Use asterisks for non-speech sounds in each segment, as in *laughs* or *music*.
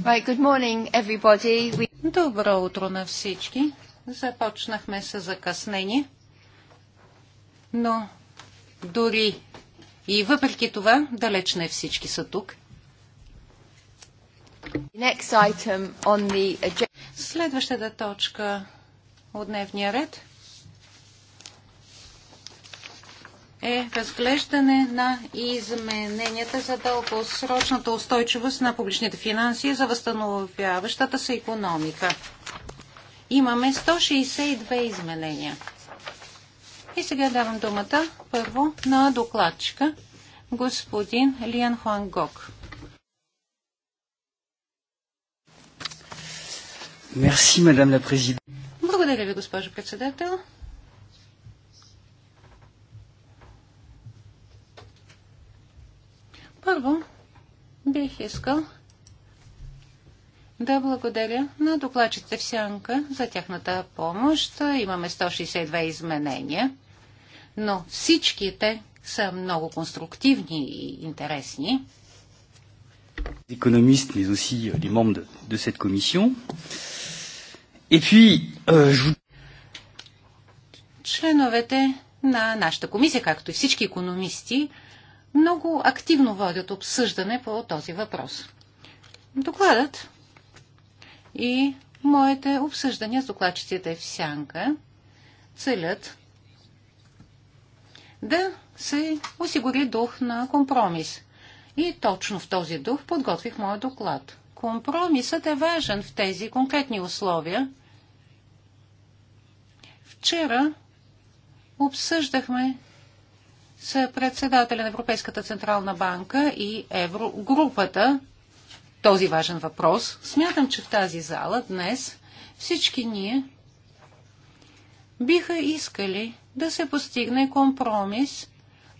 Right, good morning, everybody. Добро утро на всички. Започнахме с закъснение, но дори и въпреки това, далеч не всички са тук. Next item on the... Следващата точка от дневния ред – е разглеждане на измененията за дългосрочната устойчивост на публичните финанси за възстановяващата се економика. Имаме 162 изменения. И сега давам думата първо на докладчика, господин Лиан Хуан Гок. Благодаря ви, госпожо председател. Първо, бих искал да благодаря на докладчите в Сянка за тяхната помощ. Имаме 162 изменения, но всички те са много конструктивни и интересни. Économistes, но и euh, les de, cette commission. puis, euh, je... Членовете на нашата комисия, както и всички економисти, много активно водят обсъждане по този въпрос. Докладът и моите обсъждания с докладчиците в Сянка целят да се осигури дух на компромис. И точно в този дух подготвих моят доклад. Компромисът е важен в тези конкретни условия. Вчера обсъждахме с председателя на Европейската централна банка и Еврогрупата този важен въпрос. Смятам, че в тази зала днес всички ние биха искали да се постигне компромис.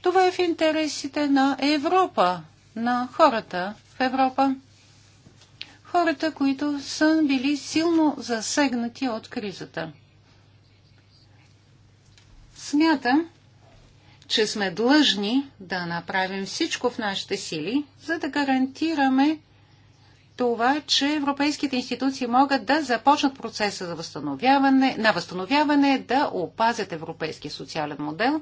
Това е в интересите на Европа, на хората в Европа. Хората, които са били силно засегнати от кризата. Смятам, че сме длъжни да направим всичко в нашите сили, за да гарантираме това, че европейските институции могат да започнат процеса за възстановяване, на възстановяване, да опазят европейския социален модел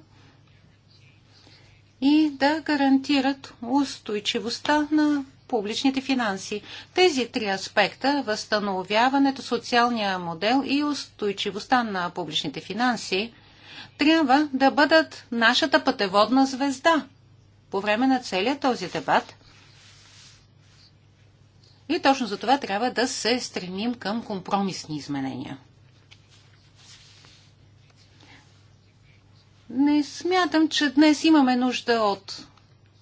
и да гарантират устойчивостта на публичните финанси. Тези три аспекта възстановяването, социалния модел и устойчивостта на публичните финанси трябва да бъдат нашата пътеводна звезда по време на целият този дебат. И точно за това трябва да се стремим към компромисни изменения. Не смятам, че днес имаме нужда от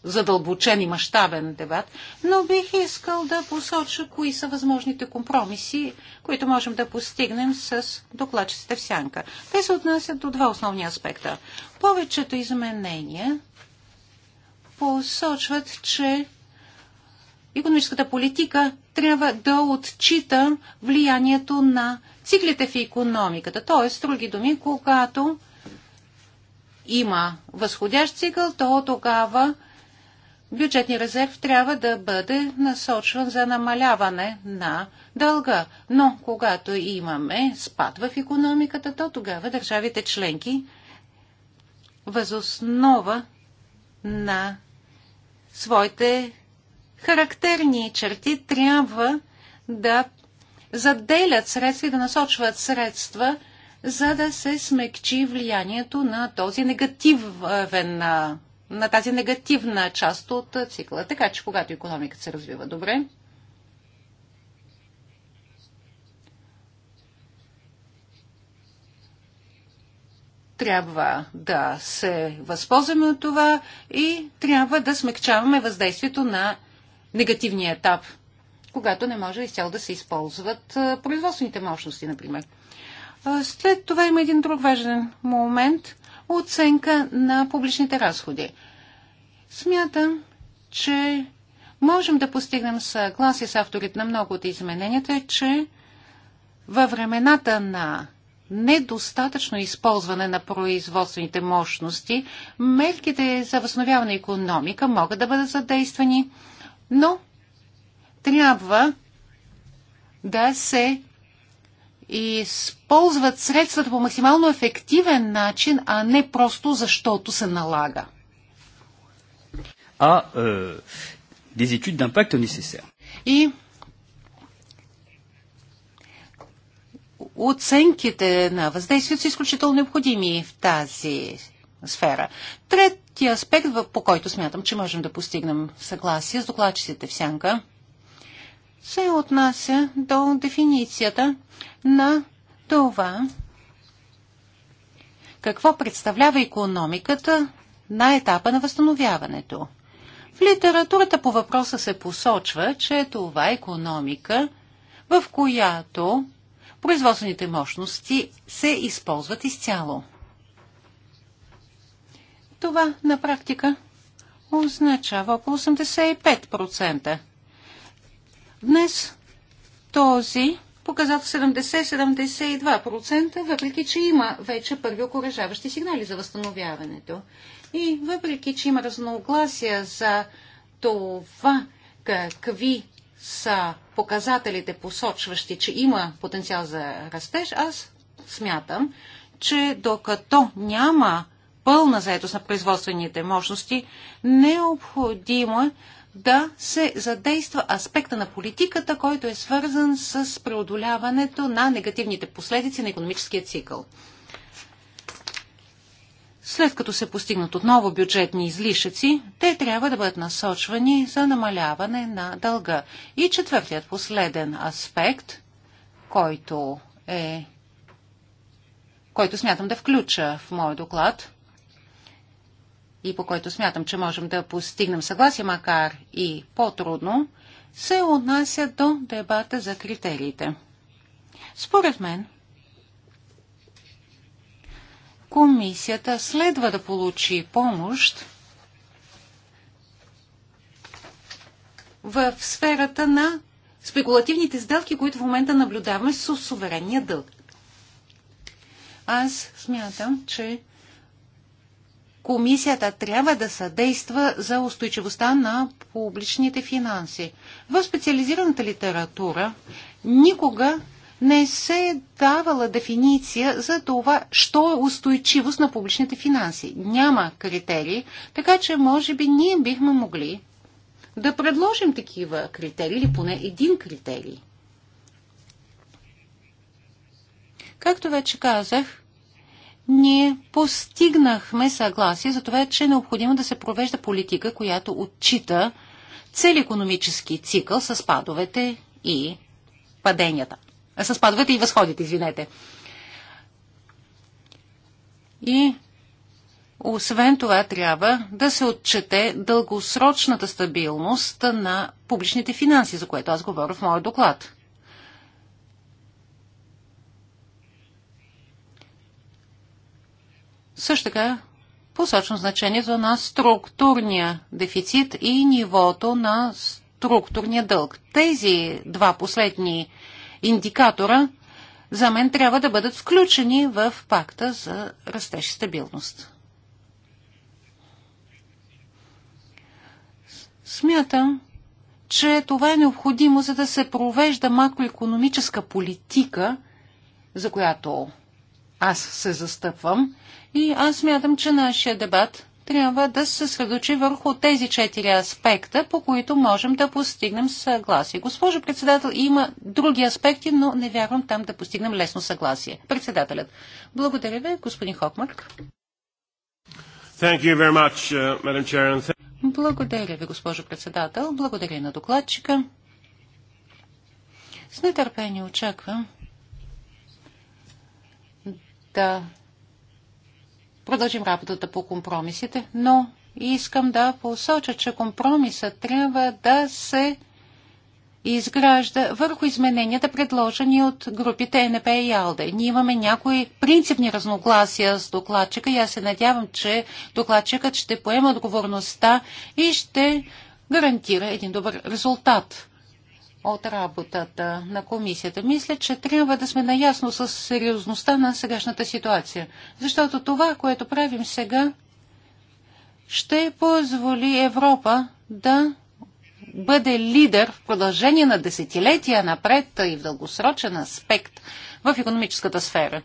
задълбочен и мащабен дебат, но бих искал да посоча кои са възможните компромиси, които можем да постигнем с докладчиците в сянка. Те се отнасят до два основни аспекта. Повечето изменения посочват, че економическата политика трябва да отчита влиянието на циклите в економиката. Тоест, други думи, когато има възходящ цикъл, то тогава бюджетния резерв трябва да бъде насочван за намаляване на дълга. Но когато имаме спад в економиката, то тогава държавите членки възоснова на своите характерни черти трябва да заделят средства и да насочват средства, за да се смекчи влиянието на този негативен на тази негативна част от цикла. Така че, когато економиката се развива добре, трябва да се възползваме от това и трябва да смягчаваме въздействието на негативния етап, когато не може изцяло да се използват производствените мощности, например. След това има един друг важен момент – оценка на публичните разходи. Смятам, че можем да постигнем съгласие с авторите на много от измененията, че във времената на недостатъчно използване на производствените мощности, мерките за възстановяване економика могат да бъдат задействани, но трябва да се използват средствата по максимално ефективен начин, а не просто защото се налага. А, е, des études d'impact nécessaires. И оценките на въздействието са изключително необходими в тази сфера. Третия аспект, по който смятам, че можем да постигнем съгласие с докладчиците в сянка – се отнася до дефиницията на това, какво представлява економиката на етапа на възстановяването. В литературата по въпроса се посочва, че това е економика, в която производствените мощности се използват изцяло. Това на практика означава около 85%. Днес този показател 70-72%, въпреки че има вече първи окоръжаващи сигнали за възстановяването. И въпреки, че има разногласия за това какви са показателите, посочващи, че има потенциал за растеж, аз смятам, че докато няма пълна заедост на производствените мощности, необходимо е да се задейства аспекта на политиката, който е свързан с преодоляването на негативните последици на економическия цикъл. След като се постигнат отново бюджетни излишъци, те трябва да бъдат насочвани за намаляване на дълга. И четвъртият последен аспект, който е който смятам да включа в моят доклад – и по който смятам, че можем да постигнем съгласие, макар и по-трудно, се отнася до дебата за критериите. Според мен, комисията следва да получи помощ в сферата на спекулативните сделки, които в момента наблюдаваме с суверенния дълг. Аз смятам, че комисията трябва да съдейства за устойчивостта на публичните финанси. В специализираната литература никога не се е давала дефиниция за това, що е устойчивост на публичните финанси. Няма критерии, така че може би ние бихме могли да предложим такива критерии или поне един критерий. Както вече казах, ние постигнахме съгласие за това, че е необходимо да се провежда политика, която отчита цел економически цикъл с падовете и паденията. А, с падовете и възходите, извинете. И освен това трябва да се отчете дългосрочната стабилност на публичните финанси, за което аз говоря в моя доклад. Също така посочно значение за на структурния дефицит и нивото на структурния дълг. Тези два последни индикатора за мен трябва да бъдат включени в пакта за растеж и стабилност. Смятам, че това е необходимо, за да се провежда макроекономическа политика, за която аз се застъпвам, и аз мятам, че нашия дебат трябва да се съсредочи върху тези четири аспекта, по които можем да постигнем съгласие. Госпожо председател, има други аспекти, но не вярвам там да постигнем лесно съгласие. Председателят. Благодаря ви, господин Хокмарк. Much, uh, Благодаря ви, госпожо председател. Благодаря на докладчика. С нетърпение очаквам да продължим работата по компромисите, но искам да посоча, че компромисът трябва да се изгражда върху измененията, предложени от групите НП и АЛДЕ. Ние имаме някои принципни разногласия с докладчика и аз се надявам, че докладчикът ще поема отговорността и ще гарантира един добър резултат от работата на комисията. Мисля, че трябва да сме наясно с сериозността на сегашната ситуация. Защото това, което правим сега, ще позволи Европа да бъде лидер в продължение на десетилетия напред и в дългосрочен аспект в економическата сфера.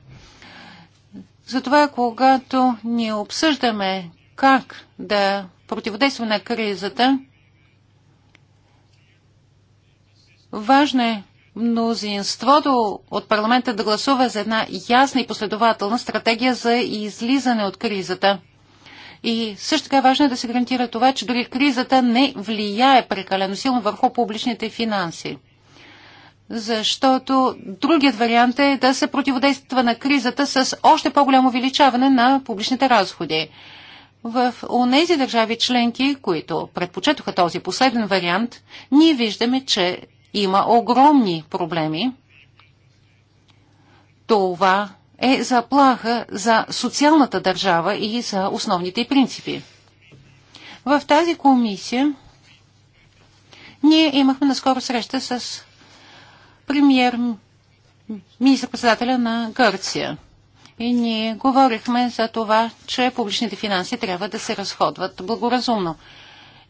Затова, когато ние обсъждаме как да противодействаме на кризата, Важно е мнозинството от парламента да гласува за една ясна и последователна стратегия за излизане от кризата. И също така е важно е да се гарантира това, че дори кризата не влияе прекалено силно върху публичните финанси. Защото другият вариант е да се противодейства на кризата с още по-голямо увеличаване на публичните разходи. В онези държави членки, които предпочетоха този последен вариант, ние виждаме, че има огромни проблеми. Това е заплаха за социалната държава и за основните принципи. В тази комисия ние имахме наскоро среща с премьер министър-председателя на Гърция. И ние говорихме за това, че публичните финанси трябва да се разходват благоразумно.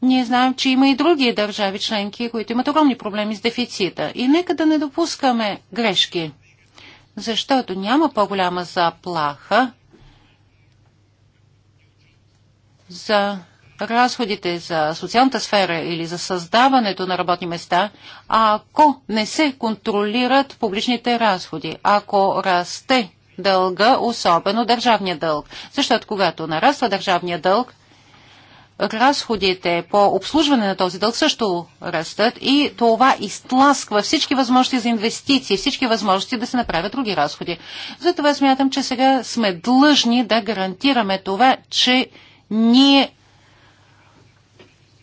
Ние знаем, че има и други държави членки, които имат огромни проблеми с дефицита. И нека да не допускаме грешки, защото няма по-голяма заплаха за разходите за социалната сфера или за създаването на работни места, ако не се контролират публичните разходи, ако расте дълга, особено държавния дълг. Защото когато нараства държавния дълг, разходите по обслужване на този дълг също растат и това изтласква всички възможности за инвестиции, всички възможности да се направят други разходи. Затова смятам, че сега сме длъжни да гарантираме това, че ние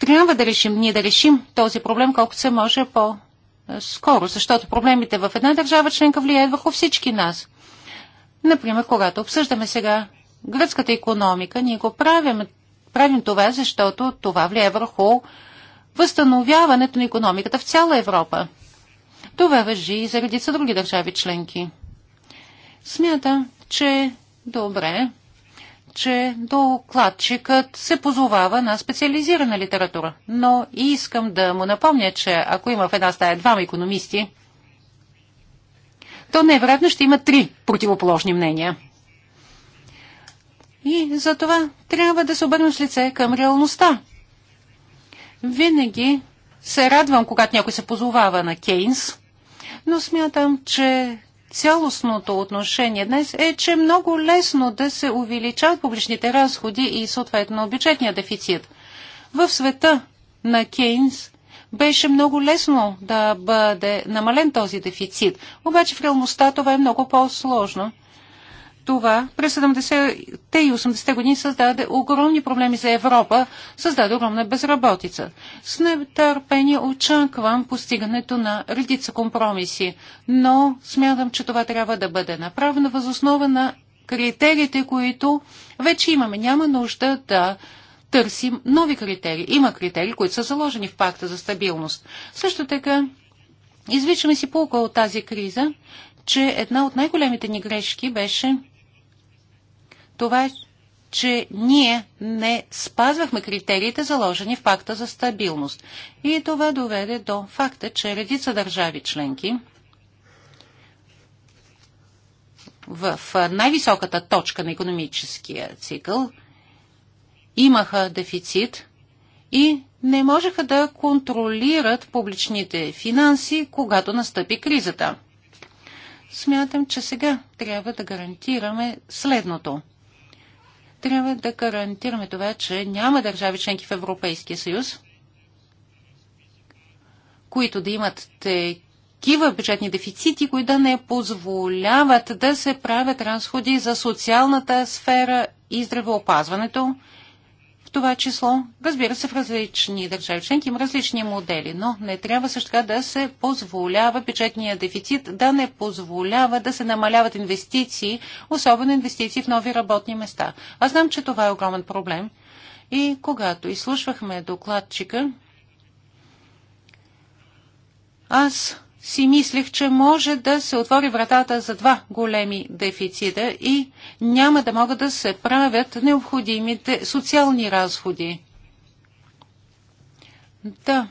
трябва да решим, ние да решим този проблем колкото се може по-скоро, защото проблемите в една държава членка влияят върху всички нас. Например, когато обсъждаме сега гръцката економика, ние го правим правим това, защото това влияе върху възстановяването на економиката в цяла Европа. Това въжи и за редица други държави членки. Смята, че добре, че докладчикът се позовава на специализирана литература. Но искам да му напомня, че ако има в една стая двама економисти, то невероятно ще има три противоположни мнения. И за това трябва да се обърнем с лице към реалността. Винаги се радвам, когато някой се позовава на Кейнс, но смятам, че цялостното отношение днес е, че е много лесно да се увеличават публичните разходи и съответно бюджетния дефицит. В света на Кейнс беше много лесно да бъде намален този дефицит, обаче в реалността това е много по-сложно това през 70-те и 80-те години създаде огромни проблеми за Европа, създаде огромна безработица. С нетърпение очаквам постигането на редица компромиси, но смятам, че това трябва да бъде направено възоснова на критериите, които вече имаме. Няма нужда да търсим нови критерии. Има критерии, които са заложени в пакта за стабилност. Също така, извичаме си полка от тази криза, че една от най-големите ни грешки беше това, че ние не спазвахме критериите, заложени в пакта за стабилност. И това доведе до факта, че редица държави членки в най-високата точка на економическия цикъл имаха дефицит и не можеха да контролират публичните финанси, когато настъпи кризата. Смятам, че сега трябва да гарантираме следното – трябва да гарантираме това, че няма държави членки в Европейския съюз, които да имат такива бюджетни дефицити, които да не позволяват да се правят разходи за социалната сфера и здравеопазването това число. Разбира се, в различни държави членки има различни модели, но не трябва също така да се позволява бюджетния дефицит, да не позволява да се намаляват инвестиции, особено инвестиции в нови работни места. Аз знам, че това е огромен проблем. И когато изслушвахме докладчика, аз си мислех, че може да се отвори вратата за два големи дефицита и няма да могат да се правят необходимите социални разходи. Да,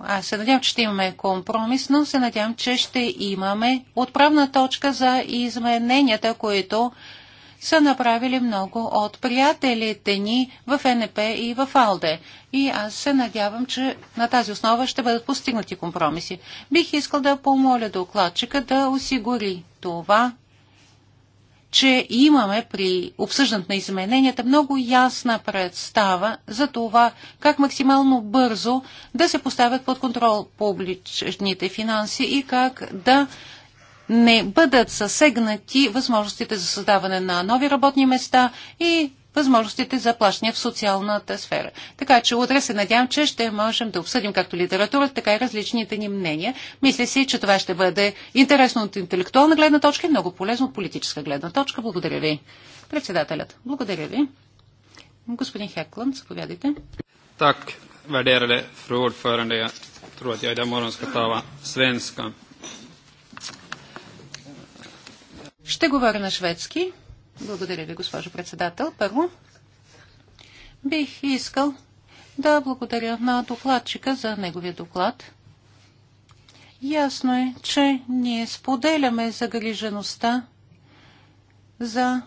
аз се надявам, че ще имаме компромис, но се надявам, че ще имаме отправна точка за измененията, които са направили много от приятелите ни в НП и в АЛДЕ. И аз се надявам, че на тази основа ще бъдат постигнати компромиси. Бих искал да помоля докладчика да осигури това, че имаме при обсъждането на измененията много ясна представа за това как максимално бързо да се поставят под контрол публичните финанси и как да не бъдат съсегнати възможностите за създаване на нови работни места и възможностите за плащане в социалната сфера. Така че утре се надявам, че ще можем да обсъдим както литературата, така и различните ни мнения. Мисля си, че това ще бъде интересно от интелектуална гледна точка и много полезно от политическа гледна точка. Благодаря ви. Председателят, благодаря ви. Господин Хеклан, заповядайте. Так, värderade фру ordförande, я тру, att jag да Ще говоря на шведски. Благодаря ви, госпожо председател. Първо, бих искал да благодаря на докладчика за неговия доклад. Ясно е, че ние споделяме загрижеността за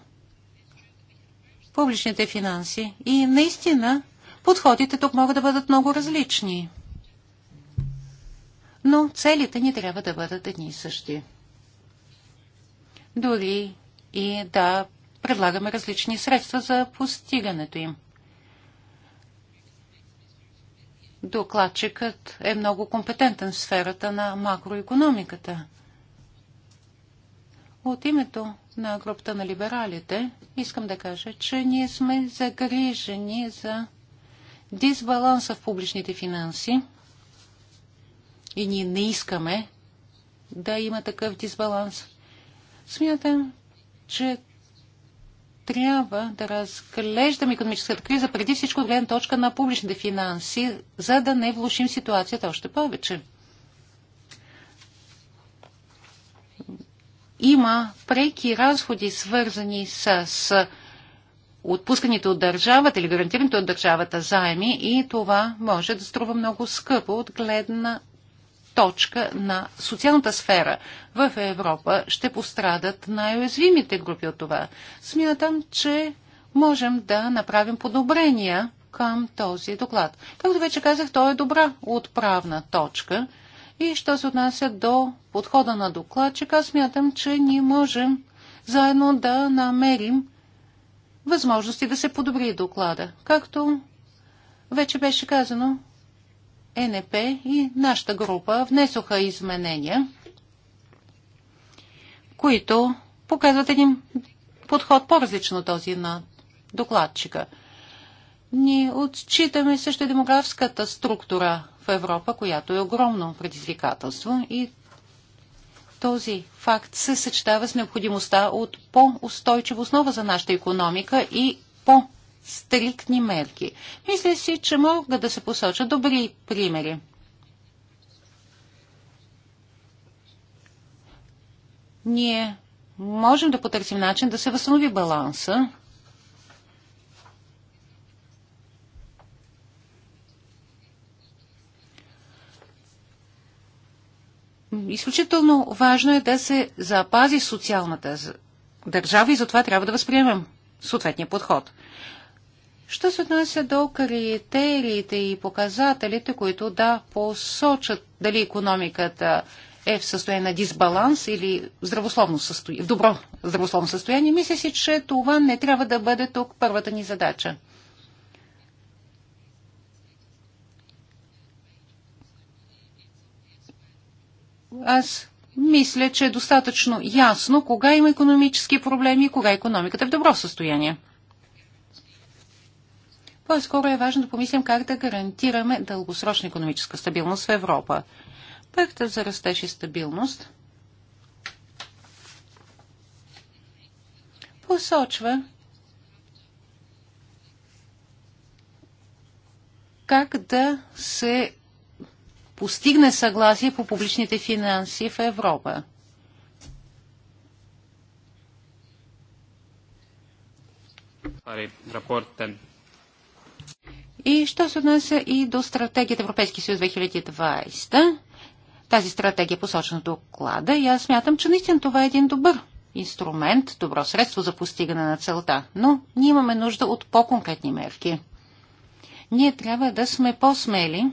публичните финанси. И наистина подходите тук могат да бъдат много различни. Но целите ни трябва да бъдат едни и същи дори и да предлагаме различни средства за постигането им. Докладчикът е много компетентен в сферата на макроекономиката. От името на групата на либералите искам да кажа, че ние сме загрижени за дисбаланса в публичните финанси и ние не искаме да има такъв дисбаланс. Смятам, че трябва да разглеждаме економическата криза преди всичко от гледна точка на публичните финанси, за да не влушим ситуацията още повече. Има преки разходи, свързани с отпусканите от държавата или гарантираните от държавата заеми и това може да струва много скъпо от гледна точка на социалната сфера в Европа ще пострадат най-уязвимите групи от това. Смятам, че можем да направим подобрения към този доклад. Както вече казах, той е добра отправна точка. И що се отнася до подхода на докладчика, смятам, че ние можем заедно да намерим възможности да се подобри доклада. Както вече беше казано, НП и нашата група внесоха изменения, които показват един подход по-различно този на докладчика. Ние отчитаме също демографската структура в Европа, която е огромно предизвикателство и този факт се съчетава с необходимостта от по-устойчива основа за нашата економика и по стриктни мерки. Мисля си, че могат да се посочат добри примери. Ние можем да потърсим начин да се възстанови баланса. Изключително важно е да се запази социалната държава и затова трябва да възприемем съответния подход. Що се отнася до критериите и показателите, които да посочат дали економиката е в състояние на дисбаланс или здравословно състояние, в добро здравословно състояние, мисля си, че това не трябва да бъде тук първата ни задача. Аз мисля, че е достатъчно ясно кога има економически проблеми и кога е економиката е в добро състояние. По-скоро е важно да помислим как да гарантираме дългосрочна економическа стабилност в Европа. Пактът за растеж и стабилност посочва как да се постигне съгласие по публичните финанси в Европа. Пари, рапорт, и що се отнася и до стратегията Европейски съюз 2020, тази стратегия е посочена доклада и аз смятам, че наистина това е един добър инструмент, добро средство за постигане на целта. Но ние имаме нужда от по-конкретни мерки. Ние трябва да сме по-смели,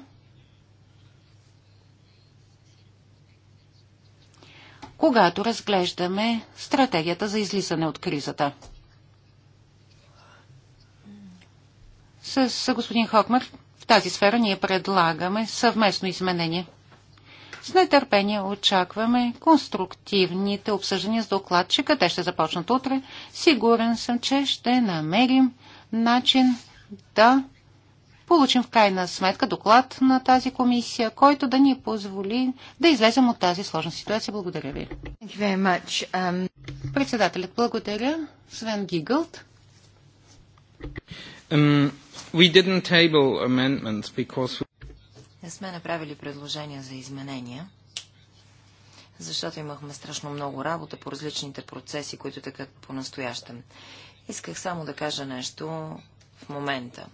когато разглеждаме стратегията за излизане от кризата. С господин Хокмар в тази сфера ние предлагаме съвместно изменение. С нетърпение очакваме конструктивните обсъждания с докладчика. Те ще започнат утре. Сигурен съм, че ще намерим начин да получим в крайна сметка доклад на тази комисия, който да ни позволи да излезем от тази сложна ситуация. Благодаря ви. Um... Председателят, благодаря. Свен Гигълт. Um, не сме направили предложения за изменения, защото имахме страшно много работа по различните процеси, които така по-настоящем. Исках само да кажа нещо в момента.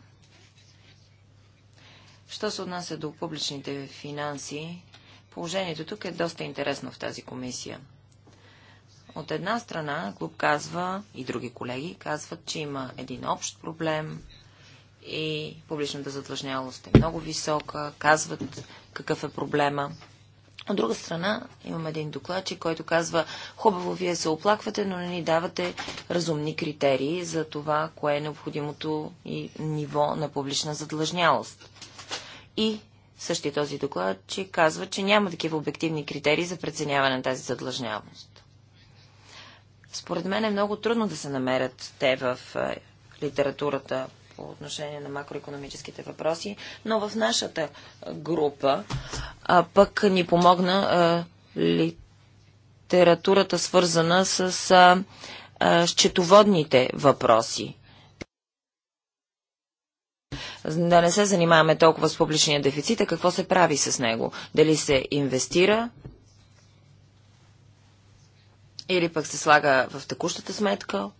Що се отнася до публичните финанси, положението тук е доста интересно в тази комисия. От една страна, клуб казва, и други колеги казват, че има един общ проблем, и публичната задлъжнялост е много висока, казват какъв е проблема. От друга страна, имам един докладчик, който казва, хубаво, вие се оплаквате, но не ни давате разумни критерии за това, кое е необходимото и ниво на публична задлъжнялост. И същия този докладчик казва, че няма такива обективни критерии за преценяване на тази задлъжнялост. Според мен е много трудно да се намерят те в е, литературата по отношение на макроекономическите въпроси, но в нашата група а, пък ни помогна а, литературата свързана с а, а, счетоводните въпроси да не се занимаваме толкова с публичния дефицит, а какво се прави с него. Дали се инвестира или пък се слага в текущата сметка,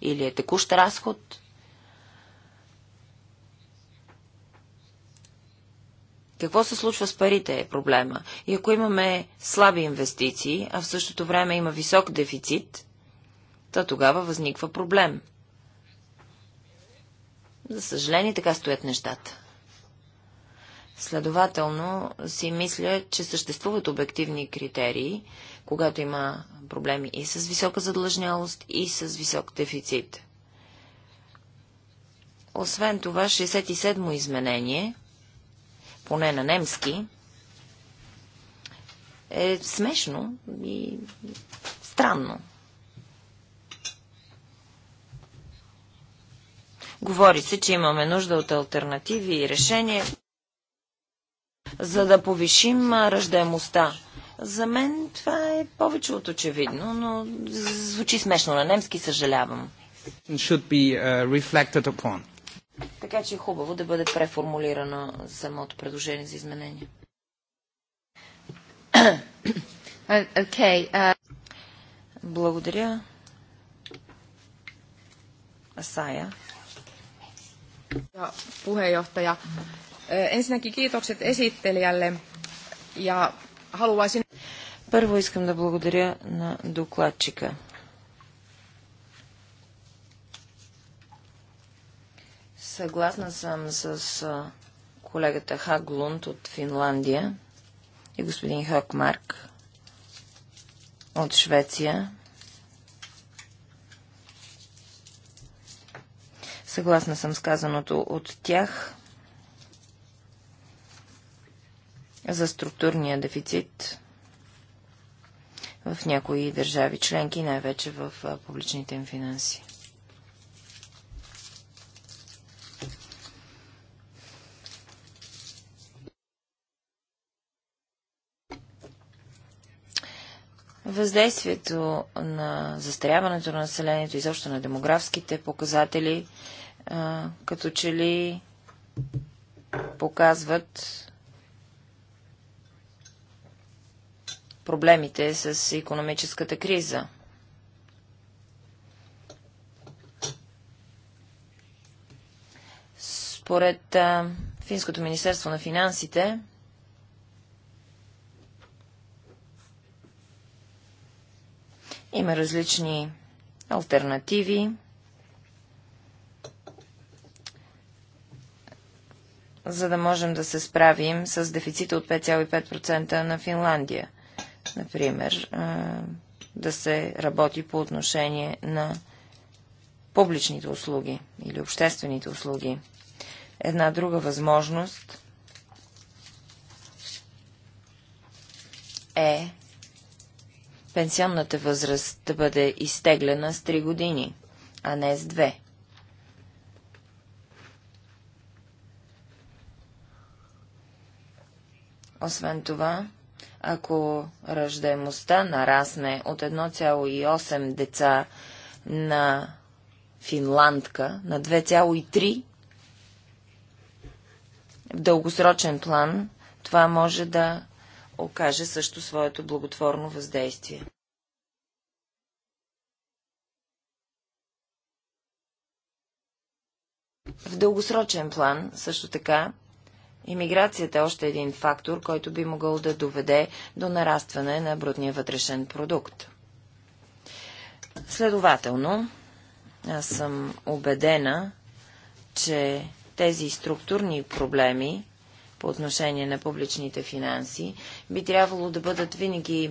или е текущ разход. Какво се случва с парите е проблема. И ако имаме слаби инвестиции, а в същото време има висок дефицит, то тогава възниква проблем. За съжаление, така стоят нещата. Следователно си мисля, че съществуват обективни критерии, когато има проблеми и с висока задлъжнялост, и с висок дефицит. Освен това, 67 мо изменение – поне на немски, е смешно и странно. Говори се, че имаме нужда от альтернативи и решения, за да повишим ръждаемостта. За мен това е повече от очевидно, но звучи смешно на немски, съжалявам. Should be, uh, така че е хубаво да бъде преформулирано самото предложение за изменение. *coughs* Okay, uh... Благодаря. Асая. Ja puheenjohtaja, э, ensinnäkin kiitokset esittelijälle ja haluaisin... Първо искам да благодаря на докладчика. Съгласна съм с колегата Хаглунд от Финландия и господин Хакмарк от Швеция. Съгласна съм с казаното от тях за структурния дефицит в някои държави членки, най-вече в публичните им финанси. Въздействието на застаряването на населението, защо на демографските показатели, като че ли показват проблемите с економическата криза. Според Финското министерство на финансите, Има различни альтернативи. за да можем да се справим с дефицита от 5,5% на Финландия. Например, да се работи по отношение на публичните услуги или обществените услуги. Една друга възможност е пенсионната възраст да бъде изтеглена с 3 години, а не с 2. Освен това, ако ръждаемостта нарасне от 1,8 деца на финландка на 2,3, в дългосрочен план това може да окаже също своето благотворно въздействие. В дългосрочен план, също така, имиграцията е още един фактор, който би могъл да доведе до нарастване на брудния вътрешен продукт. Следователно, аз съм убедена, че тези структурни проблеми по отношение на публичните финанси, би трябвало да бъдат винаги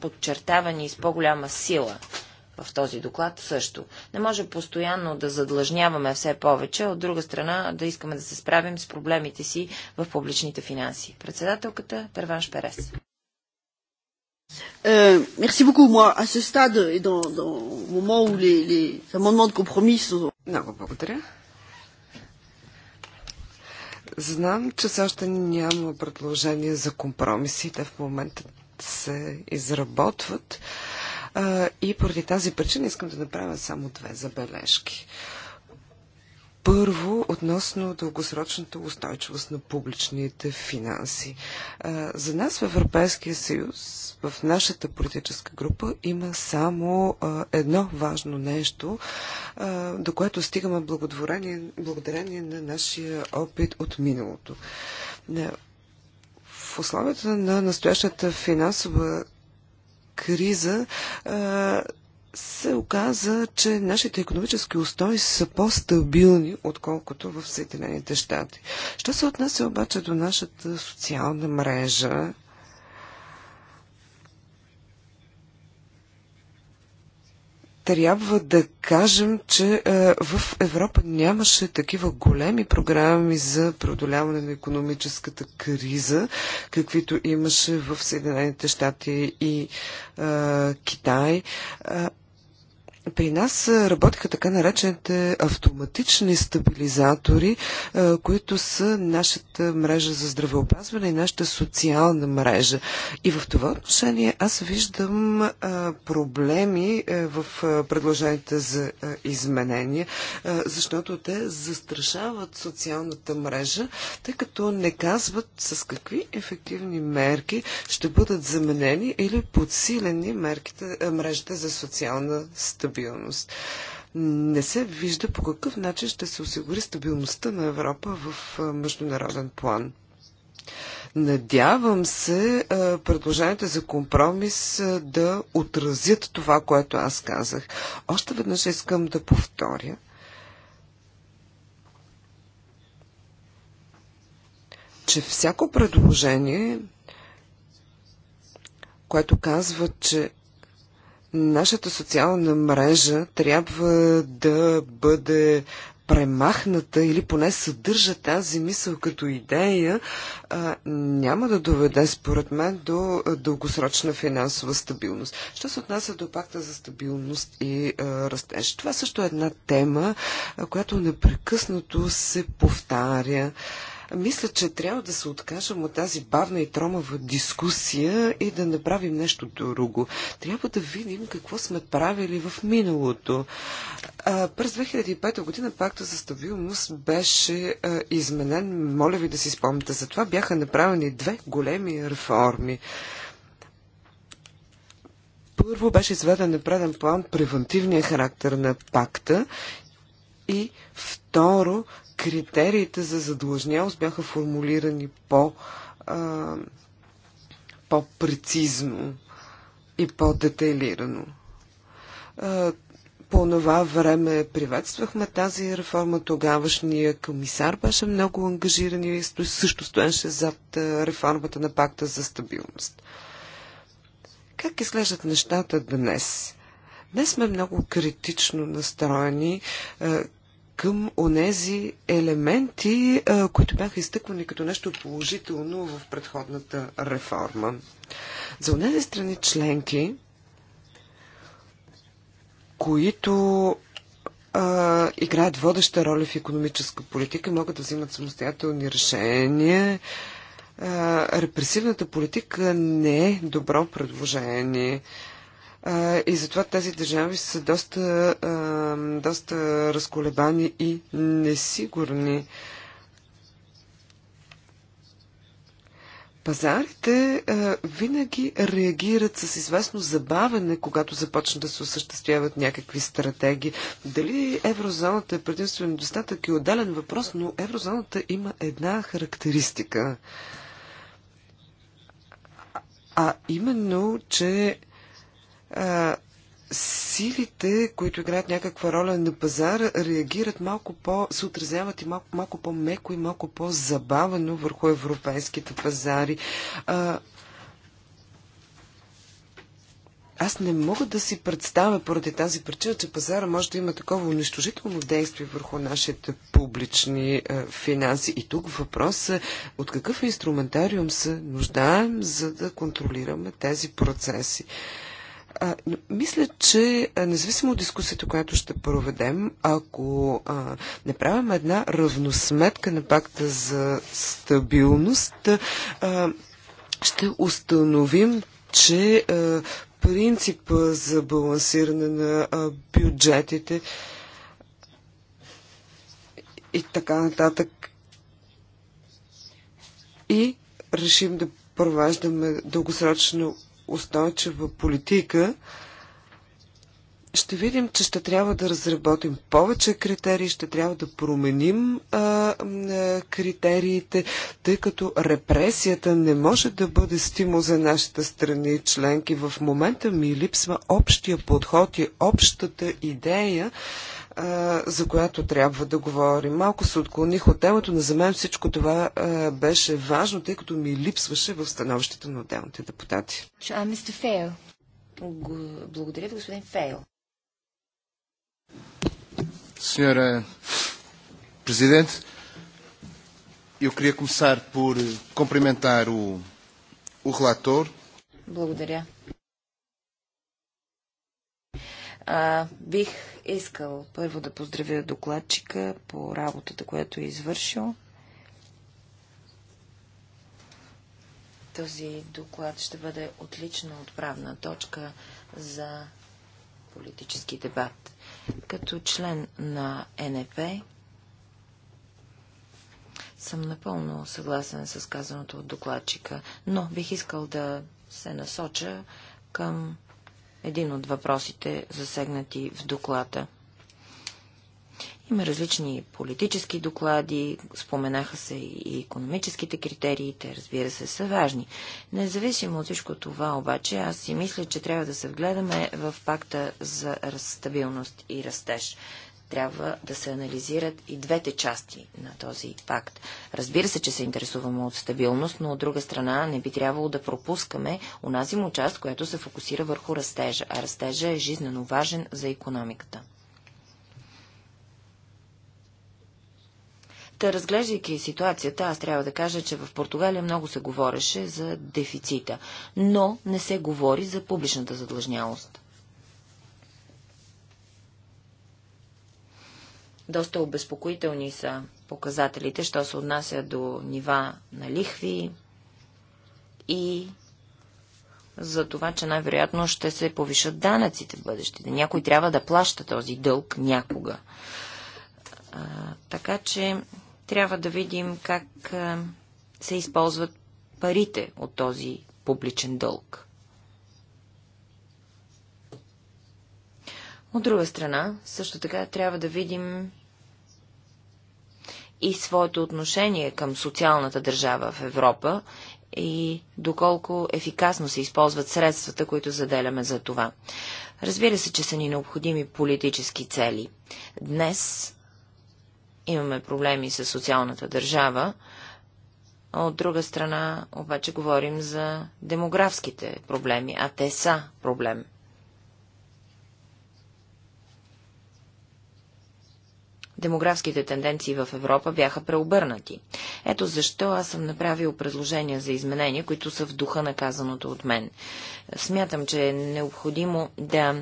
подчертавани с по-голяма сила. В този доклад също. Не може постоянно да задлъжняваме все повече, от друга страна да искаме да се справим с проблемите си в публичните финанси. Председателката Търван Шперес. Euh, е, merci beaucoup. Moi, à ce stade et dans, dans, moment où les, les amendements de compromis sont... Много благодаря. Знам, че все още няма предложение за компромисите. В момента се изработват. И поради тази причина искам да направя само две забележки. Първо, относно дългосрочната устойчивост на публичните финанси. За нас в Европейския съюз, в нашата политическа група, има само едно важно нещо, до което стигаме благодарение на нашия опит от миналото. В условията на настоящата финансова криза се оказа, че нашите економически устои са по-стабилни, отколкото в Съединените щати. Що се отнася обаче до нашата социална мрежа, трябва да кажем, че е, в Европа нямаше такива големи програми за преодоляване на економическата криза, каквито имаше в Съединените щати и е, Китай. Е, при нас работиха така наречените автоматични стабилизатори, които са нашата мрежа за здравеопазване и нашата социална мрежа. И в това отношение аз виждам проблеми в предложенията за изменения, защото те застрашават социалната мрежа, тъй като не казват с какви ефективни мерки ще бъдат заменени или подсилени мерките, мрежите за социална стабилизация стабилност. Не се вижда по какъв начин ще се осигури стабилността на Европа в международен план. Надявам се предложенията за компромис да отразят това, което аз казах. Още веднъж искам да повторя. че всяко предложение, което казва, че Нашата социална мрежа трябва да бъде премахната или поне съдържа тази мисъл като идея, а, няма да доведе, според мен, до дългосрочна финансова стабилност. Що се отнася до пакта за стабилност и а, растеж? Това също е една тема, а, която непрекъснато се повтаря. А, мисля, че трябва да се откажем от тази бавна и тромава дискусия и да направим нещо друго. Трябва да видим какво сме правили в миналото. А, през 2005 година пакта за стабилност беше а, изменен. Моля ви да си спомните. Затова бяха направени две големи реформи. Първо беше изведен на преден план превентивния характер на пакта и второ критериите за задлъжнялост бяха формулирани по, а, по-прецизно и по-детайлирано. По това време приветствахме тази реформа. Тогавашния комисар беше много ангажиран и също стоеше зад реформата на пакта за стабилност. Как изглеждат нещата днес? Днес сме много критично настроени към онези елементи, които бяха изтъквани като нещо положително в предходната реформа. За онези страни членки, които а, играят водеща роля в економическа политика, могат да взимат самостоятелни решения. А, репресивната политика не е добро предложение. А, и затова тези държави са доста, доста разколебани и несигурни. Пазарите а, винаги реагират с известно забавене, когато започнат да се осъществяват някакви стратегии. Дали еврозоната е предимствен недостатък и е отделен въпрос, но еврозоната има една характеристика. А именно, че а, силите, които играят някаква роля на пазара, реагират малко по, се отразяват и малко, малко по-меко и малко по-забавено върху европейските пазари. А, аз не мога да си представя поради тази причина, че пазара може да има такова унищожително действие върху нашите публични е, финанси. И тук въпрос е от какъв инструментариум се нуждаем, за да контролираме тези процеси. Е, а, мисля, че независимо от дискусията, която ще проведем, ако а, правим една равносметка на пакта за стабилност, а, ще установим, че а, принципа за балансиране на а, бюджетите и така нататък и решим да провеждаме дългосрочно устойчива политика, ще видим, че ще трябва да разработим повече критерии, ще трябва да променим а, а, критериите, тъй като репресията не може да бъде стимул за нашите страни членки. В момента ми липсва общия подход и общата идея за която трябва да говорим. Малко се отклоних от темата, но за мен всичко това беше важно, тъй като ми липсваше в становището на отделните депутати. Благодаря ви, господин Фейл. Senhora президент, eu queria começar por cumprimentar o, o relator. Благодаря. А, бих искал първо да поздравя докладчика по работата, която е извършил. Този доклад ще бъде отлична отправна точка за политически дебат. Като член на НП съм напълно съгласен с казаното от докладчика, но бих искал да се насоча към един от въпросите, засегнати в доклада. Има различни политически доклади, споменаха се и економическите критерии, те разбира се са важни. Независимо от всичко това обаче, аз си мисля, че трябва да се вгледаме в пакта за стабилност и растеж трябва да се анализират и двете части на този пакт. Разбира се, че се интересуваме от стабилност, но от друга страна не би трябвало да пропускаме унази му част, която се фокусира върху растежа, а растежа е жизненно важен за економиката. Та, разглеждайки ситуацията, аз трябва да кажа, че в Португалия много се говореше за дефицита, но не се говори за публичната задлъжнялост. Доста обезпокоителни са показателите, що се отнася до нива на лихви и за това, че най-вероятно ще се повишат данъците в бъдещите. Някой трябва да плаща този дълг някога. А, така че трябва да видим как а, се използват парите от този публичен дълг. От друга страна, също така трябва да видим и своето отношение към социалната държава в Европа и доколко ефикасно се използват средствата, които заделяме за това. Разбира се, че са ни необходими политически цели. Днес имаме проблеми с социалната държава, а от друга страна обаче говорим за демографските проблеми, а те са проблем. Демографските тенденции в Европа бяха преобърнати. Ето защо аз съм направил предложения за изменения, които са в духа на казаното от мен. Смятам, че е необходимо да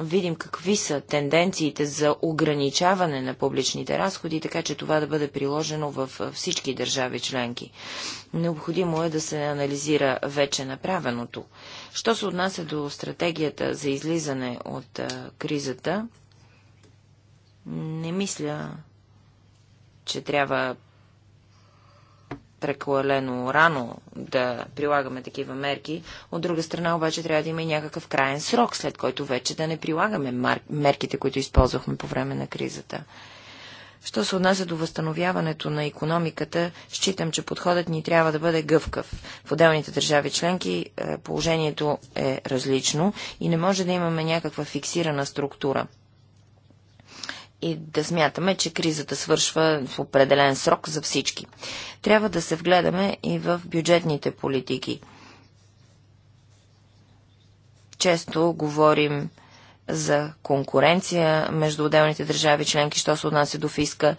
видим какви са тенденциите за ограничаване на публичните разходи, така че това да бъде приложено във всички държави членки. Необходимо е да се анализира вече направеното. Що се отнася до стратегията за излизане от кризата, не мисля, че трябва прекалено рано да прилагаме такива мерки. От друга страна обаче трябва да има и някакъв крайен срок, след който вече да не прилагаме мар... мерките, които използвахме по време на кризата. Що се отнася до възстановяването на економиката, считам, че подходът ни трябва да бъде гъвкав. В отделните държави членки е, положението е различно и не може да имаме някаква фиксирана структура и да смятаме, че кризата свършва в определен срок за всички. Трябва да се вгледаме и в бюджетните политики. Често говорим за конкуренция между отделните държави членки, що се отнася до фиска,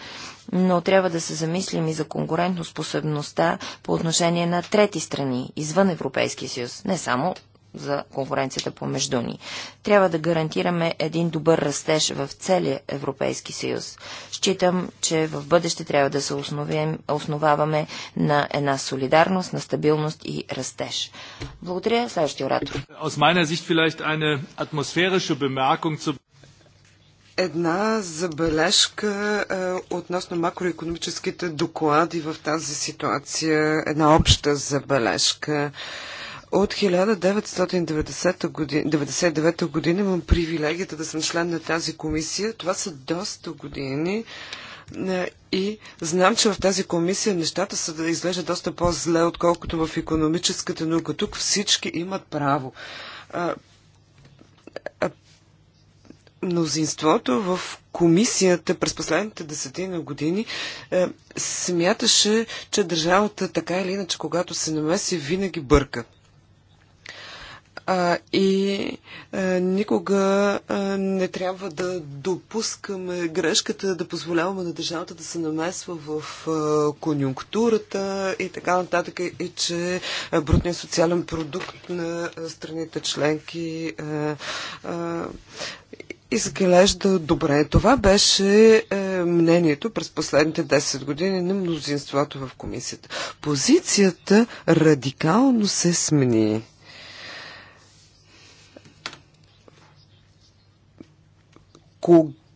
но трябва да се замислим и за конкурентоспособността по отношение на трети страни, извън Европейския съюз, не само за конкуренцията помежду ни. Трябва да гарантираме един добър растеж в целия Европейски съюз. Считам, че в бъдеще трябва да се основим, основаваме на една солидарност, на стабилност и растеж. Благодаря. Следващия оратор. Една забележка е, относно макроекономическите доклади в тази ситуация, една обща забележка. Е, от 1999 година, година имам привилегията да съм член на тази комисия. Това са доста години. Е, и знам, че в тази комисия нещата са да изглеждат доста по-зле, отколкото в економическата наука. Тук всички имат право. Е, е, мнозинството в комисията през последните десетина години смяташе, че държавата така или иначе, когато се намеси, винаги бърка. А, и а, никога а, не трябва да допускаме грешката, да позволяваме на държавата да се намесва в а, конюнктурата и така нататък, и че брутният социален продукт на страните членки а, а, изглежда добре. Това беше е, мнението през последните 10 години на мнозинството в комисията. Позицията радикално се смени.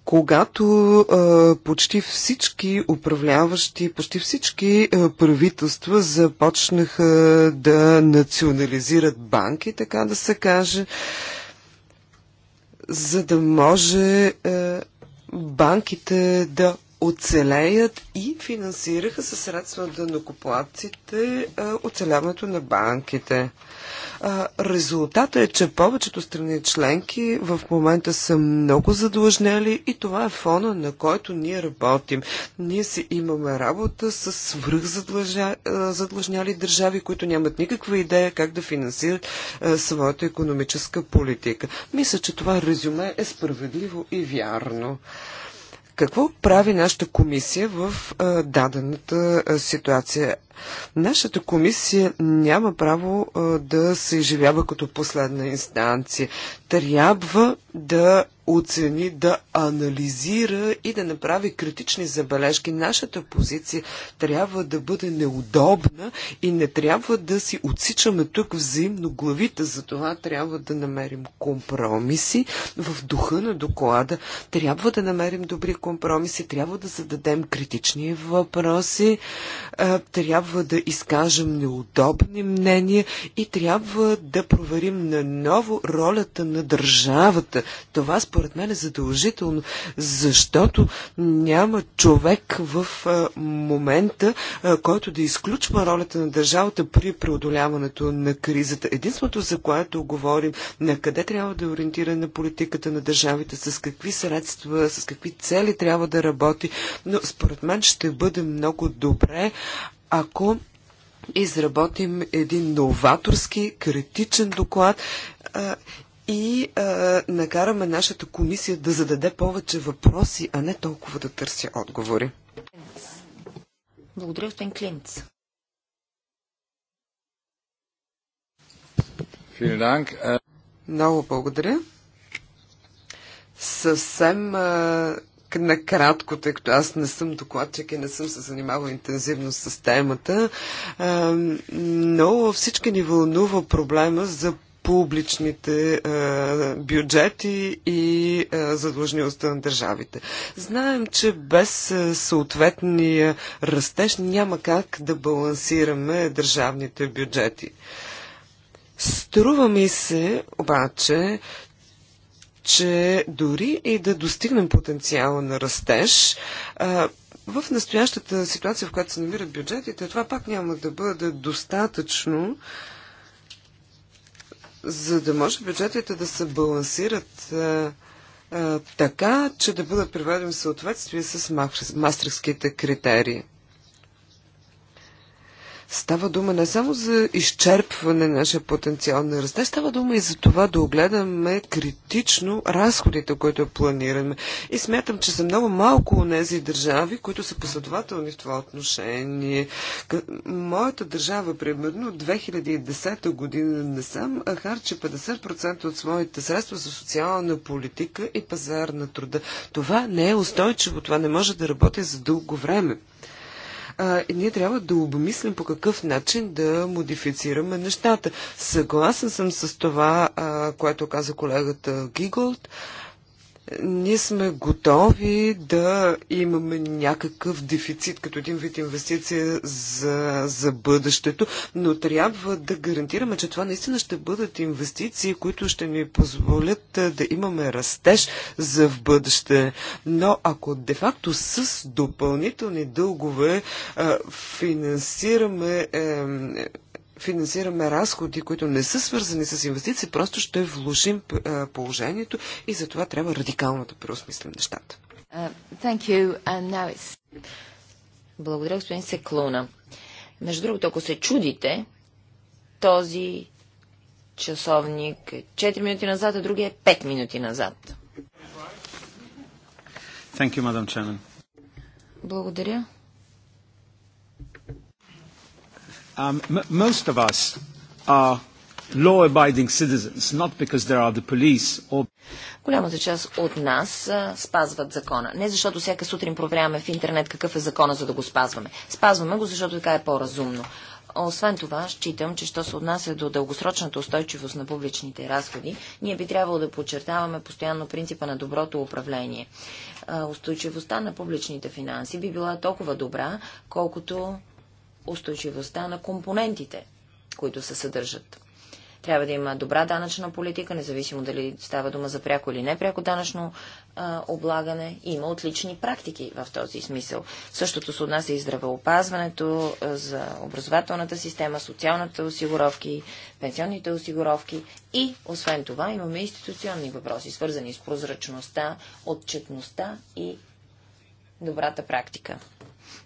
когато а, почти всички управляващи, почти всички а, правителства започнаха да национализират банки, така да се каже, за да може а, банките да оцелеят и финансираха със средства на накоплаците оцеляването на банките. Резултата е, че повечето страни членки в момента са много задлъжнели и това е фона, на който ние работим. Ние си имаме работа с свръхзадлъжняли държави, които нямат никаква идея как да финансират своята економическа политика. Мисля, че това резюме е справедливо и вярно. Какво прави нашата комисия в а, дадената а, ситуация? Нашата комисия няма право а, да се изживява като последна инстанция. Трябва да оцени, да анализира и да направи критични забележки. Нашата позиция трябва да бъде неудобна и не трябва да си отсичаме тук взаимно главите. За това трябва да намерим компромиси в духа на доклада. Трябва да намерим добри компромиси, трябва да зададем критични въпроси, е, трябва да изкажем неудобни мнения и трябва да проверим наново ролята на държавата. Това според според мен е задължително, защото няма човек в е, момента, е, който да изключва ролята на държавата при преодоляването на кризата. Единството, за което говорим, на къде трябва да е ориентирана политиката на държавите, с какви средства, с какви цели трябва да работи, но според мен ще бъде много добре, ако изработим един новаторски, критичен доклад е, и а, накараме нашата комисия да зададе повече въпроси, а не толкова да търся отговори. Благодаря, господин Клинц. Много благодаря. Съвсем а, накратко, тъй като аз не съм докладчик и не съм се занимавал интензивно с темата, а, но всички ни вълнува проблема за публичните е, бюджети и е, задлъжнилостта на държавите. Знаем, че без е, съответния растеж няма как да балансираме държавните бюджети. Струва ми се обаче, че дори и да достигнем потенциала на растеж, в настоящата ситуация, в която се намират бюджетите, това пак няма да бъде достатъчно, за да може бюджетите да се балансират а, а, така, че да бъдат приведени в съответствие с мастерските критерии. Става дума не само за изчерпване на нашия потенциал на растеж, става дума и за това да огледаме критично разходите, които планираме. И смятам, че са много малко от тези държави, които са последователни в това отношение. Моята държава, примерно, 2010 година не съм, а харчи 50% от своите средства за социална политика и пазар на труда. Това не е устойчиво, това не може да работи за дълго време а, ние трябва да обмислим по какъв начин да модифицираме нещата. Съгласен съм с това, а, което каза колегата Гиголд. А, ние сме готови да имаме някакъв дефицит като един вид инвестиция за, за бъдещето, но трябва да гарантираме, че това наистина ще бъдат инвестиции, които ще ни позволят е, да имаме растеж за в бъдеще. Но ако де-факто с допълнителни дългове а, е, финансираме. А, е, финансираме разходи, които не са свързани с инвестиции, просто ще влушим положението и за това трябва радикално да преосмислим нещата. Uh, Благодаря, господин Секлуна. Между другото, ако се чудите, този часовник е 4 минути назад, а другия е 5 минути назад. You, Благодаря. Um, m- most of us are law-abiding citizens, not because there are the police or... Голямата част от нас а, спазват закона. Не защото всяка сутрин проверяваме в интернет какъв е закона, за да го спазваме. Спазваме го, защото така е по-разумно. Освен това, считам, че що се отнася до дългосрочната устойчивост на публичните разходи, ние би трябвало да подчертаваме постоянно принципа на доброто управление. А, устойчивостта на публичните финанси би била толкова добра, колкото устойчивостта на компонентите, които се съдържат. Трябва да има добра данъчна политика, независимо дали става дума за пряко или непряко данъчно а, облагане. Има отлични практики в този смисъл. Същото се отнася и здравеопазването, а, за образователната система, социалната осигуровки, пенсионните осигуровки. И, освен това, имаме институционни въпроси, свързани с прозрачността, отчетността и добрата практика.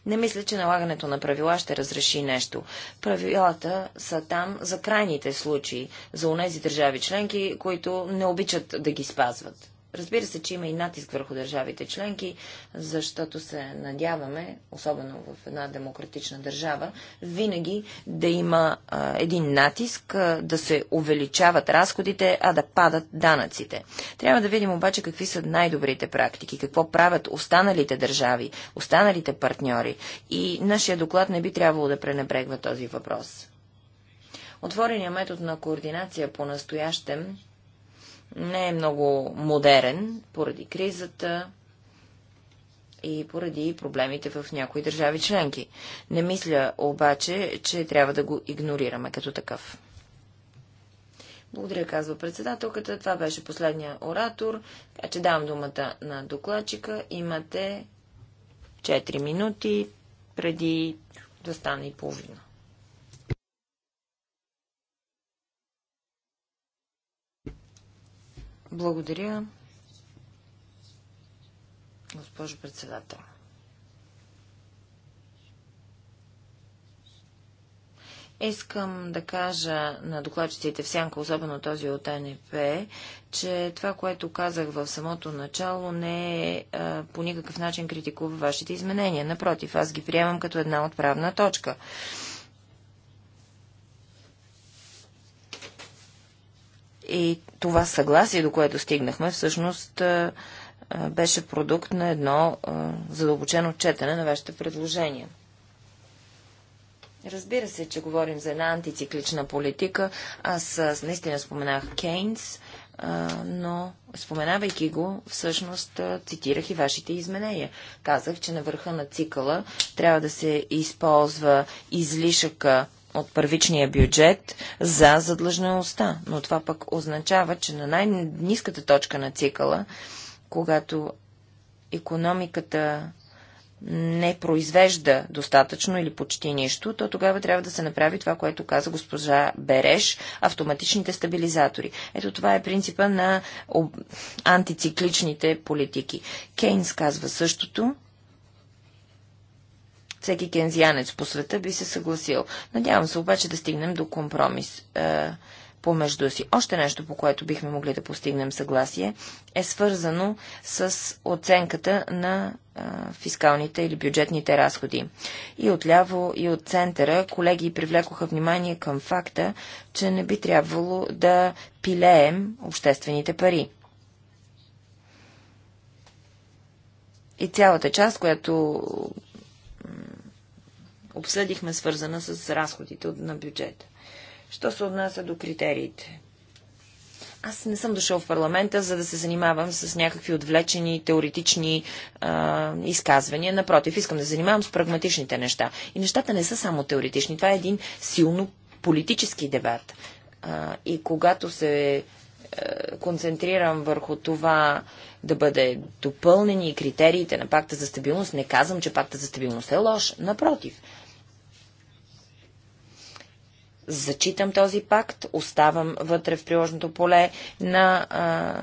Не мисля, че налагането на правила ще разреши нещо. Правилата са там за крайните случаи, за унези държави членки, които не обичат да ги спазват. Разбира се, че има и натиск върху държавите членки, защото се надяваме, особено в една демократична държава, винаги да има а, един натиск а, да се увеличават разходите, а да падат данъците. Трябва да видим обаче какви са най-добрите практики, какво правят останалите държави, останалите партньори. И нашия доклад не би трябвало да пренебрегва този въпрос. Отворения метод на координация по настоящем не е много модерен поради кризата и поради проблемите в някои държави членки. Не мисля обаче, че трябва да го игнорираме като такъв. Благодаря, казва председателката. Това беше последния оратор. Така че давам думата на докладчика. Имате 4 минути преди да стане и половина. Благодаря, госпожо председател. Искам да кажа на докладчиците в сянка, особено този от НП, че това, което казах в самото начало, не е по никакъв начин критикува вашите изменения. Напротив, аз ги приемам като една отправна точка. И това съгласие, до което стигнахме, всъщност беше продукт на едно задълбочено четене на вашите предложения. Разбира се, че говорим за една антициклична политика. Аз наистина споменах Кейнс, но споменавайки го, всъщност цитирах и вашите изменения. Казах, че на върха на цикъла трябва да се използва излишъка от първичния бюджет за задлъжнялостта. Но това пък означава, че на най-низката точка на цикъла, когато економиката не произвежда достатъчно или почти нищо, то тогава трябва да се направи това, което каза госпожа Береш, автоматичните стабилизатори. Ето това е принципа на антицикличните политики. Кейнс казва същото, всеки кензианец по света би се съгласил. Надявам се обаче да стигнем до компромис е, помежду си. Още нещо, по което бихме могли да постигнем съгласие, е свързано с оценката на е, фискалните или бюджетните разходи. И отляво, и от центъра колеги привлекоха внимание към факта, че не би трябвало да пилеем обществените пари. И цялата част, която обсъдихме, свързана с разходите на бюджета. Що се отнася до критериите? Аз не съм дошъл в парламента, за да се занимавам с някакви отвлечени теоретични а, изказвания. Напротив, искам да занимавам с прагматичните неща. И нещата не са само теоретични. Това е един силно политически дебат. А, и когато се а, е, концентрирам върху това да бъде допълнени критериите на пакта за стабилност, не казвам, че пакта за стабилност е лош. Напротив, зачитам този пакт, оставам вътре в приложното поле на а,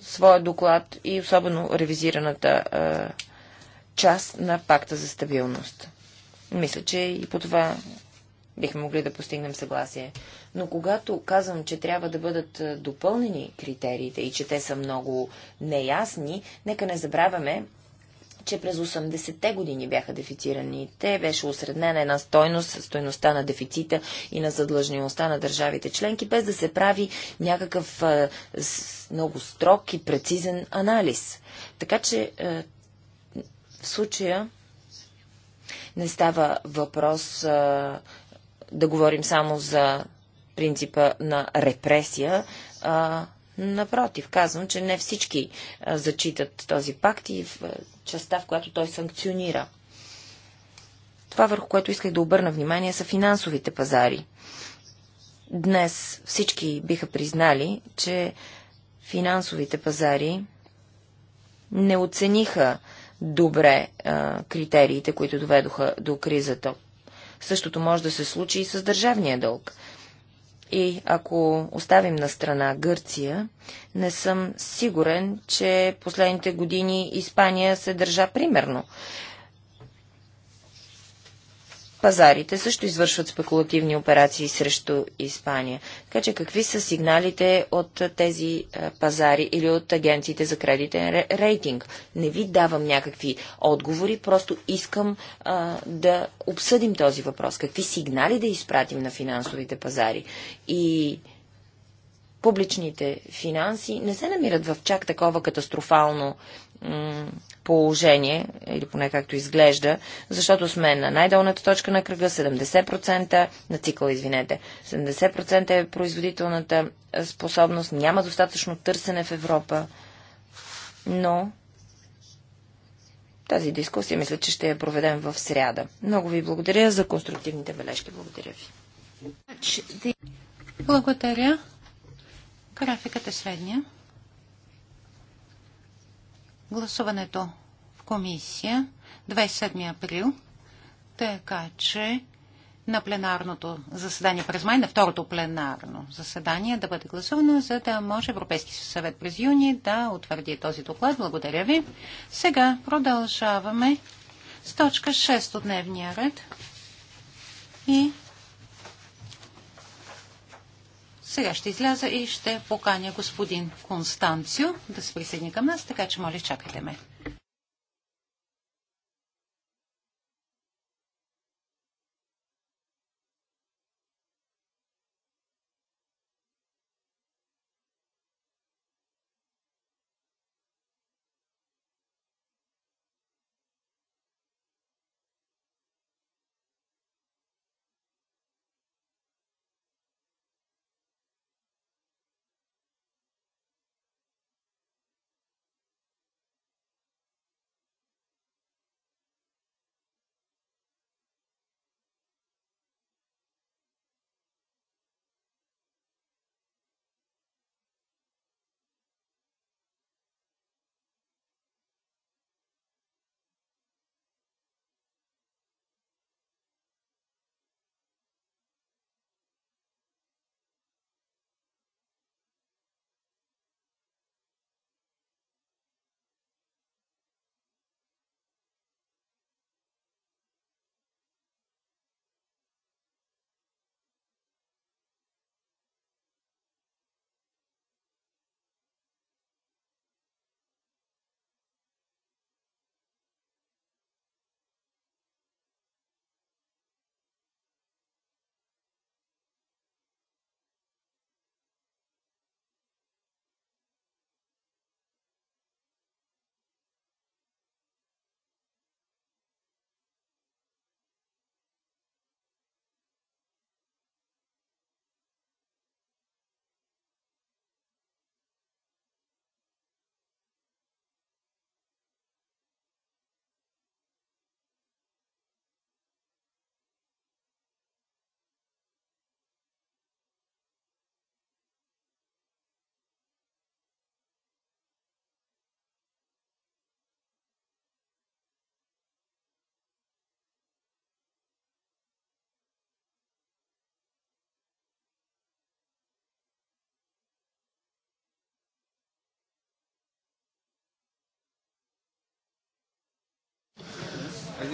своя доклад и особено ревизираната а, част на пакта за стабилност. Мисля, че и по това бихме могли да постигнем съгласие. Но когато казвам, че трябва да бъдат допълнени критериите и че те са много неясни, нека не забравяме, че през 80-те години бяха дефицирани. Те беше осреднена една стойност, стойността на дефицита и на задлъжнилостта на държавите членки, без да се прави някакъв с, много строг и прецизен анализ. Така че в случая не става въпрос да говорим само за принципа на репресия, а Напротив, казвам, че не всички а, зачитат този пакт и в, частта, в която той санкционира. Това, върху което исках да обърна внимание, са финансовите пазари. Днес всички биха признали, че финансовите пазари не оцениха добре а, критериите, които доведоха до кризата. Същото може да се случи и с държавния дълг. И ако оставим на страна Гърция, не съм сигурен, че последните години Испания се държа примерно. Пазарите също извършват спекулативни операции срещу Испания. Така че какви са сигналите от тези пазари или от агенциите за кредитен рейтинг? Не ви давам някакви отговори, просто искам а, да обсъдим този въпрос. Какви сигнали да изпратим на финансовите пазари? И публичните финанси не се намират в чак такова катастрофално положение, или поне както изглежда, защото сме на най-долната точка на кръга, 70% на цикъл, извинете. 70% е производителната способност, няма достатъчно търсене в Европа, но тази дискусия мисля, че ще я проведем в сряда. Много ви благодаря за конструктивните бележки. Благодаря ви. Благодаря. Графикът е следния гласуването в комисия 27 април, така че на пленарното заседание през май, на второто пленарно заседание да бъде гласувано, за да може Европейски съвет през юни да утвърди този доклад. Благодаря ви. Сега продължаваме с точка 6 от дневния ред и Сега ще изляза и ще поканя господин Констанцио да се присъедини към нас, така че моля, чакайте ме.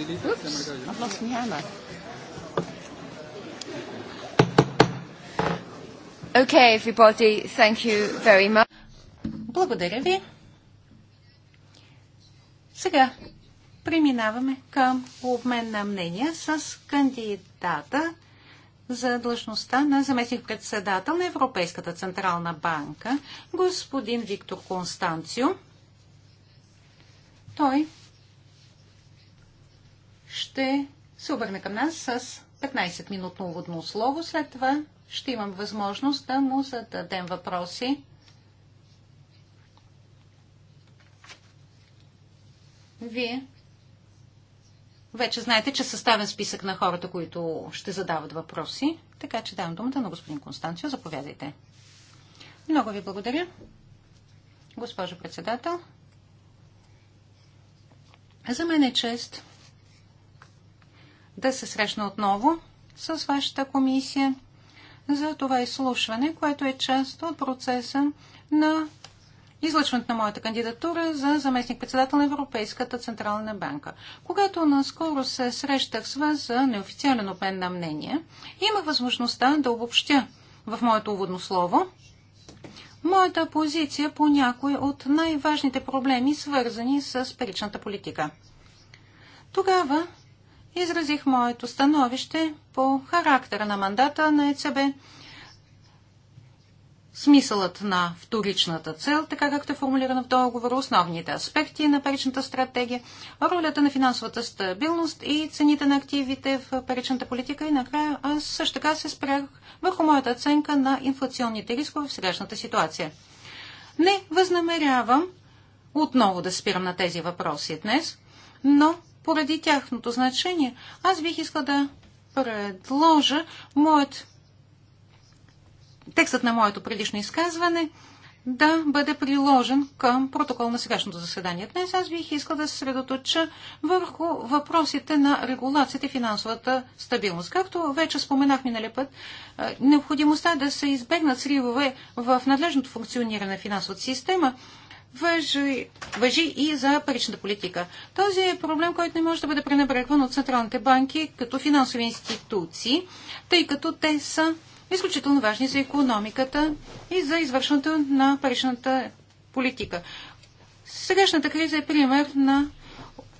Oops, I've lost my hammer. Okay, everybody, thank you very much. Благодаря ви. Сега преминаваме към обмен на мнения с кандидата за длъжността на заместник-председател на Европейската Централна банка, господин Виктор Констанцио. Той ще се обърне към нас с 15-минутно уводно слово. След това ще имам възможност да му зададем въпроси. Вие вече знаете, че съставен списък на хората, които ще задават въпроси. Така че давам думата на господин Констанцио. Заповядайте. Много ви благодаря. Госпожо председател, за мен е чест да се срещна отново с вашата комисия за това изслушване, което е част от процеса на излъчването на моята кандидатура за заместник-председател на Европейската Централна банка. Когато наскоро се срещах с вас за неофициален обмен на мнение, имах възможността да обобщя в моето уводно слово моята позиция по някои от най-важните проблеми, свързани с паричната политика. Тогава изразих моето становище по характера на мандата на ЕЦБ, смисълът на вторичната цел, така както е формулирана в договора, основните аспекти на паричната стратегия, ролята на финансовата стабилност и цените на активите в паричната политика и накрая аз също така се спрях върху моята оценка на инфлационните рискове в сегашната ситуация. Не възнамерявам отново да спирам на тези въпроси днес, но поради тяхното значение, аз бих искал да предложа моят текстът на моето предишно изказване да бъде приложен към протокол на сегашното заседание. Днес аз бих искал да се средоточа върху въпросите на регулацията и финансовата стабилност. Както вече споменах миналия път, необходимостта да се избегнат сривове в надлежното функциониране на финансовата система въжи, въжи и за паричната политика. Този е проблем, който не може да бъде пренебрегван от централните банки като финансови институции, тъй като те са изключително важни за економиката и за извършването на паричната политика. Сегашната криза е пример на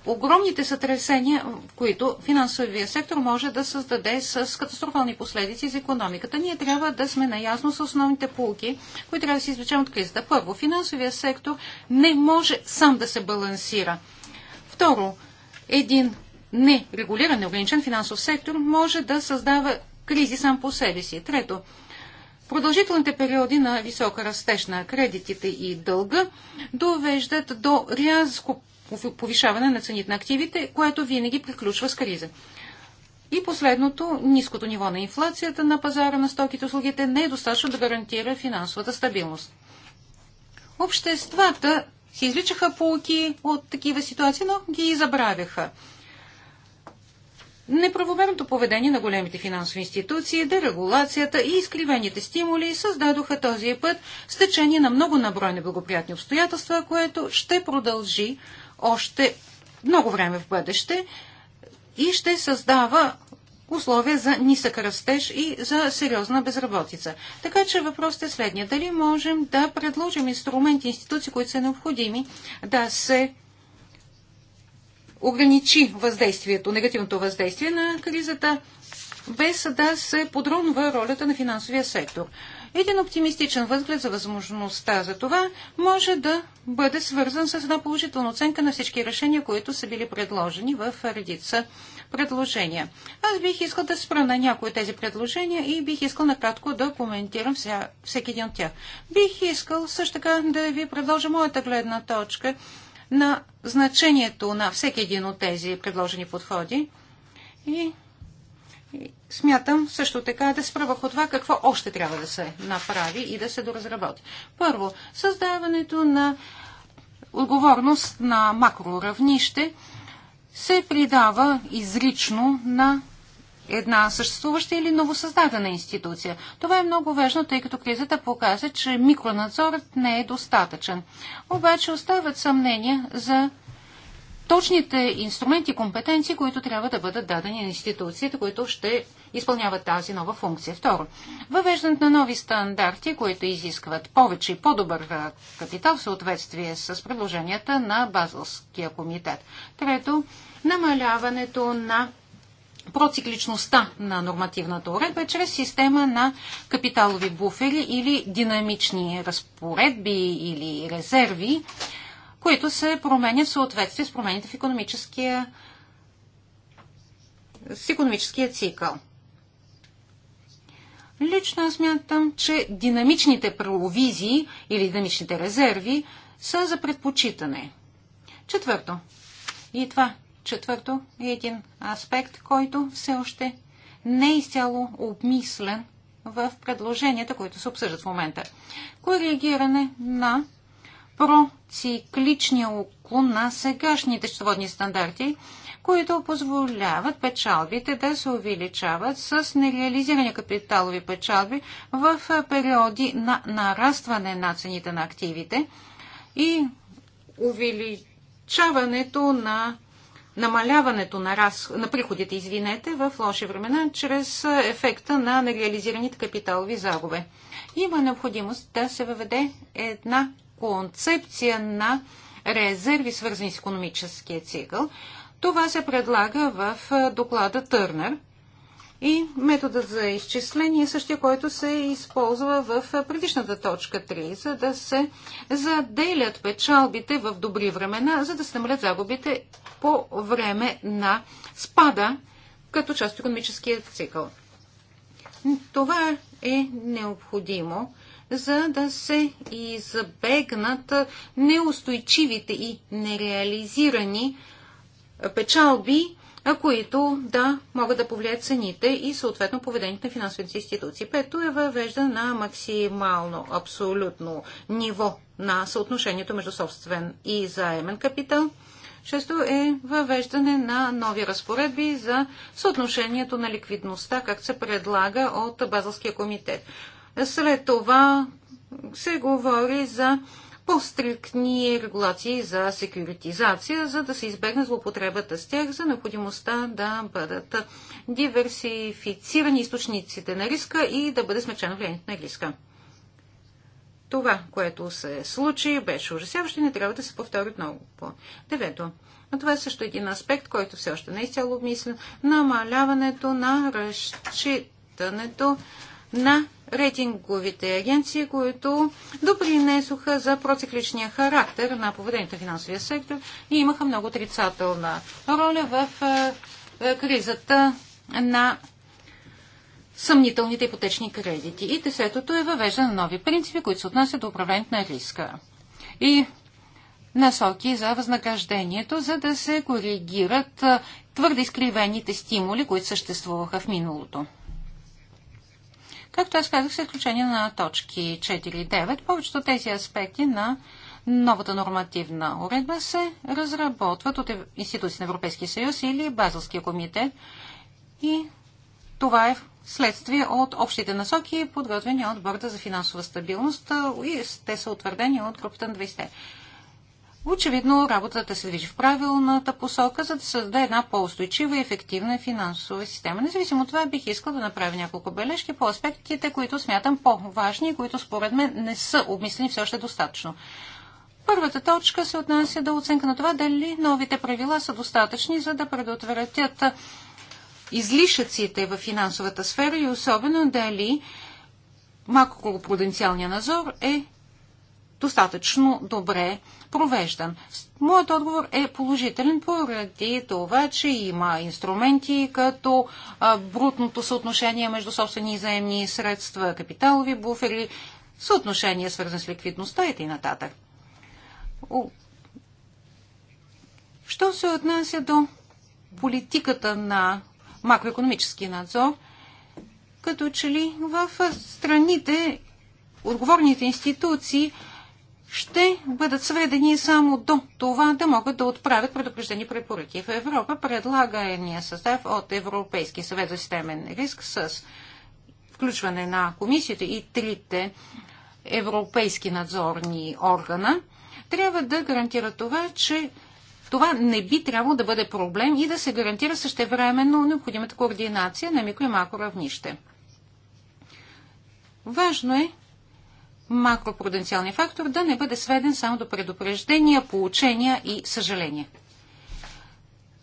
огромните сътресения, които финансовия сектор може да създаде с катастрофални последици за економиката. Ние трябва да сме наясно с основните полки, които трябва да се извлечем от кризата. Първо, финансовия сектор не може сам да се балансира. Второ, един нерегулиран, неограничен финансов сектор може да създава кризи сам по себе си. Трето, Продължителните периоди на висока растеж на кредитите и дълга довеждат до рязко повишаване на цените на активите, което винаги приключва с криза. И последното, ниското ниво на инфлацията на пазара на стоките и услугите не е достатъчно да гарантира финансовата стабилност. Обществата си изличаха полки от такива ситуации, но ги забравяха. Неправомерното поведение на големите финансови институции, дерегулацията и изкривените стимули създадоха този път с течение на много наброй неблагоприятни обстоятелства, което ще продължи още много време в бъдеще и ще създава условия за нисък растеж и за сериозна безработица. Така че въпросът е следния. Дали можем да предложим инструменти, институции, които са необходими да се ограничи въздействието, негативното въздействие на кризата, без да се подронва ролята на финансовия сектор. Един оптимистичен възглед за възможността за това може да бъде свързан с една положителна оценка на всички решения, които са били предложени в редица предложения. Аз бих искал да спра на някои от тези предложения и бих искал накратко да коментирам вся, всеки един от тях. Бих искал също така да ви предложа моята гледна точка на значението на всеки един от тези предложени подходи и, и Смятам също така да спра върху това какво още трябва да се направи и да се доразработи. Първо, създаването на отговорност на макроравнище се придава изрично на една съществуваща или новосъздадена институция. Това е много важно, тъй като кризата показа, че микронадзорът не е достатъчен. Обаче остават съмнения за точните инструменти и компетенции, които трябва да бъдат дадени на институцията, които ще изпълняват тази нова функция. Второ, въвеждането на нови стандарти, които изискват повече и по-добър капитал в съответствие с предложенията на Базълския комитет. Трето, намаляването на процикличността на нормативната уредба чрез система на капиталови буфери или динамични разпоредби или резерви, които се променят в съответствие с промените в економическия, с економическия цикъл. Лично аз мятам, че динамичните провизии или динамичните резерви са за предпочитане. Четвърто. И това четвърто е един аспект, който все още не е изцяло обмислен в предложенията, които се обсъждат в момента. Коригиране на процикличния уклон на сегашните счетоводни стандарти които позволяват печалбите да се увеличават с нереализирани капиталови печалби в периоди на нарастване на цените на активите и увеличаването на намаляването на, раз, на приходите, извинете, в лоши времена, чрез ефекта на нереализираните капиталови загуби. Има необходимост да се въведе една концепция на резерви, свързани с економическия цикъл, това се предлага в доклада Търнер и методът за изчисление е същия, който се използва в предишната точка 3, за да се заделят печалбите в добри времена, за да се намалят загубите по време на спада като част от економическия цикъл. Това е необходимо, за да се избегнат неустойчивите и нереализирани печалби, които да могат да повлияят цените и съответно поведението на финансовите институции. Пето е въвеждане на максимално абсолютно ниво на съотношението между собствен и заемен капитал. Шесто е въвеждане на нови разпоредби за съотношението на ликвидността, както се предлага от Базълския комитет. След това се говори за по-стрикни регулации за секюритизация, за да се избегне злоупотребата с тях, за необходимостта да бъдат диверсифицирани източниците на риска и да бъде смечено влиянието на риска. Това, което се случи, беше ужасяващо и не трябва да се повтори отново. По девето. Но това е също един аспект, който все още не е изцяло обмислен. Намаляването на разчитането на рейтинговите агенции, които допринесоха за процикличния характер на поведението в финансовия сектор и имаха много отрицателна роля в е, е, кризата на съмнителните ипотечни кредити. И десетото е въвеждане на нови принципи, които се отнасят до управлението на риска. И насоки за възнаграждението, за да се коригират е, твърде изкривените стимули, които съществуваха в миналото. Както аз казах, с изключение на точки 4 и 9, повечето тези аспекти на новата нормативна уредба се разработват от институции на Европейския съюз или Базълския комитет и това е следствие от общите насоки, подготвени от Борда за финансова стабилност и те са утвърдени от групата на 20. Очевидно работата се движи в правилната посока, за да създаде една по-устойчива и ефективна финансова система. Независимо от това, бих искал да направя няколко бележки по аспектите, които смятам по-важни и които според мен не са обмислени все още достатъчно. Първата точка се отнася до оценка на това дали новите правила са достатъчни, за да предотвратят излишъците в финансовата сфера и особено дали макропруденциалния надзор е достатъчно добре провеждан. Моят отговор е положителен поради това, че има инструменти като брутното съотношение между собствени и заемни средства, капиталови буфери, съотношение свързан с ликвидността и т.н. Що се отнася до политиката на макроекономически надзор, като че ли в страните отговорните институции ще бъдат сведени само до това да могат да отправят предупреждени препоръки. В Европа предлагания състав от Европейски съвет за системен риск с включване на комисията и трите европейски надзорни органа трябва да гарантира това, че това не би трябвало да бъде проблем и да се гарантира същевременно необходимата координация на микро и макро равнище. Важно е макропруденциалния фактор да не бъде сведен само до предупреждения, получения и съжаления.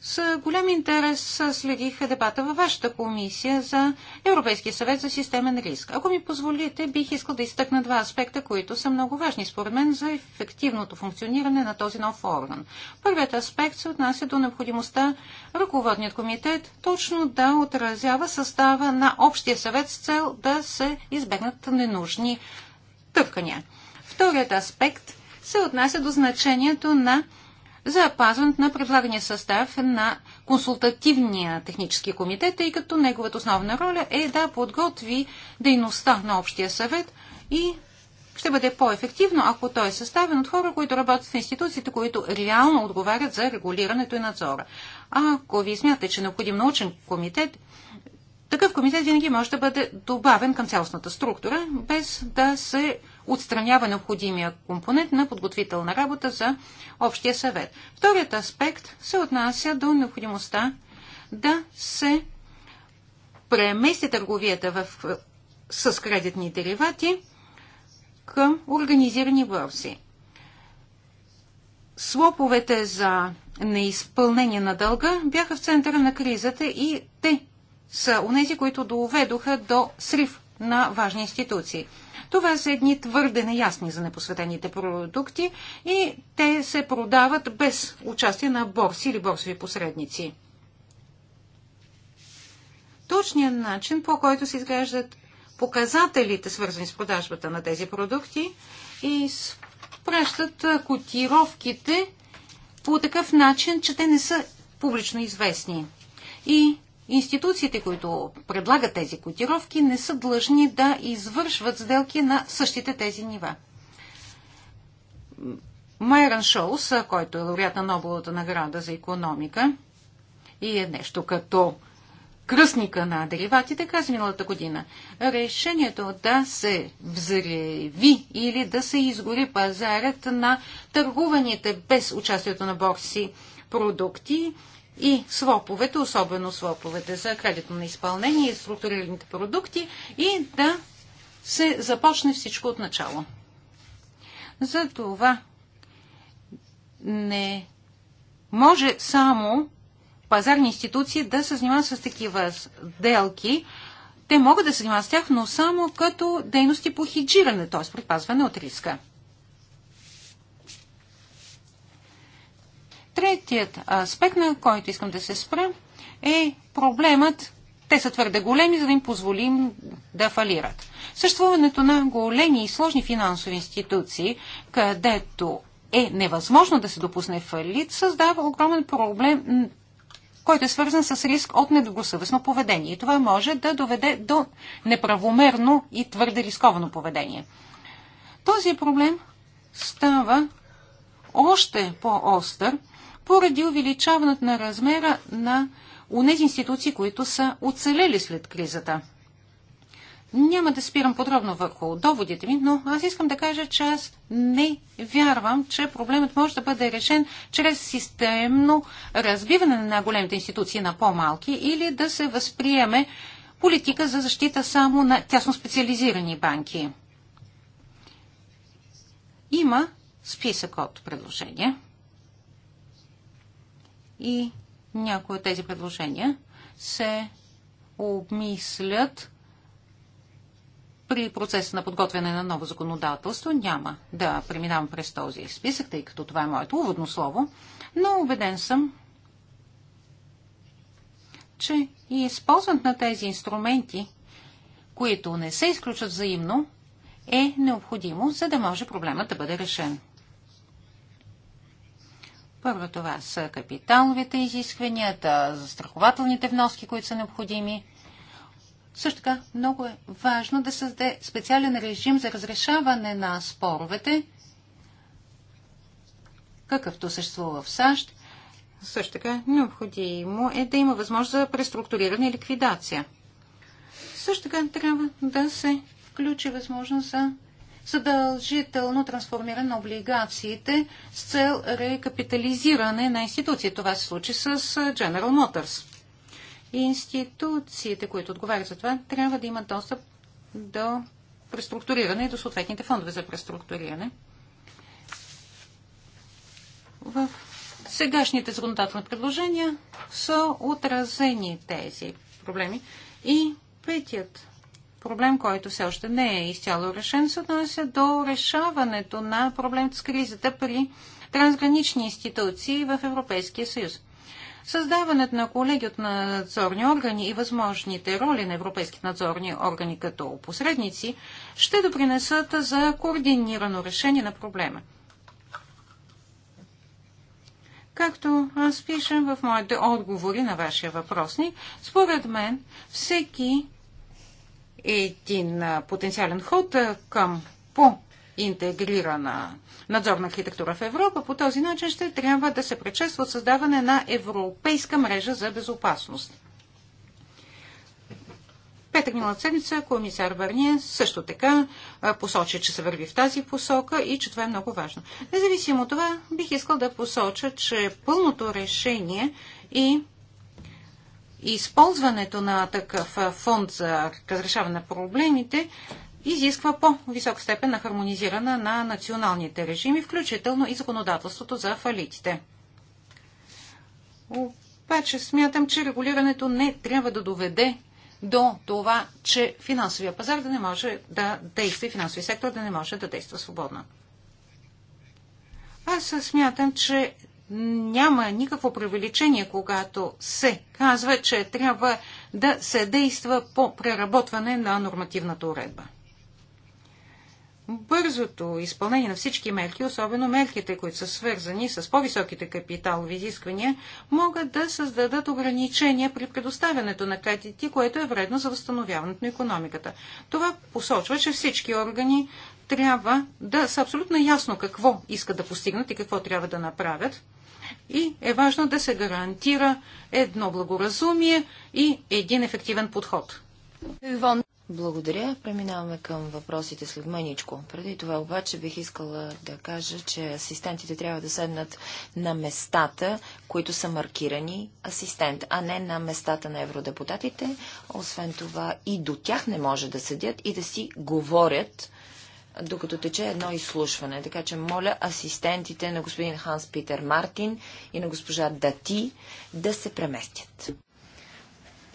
С голям интерес следих дебата във вашата комисия за Европейския съвет за системен риск. Ако ми позволите, бих искал да изтъкна два аспекта, които са много важни според мен за ефективното функциониране на този нов орган. Първият аспект се отнася до необходимостта ръководният комитет точно да отразява състава на Общия съвет с цел да се избегнат ненужни търкания. Вторият аспект се отнася до значението на запазването на предлагания състав на консултативния технически комитет, тъй като неговата основна роля е да подготви дейността на общия съвет и ще бъде по-ефективно, ако той е съставен от хора, които работят в институциите, които реално отговарят за регулирането и надзора. Ако ви смятате, че е необходим научен комитет, такъв комитет винаги може да бъде добавен към цялостната структура, без да се отстранява необходимия компонент на подготвителна работа за общия съвет. Вторият аспект се отнася до необходимостта да се премести търговията в, с кредитни деривати към организирани борси. Слоповете за неизпълнение на дълга бяха в центъра на кризата и те са унези, които доведоха до срив на важни институции. Това са едни твърде неясни за непосветените продукти и те се продават без участие на борси или борсови посредници. Точният начин, по който се изглеждат показателите, свързани с продажбата на тези продукти и пращат котировките по такъв начин, че те не са публично известни. И институциите, които предлагат тези котировки, не са длъжни да извършват сделки на същите тези нива. Майран Шоус, който е лауреат на Нобеловата награда за економика и е нещо като кръстника на дериватите, каза миналата година. Решението да се взреви или да се изгори пазарът на търгуваните без участието на борси продукти и своповете, особено своповете за кредитно на изпълнение и структурираните продукти и да се започне всичко от начало. За това не може само пазарни институции да се занимават с такива сделки. Те могат да се занимават с тях, но само като дейности по хиджиране, т.е. предпазване от риска. Третият аспект, на който искам да се спра, е проблемът. Те са твърде големи, за да им позволим да фалират. Съществуването на големи и сложни финансови институции, където е невъзможно да се допусне фалит, създава огромен проблем, който е свързан с риск от недобросъвестно поведение. И това може да доведе до неправомерно и твърде рисковано поведение. Този проблем става още по-остър, поради увеличаването на размера на унези институции, които са оцелели след кризата. Няма да спирам подробно върху доводите ми, но аз искам да кажа, че аз не вярвам, че проблемът може да бъде решен чрез системно разбиване на големите институции на по-малки или да се възприеме политика за защита само на тясно специализирани банки. Има списък от предложения и някои от тези предложения се обмислят при процеса на подготвяне на ново законодателство. Няма да преминавам през този списък, тъй като това е моето уводно слово, но убеден съм, че и използването на тези инструменти, които не се изключат взаимно, е необходимо, за да може проблемът да бъде решен. Първо това са капиталовите изискванията, застрахователните вноски, които са необходими. Също така много е важно да създаде специален режим за разрешаване на споровете, какъвто съществува в САЩ. Също така необходимо е да има възможност за преструктуриране и ликвидация. Също така трябва да се включи възможност за задължително трансформиране на облигациите с цел рекапитализиране на институции. Това се случи с General Motors. Институциите, които отговарят за това, трябва да имат достъп до преструктуриране и до съответните фондове за преструктуриране. В сегашните законодателни предложения са отразени тези проблеми. И петият проблем, който все още не е изцяло решен, се отнася до решаването на проблем с кризата при трансгранични институции в Европейския съюз. Създаването на колеги от надзорни органи и възможните роли на европейските надзорни органи като посредници ще допринесат за координирано решение на проблема. Както аз пишем в моите отговори на вашия въпросник, според мен всеки един потенциален ход към по-интегрирана надзорна архитектура в Европа. По този начин ще трябва да се предшества създаване на европейска мрежа за безопасност. Петър миналата седмица комисар Варния също така посочи, че се върви в тази посока и че това е много важно. Независимо от това, бих искал да посоча, че пълното решение и използването на такъв фонд за разрешаване на проблемите изисква по-висока степен на хармонизиране на националните режими, включително и законодателството за фалитите. Обаче смятам, че регулирането не трябва да доведе до това, че финансовия пазар да не може да действа и финансовия сектор да не може да действа свободно. Аз смятам, че няма никакво превеличение, когато се казва, че трябва да се действа по преработване на нормативната уредба. Бързото изпълнение на всички мерки, особено мерките, които са свързани с по-високите капиталови изисквания, могат да създадат ограничения при предоставянето на кредити, което е вредно за възстановяването на економиката. Това посочва, че всички органи трябва да са абсолютно ясно какво искат да постигнат и какво трябва да направят. И е важно да се гарантира едно благоразумие и един ефективен подход. Благодаря. Преминаваме към въпросите след мъничко. Преди това обаче бих искала да кажа, че асистентите трябва да седнат на местата, които са маркирани асистент, а не на местата на евродепутатите. Освен това и до тях не може да седят и да си говорят докато тече едно изслушване. Така че моля асистентите на господин Ханс Питер Мартин и на госпожа Дати да се преместят.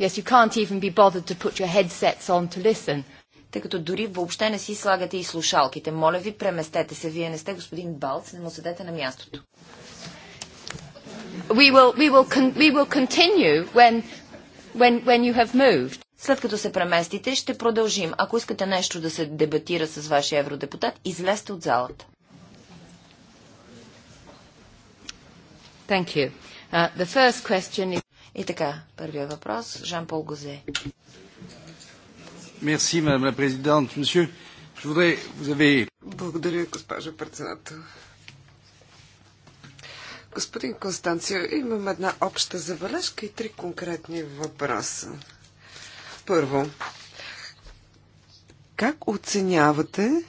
Yes, you can't even be bothered to put your headsets on to listen. Тъй като дори въобще не си слагате и слушалките. Моля ви, преместете се. Вие не сте господин Балц, не му седете на мястото. We will, we will, con- we will continue when, when, when you have moved. След като се преместите, ще продължим. Ако искате нещо да се дебатира с вашия евродепутат, излезте от залата. Thank you. Uh, the first question is... И така, първия въпрос, Жан-Пол Гозе. Merci, Monsieur, je voudrais, vous avez... Благодаря, госпожо председател. Господин Констанцио, имам една обща забележка и три конкретни въпроса. Първо, как оценявате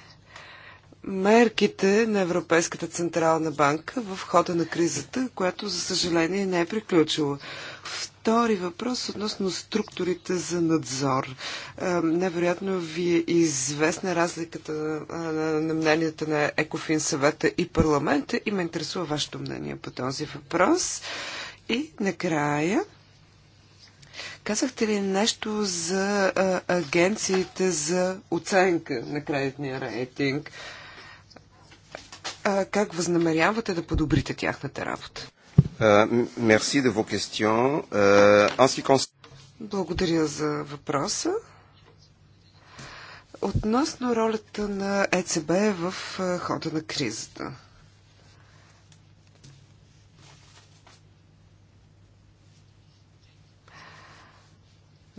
мерките на Европейската Централна банка в хода на кризата, която, за съжаление, не е приключила? Втори въпрос относно структурите за надзор. Е, невероятно ви е известна разликата е, на мненията на Екофин съвета и парламента и ме интересува вашето мнение по този въпрос. И накрая Казахте ли нещо за а, агенциите за оценка на кредитния рейтинг? А, как възнамерявате да подобрите тяхната работа? Мерси Благодаря за въпроса. Относно ролята на ЕЦБ в хода на кризата.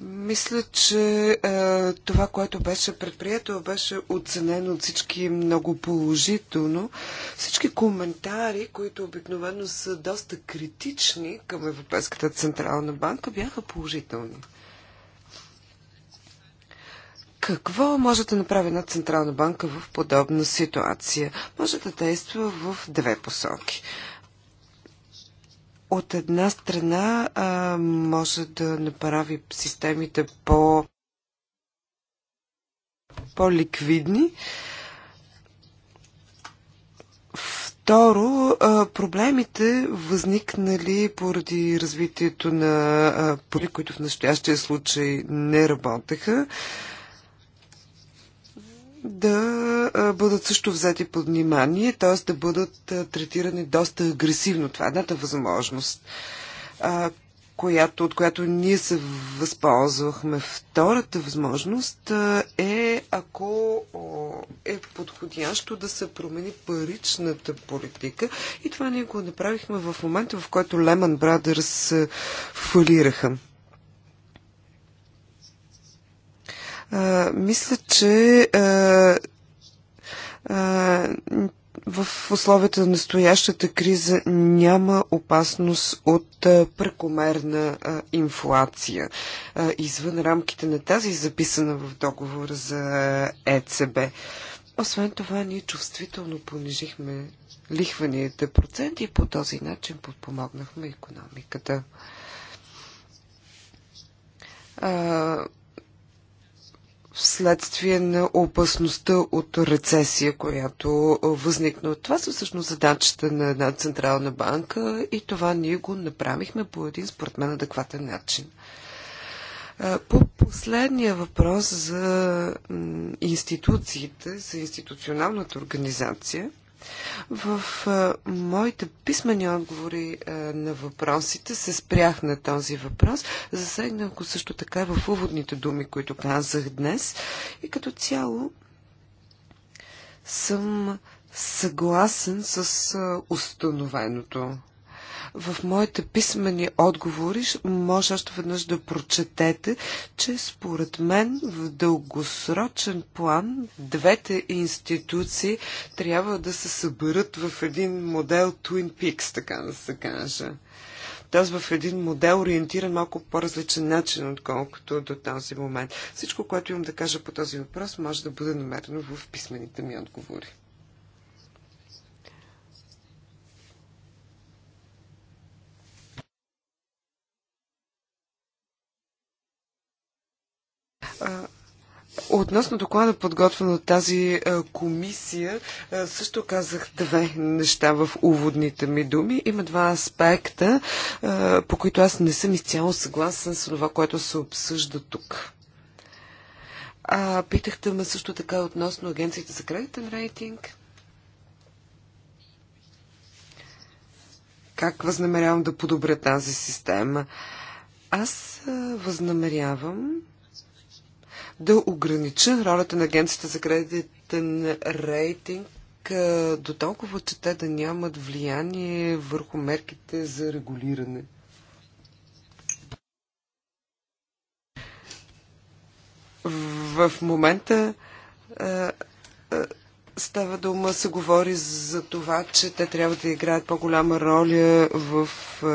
Мисля, че е, това, което беше предприето, беше оценено от всички много положително. Всички коментари, които обикновено са доста критични към Европейската Централна банка, бяха положителни. Какво може да направи една Централна банка в подобна ситуация? Може да действа в две посоки. Е, от една страна а, може да направи системите по по-ликвидни. Второ, проблемите възникнали поради развитието на поли, които в настоящия случай не работеха. А, да бъдат също взети под внимание, т.е. да бъдат третирани доста агресивно. Това е едната възможност, която, от която ние се възползвахме. Втората възможност е, ако е подходящо да се промени паричната политика. И това ние го направихме в момента, в който Леман Брадърс фалираха. мисля, че а, а, в условията на настоящата криза няма опасност от прекомерна инфлация извън рамките на тази записана в договора за ЕЦБ. Освен това, ние чувствително понижихме лихваните проценти и по този начин подпомогнахме економиката вследствие на опасността от рецесия, която възникна. Това са всъщност задачата на една централна банка и това ние го направихме по един, според мен, адекватен начин. По последния въпрос за институциите, за институционалната организация, в моите писмени отговори на въпросите се спрях на този въпрос. Засегнах го също така в уводните думи, които казах днес. И като цяло съм съгласен с установеното в моите писмени отговори може още веднъж да прочетете, че според мен в дългосрочен план двете институции трябва да се съберат в един модел Twin Peaks, така да се каже т.е. в един модел ориентиран малко по-различен начин, отколкото до този момент. Всичко, което имам да кажа по този въпрос, може да бъде намерено в писмените ми отговори. Относно доклада, подготвен от тази комисия, също казах две неща в уводните ми думи. Има два аспекта, по които аз не съм изцяло съгласен с това, което се обсъжда тук. А, питахте ме също така относно агенцията за кредитен рейтинг. Как възнамерявам да подобря тази система? Аз възнамерявам да огранича ролята на агенцията за кредитен рейтинг до толкова, че те да нямат влияние върху мерките за регулиране. В момента става дума, се говори за това, че те трябва да играят по-голяма роля в е,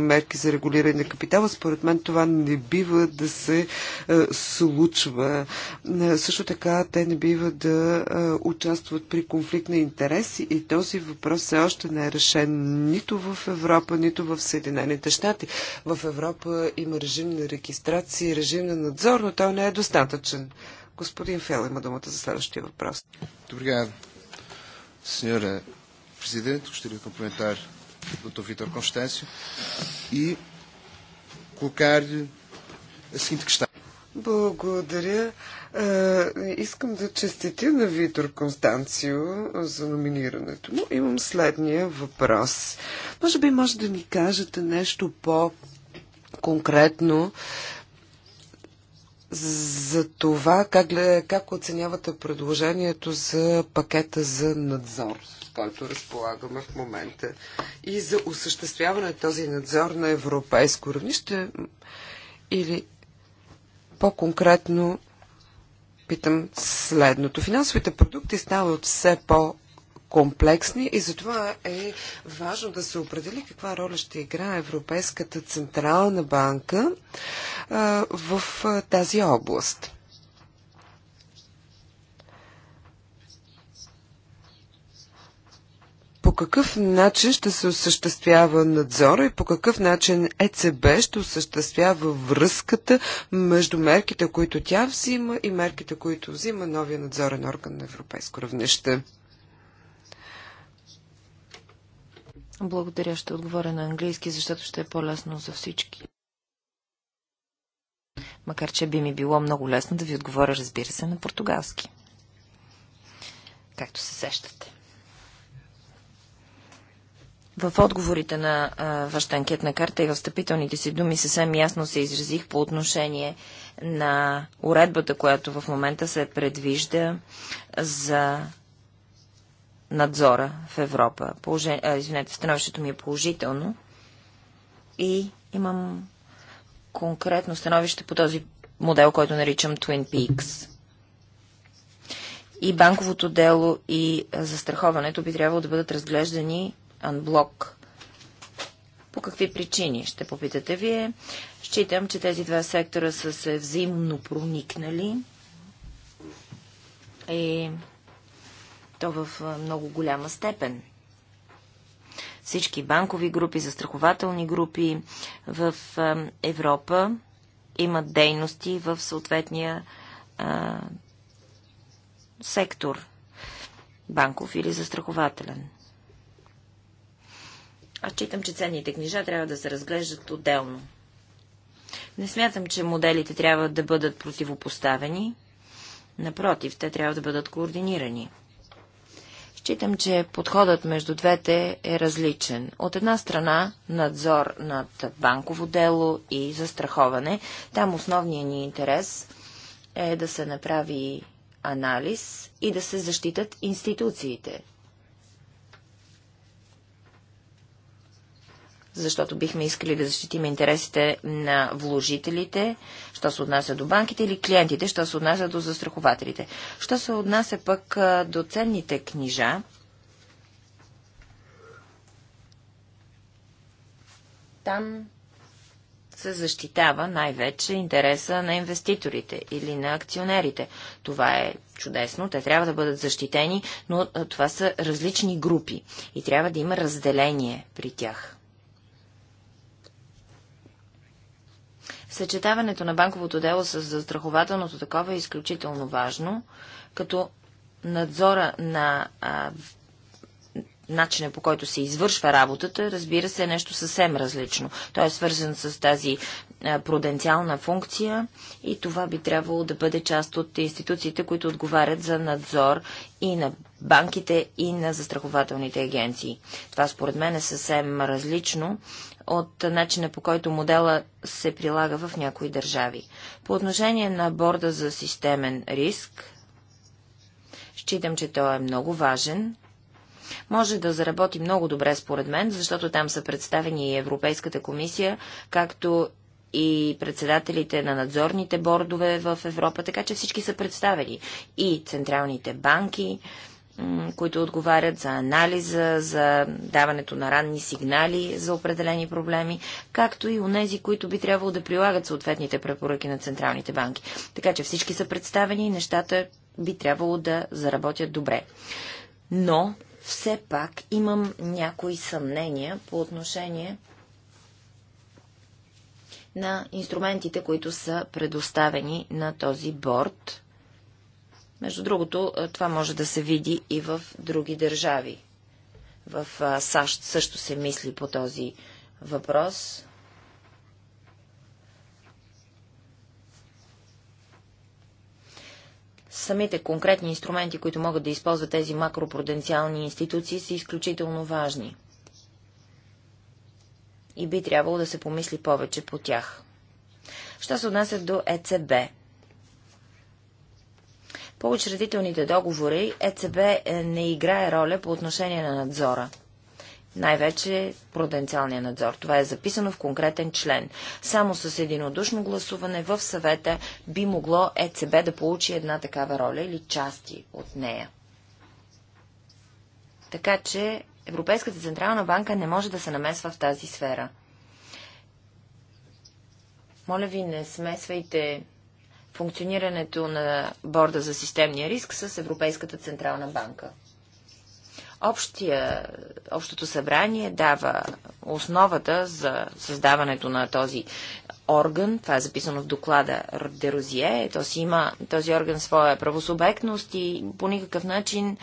мерки за регулиране на капитала. Според мен това не бива да се е, случва. Е, също така те не бива да участват при конфликт на интереси и този въпрос все още не е решен нито в Европа, нито в Съединените щати. В Европа има режим на регистрация режим на надзор, но той не е достатъчен. Господин Фел има думата за следващия въпрос. Добре, сеньора президент, ще ви комплиментар Dr. Vitor и colocar-lhe a seguinte questão. Благодаря. Е, искам да честитя на Витор Констанцио за номинирането му. Имам следния въпрос. Може би може да ни кажете нещо по-конкретно за това как, как оценявате предложението за пакета за надзор, с който разполагаме в момента, и за осъществяване на този надзор на европейско равнище или по-конкретно питам следното. Финансовите продукти стават все по- комплексни и затова е важно да се определи каква роля ще играе Европейската Централна банка в тази област. по какъв начин ще се осъществява надзора и по какъв начин ЕЦБ ще осъществява връзката между мерките, които тя взима и мерките, които взима новия надзорен орган на европейско равнище. Благодаря, ще отговоря на английски, защото ще е по-лесно за всички. Макар, че би ми било много лесно да ви отговоря, разбира се, на португалски. Както се сещате. В отговорите на а, вашата анкетна карта и в встъпителните си думи съвсем ясно се изразих по отношение на уредбата, която в момента се предвижда за надзора в Европа. Положен... А, извинете, становището ми е положително и имам конкретно становище по този модел, който наричам Twin Peaks. И банковото дело и застраховането би трябвало да бъдат разглеждани анблок. По какви причини, ще попитате вие. Считам, че тези два сектора са се взаимно проникнали и то в много голяма степен. Всички банкови групи, застрахователни групи в Европа имат дейности в съответния а, сектор, банков или застрахователен. Аз читам, че ценните книжа трябва да се разглеждат отделно. Не смятам, че моделите трябва да бъдат противопоставени. Напротив, те трябва да бъдат координирани. Считам, че подходът между двете е различен. От една страна надзор над банково дело и застраховане. Там основният ни интерес е да се направи анализ и да се защитат институциите. защото бихме искали да защитим интересите на вложителите, що се отнася до банките или клиентите, що се отнася до застрахователите. Що се отнася пък до ценните книжа, там се защитава най-вече интереса на инвеститорите или на акционерите. Това е чудесно, те трябва да бъдат защитени, но това са различни групи и трябва да има разделение при тях. Съчетаването на банковото дело с застрахователното такова е изключително важно, като надзора на а, начина по който се извършва работата, разбира се, е нещо съвсем различно. Той е свързан с тази а, пруденциална функция и това би трябвало да бъде част от институциите, които отговарят за надзор и на банките, и на застрахователните агенции. Това според мен е съвсем различно от начина по който модела се прилага в някои държави. По отношение на борда за системен риск, считам, че той е много важен. Може да заработи много добре, според мен, защото там са представени и Европейската комисия, както и председателите на надзорните бордове в Европа, така че всички са представени. И централните банки, които отговарят за анализа, за даването на ранни сигнали за определени проблеми, както и онези, които би трябвало да прилагат съответните препоръки на централните банки. Така че всички са представени и нещата би трябвало да заработят добре. Но все пак имам някои съмнения по отношение на инструментите, които са предоставени на този борт между другото, това може да се види и в други държави. В САЩ също се мисли по този въпрос. Самите конкретни инструменти, които могат да използват тези макропруденциални институции, са изключително важни. И би трябвало да се помисли повече по тях. Що се отнася до ЕЦБ? По учредителните договори ЕЦБ е, не играе роля по отношение на надзора. Най-вече пруденциалния надзор. Това е записано в конкретен член. Само с единодушно гласуване в съвета би могло ЕЦБ да получи една такава роля или части от нея. Така че Европейската Централна банка не може да се намесва в тази сфера. Моля ви, не смесвайте функционирането на борда за системния риск с Европейската Централна банка. Общия, общото събрание дава основата за създаването на този орган, това е записано в доклада Дерозие, то си има този орган своя правосубектност и по никакъв начин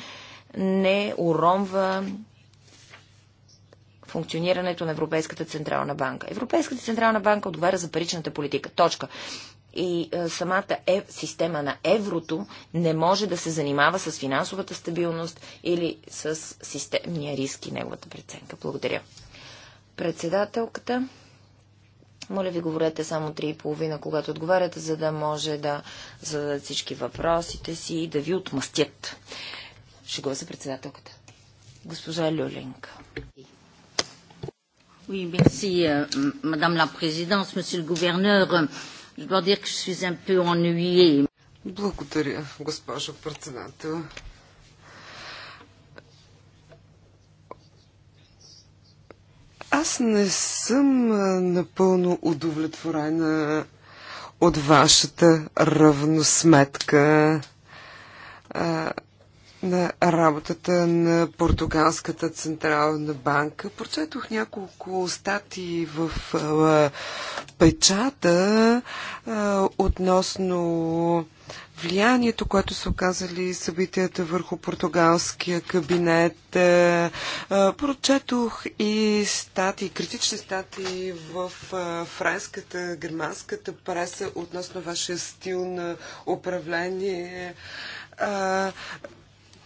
не уронва функционирането на Европейската Централна банка. Европейската Централна банка отговаря за паричната политика. Точка и е, самата е, система на еврото не може да се занимава с финансовата стабилност или с системния риск и неговата преценка. Благодаря. Председателката. Моля ви, говорете само 3,5, когато отговаряте, за да може да зададат всички въпросите си и да ви отмъстят. Шегува се председателката. Госпожа Люлинг. Oui, merci, euh, Madame la Présidente, Monsieur le Gouverneur. Euh, Je dois dire que je suis un peu ennuyée. Благодаря, госпожо председател. Аз не съм напълно удовлетворена от вашата равносметка на работата на Португалската централна банка. Прочетох няколко статии в а, печата а, относно влиянието, което са оказали събитията върху португалския кабинет. А, прочетох и статии, критични статии в а, френската, германската преса относно вашия стил на управление. А,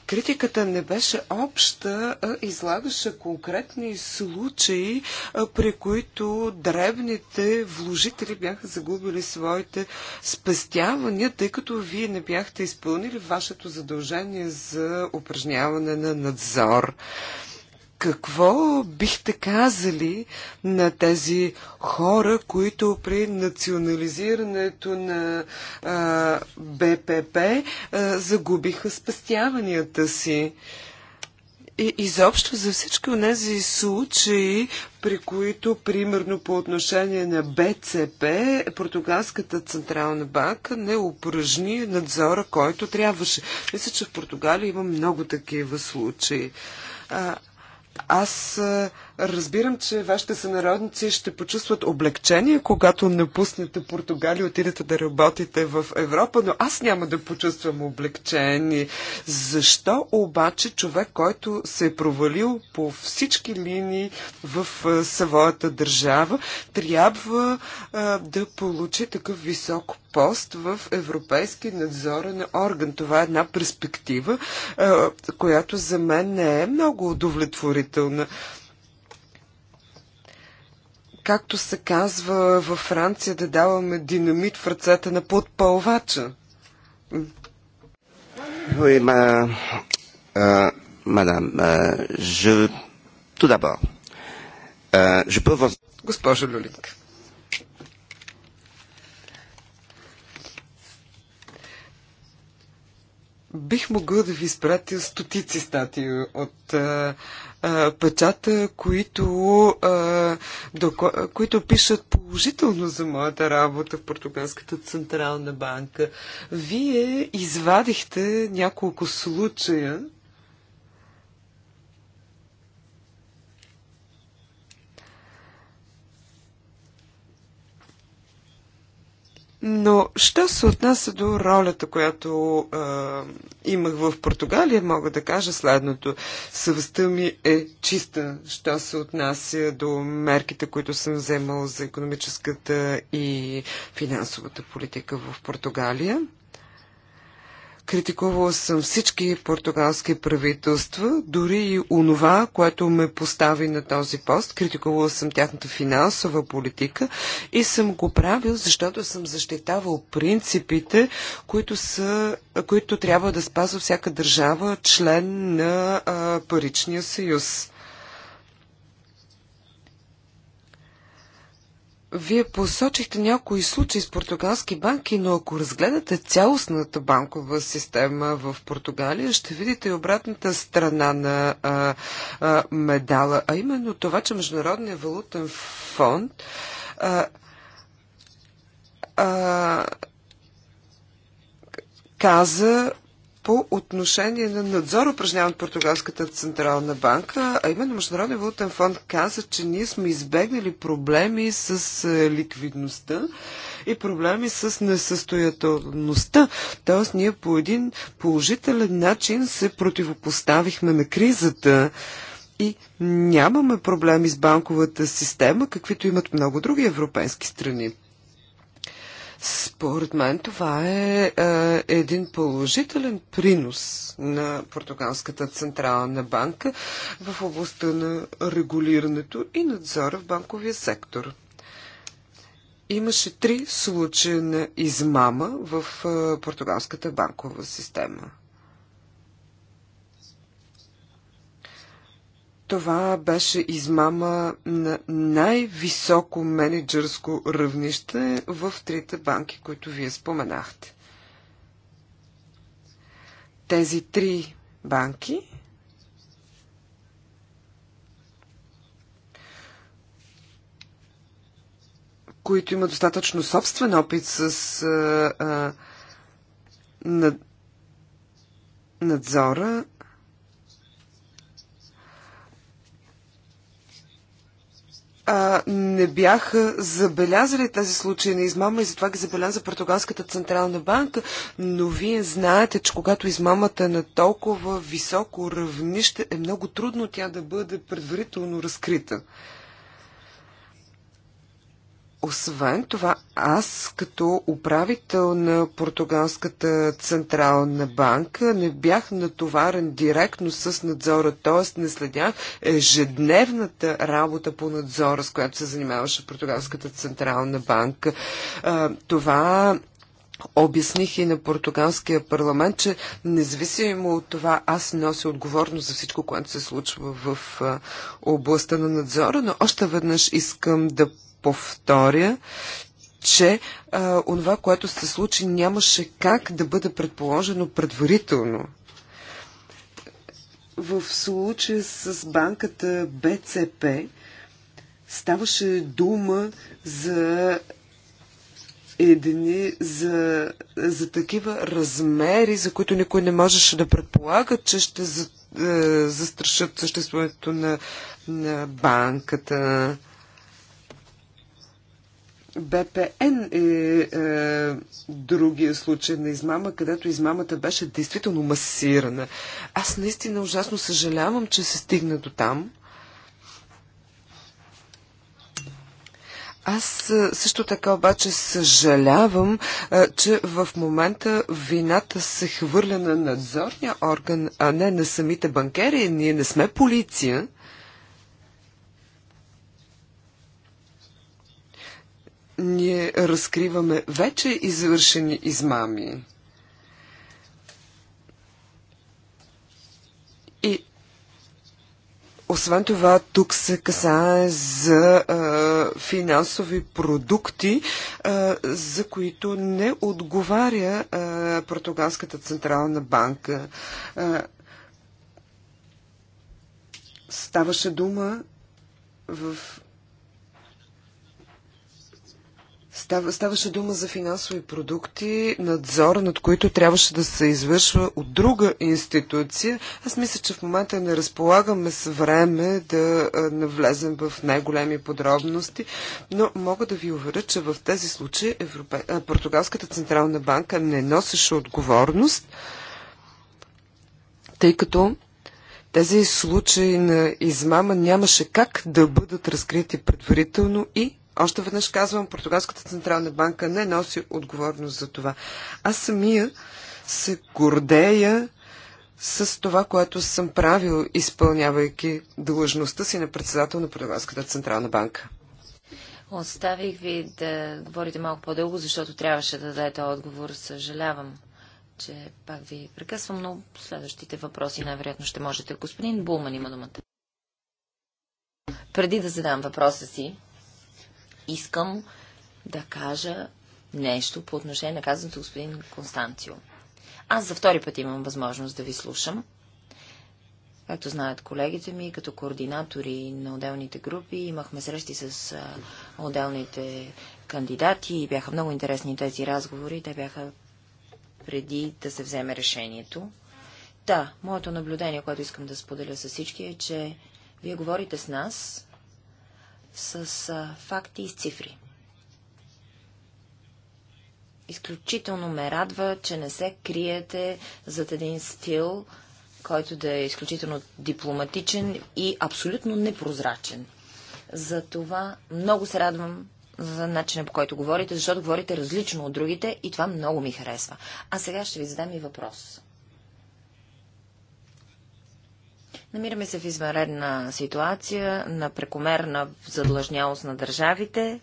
Критиката не беше обща, а излагаше конкретни случаи, при които дребните вложители бяха загубили своите спестявания, тъй като вие не бяхте изпълнили вашето задължение за упражняване на надзор. Какво бихте казали на тези хора, които при национализирането на а, БПП а, загубиха спестяванията си? И изобщо за всички от тези случаи, при които, примерно по отношение на БЦП, Португалската централна банка не упражни надзора, който трябваше. Мисля, че в Португалия има много такива случаи. А, аз Разбирам, че вашите сънародници ще почувстват облегчение, когато напуснете Португалия и отидете да работите в Европа, но аз няма да почувствам облегчение. Защо обаче човек, който се е провалил по всички линии в своята държава, трябва да получи такъв висок пост в Европейски надзорен орган? Това е една перспектива, която за мен не е много удовлетворителна както се казва във Франция, да даваме динамит в ръцете на подпълвача. Oui, ma, euh, madame, euh, je, tout d'abord, euh, je peux vous... Госпожа Люлинка. Бих могъл да ви изпратя стотици статии от а, а, печата, които, а, до, които пишат положително за моята работа в Португалската централна банка. Вие извадихте няколко случая Но, що се отнася до ролята, която е, имах в Португалия, мога да кажа следното. Съвестта ми е чиста, що се отнася до мерките, които съм вземал за економическата и финансовата политика в Португалия. Критикувал съм всички португалски правителства, дори и онова, което ме постави на този пост. Критикувал съм тяхната финансова политика и съм го правил, защото съм защитавал принципите, които, са, които трябва да спазва всяка държава, член на а, Паричния съюз. Вие посочихте някои случаи с португалски банки, но ако разгледате цялостната банкова система в Португалия, ще видите и обратната страна на а, а, медала, а именно това, че Международният валутен фонд а, а, каза, по отношение на надзор, упражняван от Португалската централна банка, а именно Международния валутен фонд каза, че ние сме избегнали проблеми с е, ликвидността и проблеми с несъстоятелността. Тоест ние по един положителен начин се противопоставихме на кризата и нямаме проблеми с банковата система, каквито имат много други европейски страни. Според мен това е, е един положителен принос на Португалската централна банка в областта на регулирането и надзора в банковия сектор. Имаше три случая на измама в е, португалската банкова система. Това беше измама на най-високо менеджерско равнище в трите банки, които вие споменахте. Тези три банки които имат достатъчно собствен опит с а, а, над, надзора, а, не бяха забелязали тези случаи на измама и затова ги забеляза Португалската централна банка, но вие знаете, че когато измамата е на толкова високо равнище, е много трудно тя да бъде предварително разкрита. Освен това, аз като управител на Португалската централна банка не бях натоварен директно с надзора, т.е. не следях ежедневната работа по надзора, с която се занимаваше Португалската централна банка. Това обясних и на португалския парламент, че независимо от това аз нося отговорност за всичко, което се случва в областта на надзора, но още веднъж искам да повторя, че а, онова, което се случи, нямаше как да бъде предположено предварително. В случая с банката БЦП ставаше дума за едини за, за такива размери, за които никой не можеше да предполага, че ще за, е, застрашат съществуването на, на банката. БПН е, е другия случай на измама, където измамата беше действително масирана. Аз наистина ужасно съжалявам, че се стигна до там. Аз е, също така обаче съжалявам, е, че в момента вината се хвърля на надзорния орган, а не на самите банкери. Ние не сме полиция. ние разкриваме вече извършени измами. И освен това, тук се касае за а, финансови продукти, а, за които не отговаря а, Португалската централна банка. А, ставаше дума в Става, ставаше дума за финансови продукти, надзор, над които трябваше да се извършва от друга институция. Аз мисля, че в момента не разполагаме с време да навлезем в най-големи подробности, но мога да ви уверя, че в тези случаи Европе... Португалската централна банка не носеше отговорност, тъй като тези случаи на измама нямаше как да бъдат разкрити предварително и още веднъж казвам, Португалската централна банка не носи отговорност за това. Аз самия се гордея с това, което съм правил, изпълнявайки длъжността си на председател на Португалската централна банка. Оставих ви да говорите малко по-дълго, защото трябваше да дадете отговор. Съжалявам, че пак ви прекъсвам, но следващите въпроси най-вероятно ще можете. Господин Булман има думата. Преди да задам въпроса си, искам да кажа нещо по отношение на казаното господин Констанцио. Аз за втори път имам възможност да ви слушам. Както знаят колегите ми, като координатори на отделните групи, имахме срещи с отделните кандидати и бяха много интересни тези разговори. Те бяха преди да се вземе решението. Да, моето наблюдение, което искам да споделя с всички е, че вие говорите с нас с факти и с цифри. Изключително ме радва, че не се криете зад един стил, който да е изключително дипломатичен и абсолютно непрозрачен. За това много се радвам за начина по който говорите, защото говорите различно от другите и това много ми харесва. А сега ще ви задам и въпрос. Намираме се в извънредна ситуация на прекомерна задлъжнялост на държавите.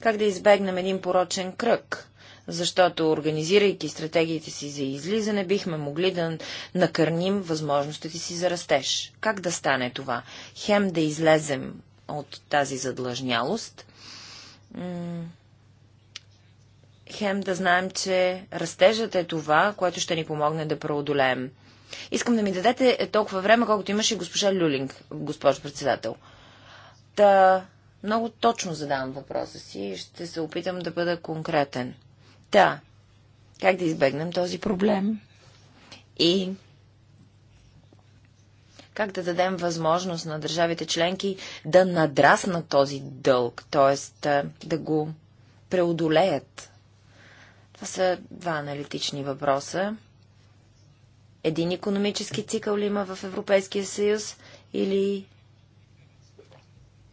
Как да избегнем един порочен кръг? Защото, организирайки стратегиите си за излизане, бихме могли да накърним възможностите си за растеж. Как да стане това? Хем да излезем от тази задлъжнялост – хем да знаем, че растежът е това, което ще ни помогне да преодолеем. Искам да ми дадете е толкова време, колкото имаше госпожа Люлинг, госпожо председател. Та, много точно задавам въпроса си и ще се опитам да бъда конкретен. Та, как да избегнем този проблем? И как да дадем възможност на държавите членки да надраснат този дълг, т.е. да го преодолеят? Това са два аналитични въпроса. Един економически цикъл ли има в Европейския съюз или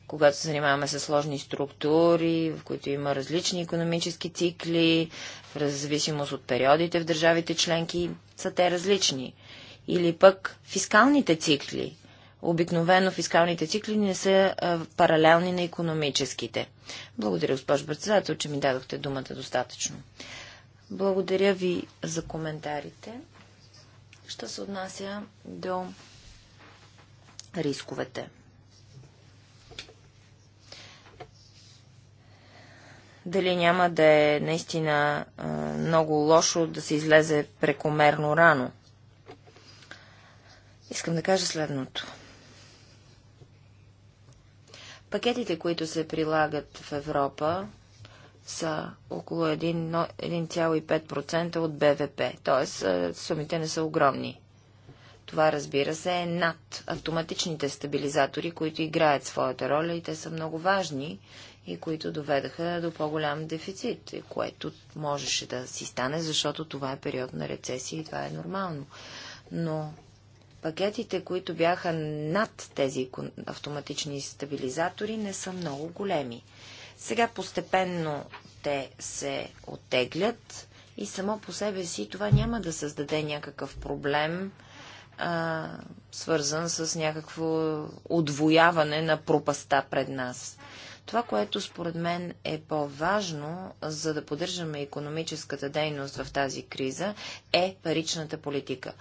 когато се занимаваме с сложни структури, в които има различни економически цикли, в зависимост от периодите в държавите членки, са те различни. Или пък фискалните цикли. Обикновено фискалните цикли не са а, паралелни на економическите. Благодаря, госпожо председател, че ми дадохте думата достатъчно. Благодаря ви за коментарите. Ще се отнася до рисковете. Дали няма да е наистина много лошо да се излезе прекомерно рано? Искам да кажа следното. Пакетите, които се прилагат в Европа, са около 1,5% от БВП, т.е. сумите не са огромни. Това, разбира се, е над автоматичните стабилизатори, които играят своята роля и те са много важни и които доведаха до по-голям дефицит, което можеше да си стане, защото това е период на рецесия и това е нормално. Но пакетите, които бяха над тези автоматични стабилизатори, не са много големи. Сега постепенно те се оттеглят и само по себе си това няма да създаде някакъв проблем, а, свързан с някакво отвояване на пропаста пред нас. Това, което според мен е по-важно, за да поддържаме економическата дейност в тази криза, е паричната политика.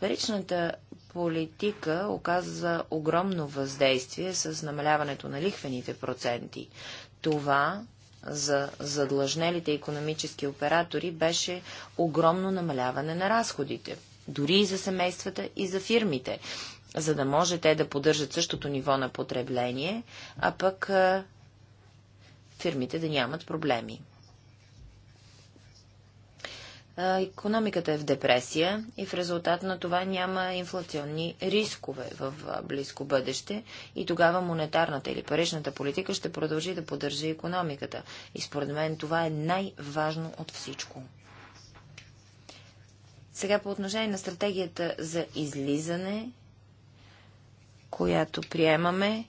Паричната политика оказва огромно въздействие с намаляването на лихвените проценти това за задлъжнелите економически оператори беше огромно намаляване на разходите, дори и за семействата и за фирмите, за да може те да поддържат същото ниво на потребление, а пък фирмите да нямат проблеми економиката е в депресия и в резултат на това няма инфлационни рискове в близко бъдеще и тогава монетарната или паричната политика ще продължи да поддържа економиката. И според мен това е най-важно от всичко. Сега по отношение на стратегията за излизане, която приемаме,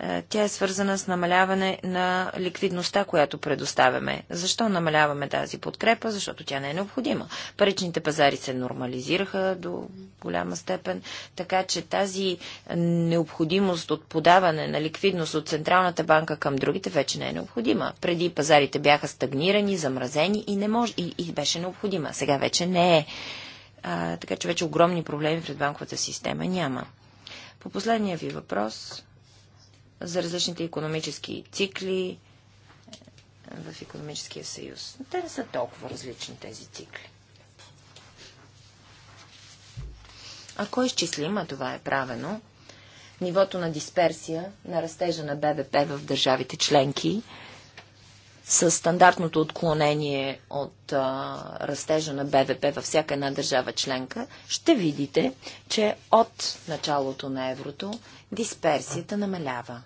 е, тя е свързана с намаляване на ликвидността, която предоставяме. Защо намаляваме тази подкрепа? Защото тя не е необходима. Паричните пазари се нормализираха до голяма степен, така че тази необходимост от подаване на ликвидност от Централната банка към другите вече не е необходима. Преди пазарите бяха стагнирани, замразени и, не мож... и, и беше необходима. Сега вече не е. А, така че вече огромни проблеми пред банковата система няма. По последния ви въпрос за различните економически цикли е, в економическия съюз. Но те не са толкова различни тези цикли. Ако изчислим, а това е правено, нивото на дисперсия на растежа на БВП в държавите членки – с стандартното отклонение от а, растежа на БВП във всяка една държава членка, ще видите, че от началото на еврото дисперсията намалява.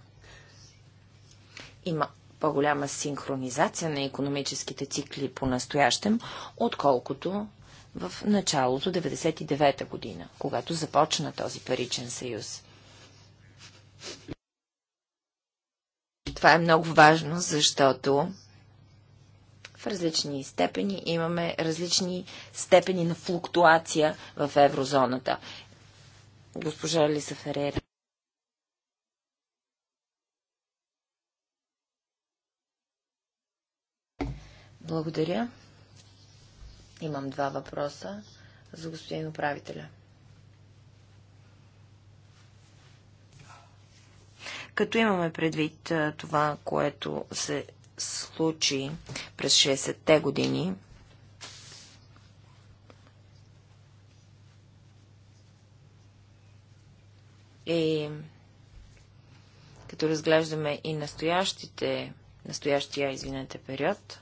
Има по-голяма синхронизация на економическите цикли по-настоящем, отколкото в началото 99-та година, когато започна този паричен съюз. Това е много важно, защото в различни степени. Имаме различни степени на флуктуация в еврозоната. Госпожа Лиса Ферера. Благодаря. Имам два въпроса за господин управителя. Като имаме предвид това, което се случаи през 60-те години, И е, като разглеждаме и настоящите, настоящия, извинете, период,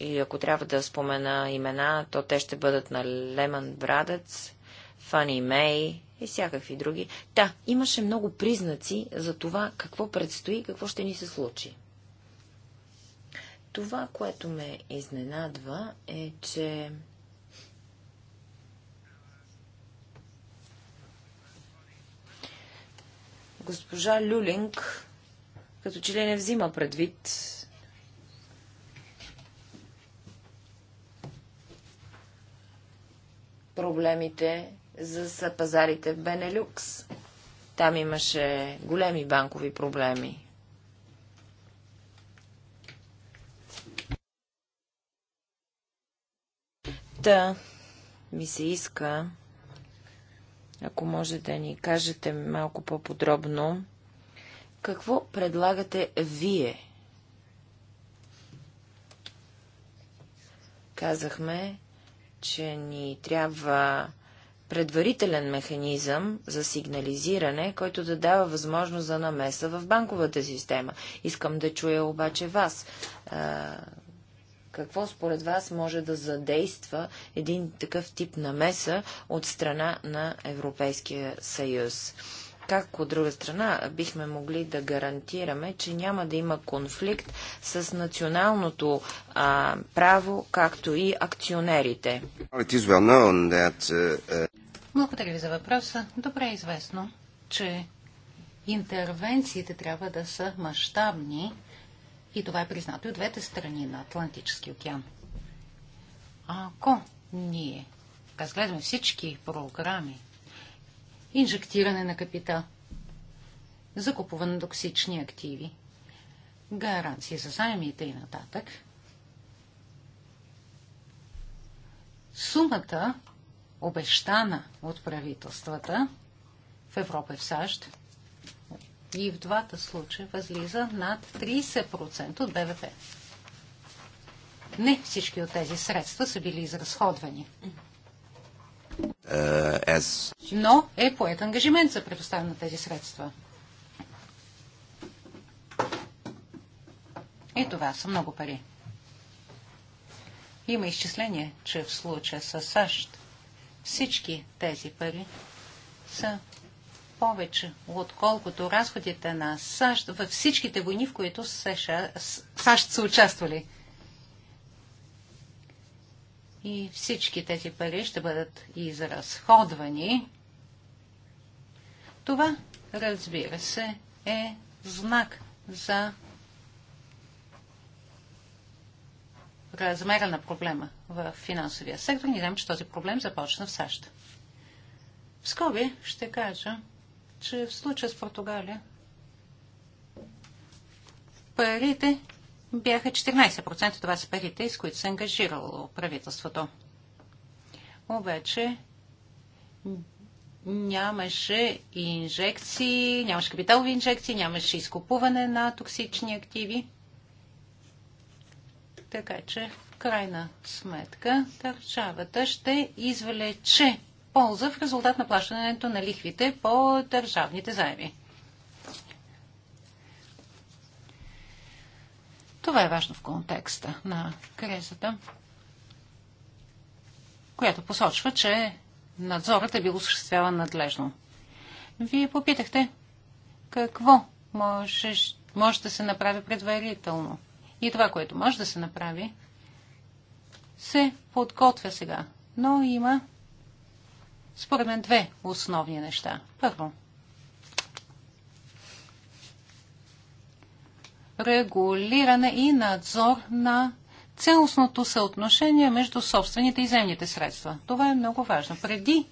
и ако трябва да спомена имена, то те ще бъдат на Лемон Брадец, Фани Мей, и всякакви други. Та, да, имаше много признаци за това какво предстои, какво ще ни се случи. Това, което ме изненадва, е, че госпожа Люлинг като че ли не взима предвид проблемите за пазарите в Бенелюкс. Там имаше големи банкови проблеми. Та ми се иска, ако може да ни кажете малко по-подробно, какво предлагате вие? Казахме, че ни трябва предварителен механизъм за сигнализиране, който да дава възможност за намеса в банковата система. Искам да чуя обаче вас. А, какво според вас може да задейства един такъв тип намеса от страна на Европейския съюз? Как от друга страна бихме могли да гарантираме, че няма да има конфликт с националното а, право, както и акционерите? Uh, uh, Благодаря ви за въпроса. Добре е известно, че интервенциите трябва да са мащабни и това е признато и от двете страни на Атлантически океан. Ако ние разгледаме всички програми инжектиране на капитал, закупуване на токсични активи, гаранции за заемите и нататък. Сумата, обещана от правителствата в Европа и в САЩ, и в двата случая възлиза над 30% от БВП. Не всички от тези средства са били изразходвани. Uh, Но е поет ангажимент за предоставяне на тези средства. И това са много пари. Има изчисление, че в случая с САЩ всички тези пари са повече, отколкото разходите на САЩ във всичките войни, в които САЩ, САЩ са участвали и всички тези пари ще бъдат изразходвани. Това, разбира се, е знак за размера на проблема в финансовия сектор. Ние знаем, че този проблем започна в САЩ. В скоби ще кажа, че в случая с Португалия парите бяха 14%. Това са парите, с които се ангажирало правителството. Обаче нямаше инжекции, нямаше капиталови инжекции, нямаше изкупуване на токсични активи. Така че, в крайна сметка, държавата ще извлече полза в резултат на плащането на лихвите по държавните заеми. Това е важно в контекста на кризата, която посочва, че надзорът е бил осъществяван надлежно. Вие попитахте какво може, може да се направи предварително. И това, което може да се направи, се подготвя сега. Но има, според мен, две основни неща. Първо – регулиране и надзор на цялостното съотношение между собствените и земните средства. Това е много важно. Преди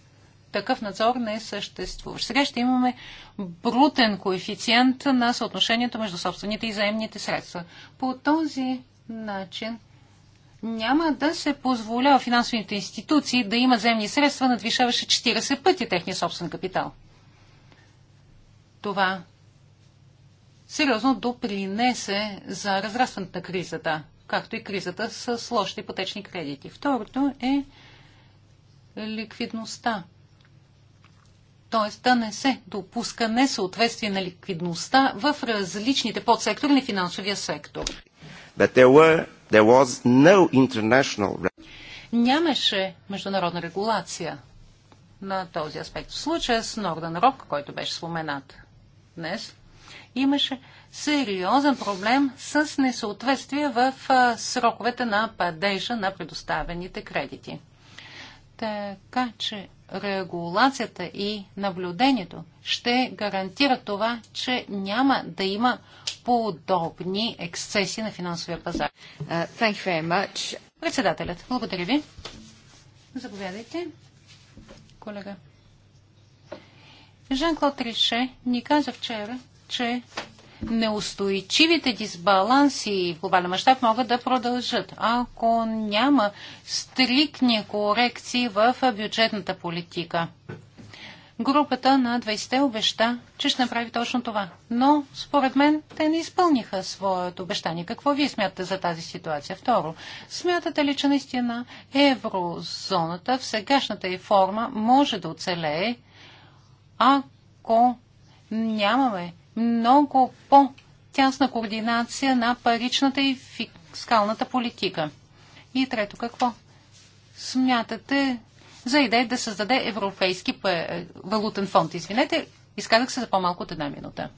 такъв надзор не е съществуващ. Сега ще имаме брутен коефициент на съотношението между собствените и земните средства. По този начин няма да се позволява финансовите институции да имат земни средства, надвишаващи 40 пъти техния собствен капитал. Това сериозно допринесе за разрастването на кризата, както и кризата с лошите ипотечни кредити. Второто е ликвидността. Тоест да не се допуска несъответствие на ликвидността в различните подсектори на финансовия сектор. But there were, there was no international... Нямаше международна регулация на този аспект. В случая с Норден Рок, който беше споменат днес, имаше сериозен проблем с несъответствие в сроковете на падежа на предоставените кредити. Така че регулацията и наблюдението ще гарантира това, че няма да има подобни ексцеси на финансовия пазар. Uh, much. Председателят, благодаря ви. Заповядайте, колега. Жан-Клод Рише ни каза вчера, че неустойчивите дисбаланси в глобален мащаб могат да продължат, ако няма стрикни корекции в бюджетната политика. Групата на 20-те обеща, че ще направи точно това. Но, според мен, те не изпълниха своето обещание. Какво вие смятате за тази ситуация? Второ, смятате ли, че наистина еврозоната в сегашната й форма може да оцелее, ако нямаме много по-тясна координация на паричната и фискалната политика. И трето, какво смятате за идея да създаде Европейски валутен фонд? Извинете, изказах се за по-малко от една минута.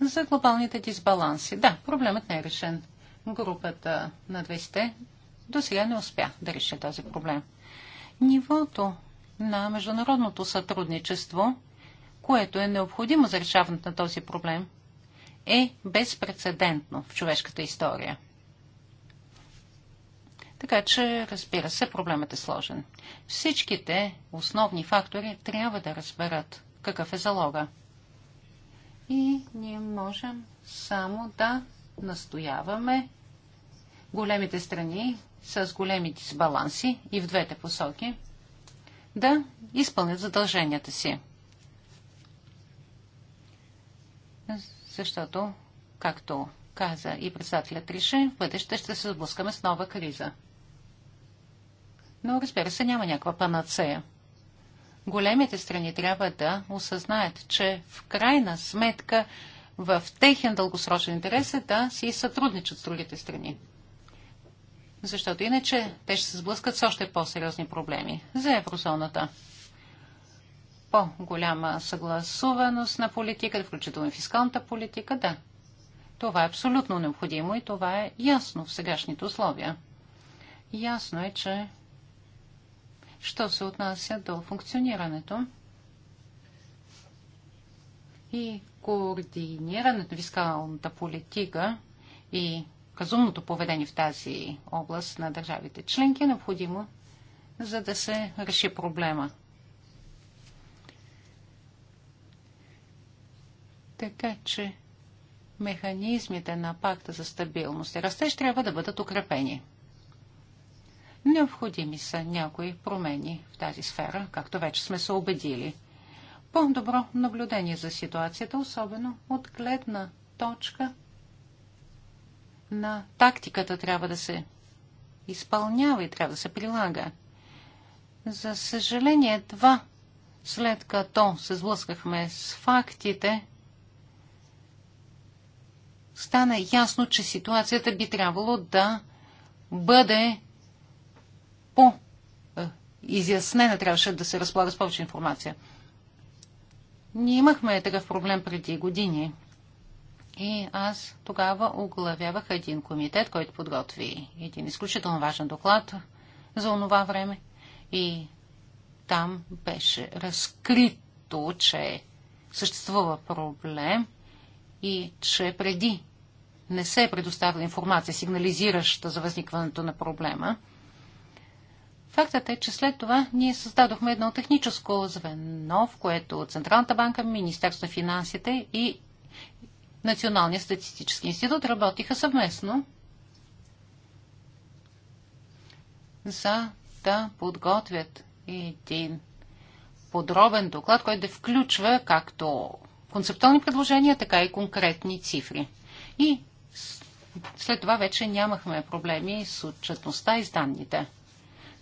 за глобалните дисбаланси. Да, проблемът не е решен. Групата на 200 до сега не успя да реши този проблем. Нивото на международното сътрудничество, което е необходимо за решаването на този проблем, е безпредседентно в човешката история. Така че, разбира се, проблемът е сложен. Всичките основни фактори трябва да разберат какъв е залога. И ние можем само да настояваме големите страни с големи дисбаланси и в двете посоки да изпълнят задълженията си. Защото, както каза и председателят Трише, в бъдеще ще се сблъскаме с нова криза. Но, разбира се, няма някаква панацея. Големите страни трябва да осъзнаят, че в крайна сметка в техен дългосрочен интерес е да си сътрудничат с другите страни защото иначе те ще се сблъскат с още по-сериозни проблеми за еврозоната. По-голяма съгласуваност на политика, включително и фискалната политика, да. Това е абсолютно необходимо и това е ясно в сегашните условия. Ясно е, че що се отнася до функционирането и координирането на фискалната политика и разумното поведение в тази област на държавите членки е необходимо, за да се реши проблема. Така че механизмите на пакта за стабилност и растеж трябва да бъдат укрепени. Необходими са някои промени в тази сфера, както вече сме се убедили. По-добро наблюдение за ситуацията, особено от гледна точка на тактиката трябва да се изпълнява и трябва да се прилага. За съжаление, това, след като се сблъскахме с фактите, стана ясно, че ситуацията би трябвало да бъде по е, изяснена, трябваше да се разполага с повече информация. Ние имахме такъв проблем преди години. И аз тогава оглавявах един комитет, който подготви един изключително важен доклад за онова време. И там беше разкрито, че съществува проблем и че преди не се е предоставила информация, сигнализираща за възникването на проблема. Фактът е, че след това ние създадохме едно техническо звено, в което Централната банка, Министерство на финансите и Националния статистически институт работиха съвместно за да подготвят един подробен доклад, който да включва както концептуални предложения, така и конкретни цифри. И след това вече нямахме проблеми с отчетността и с данните.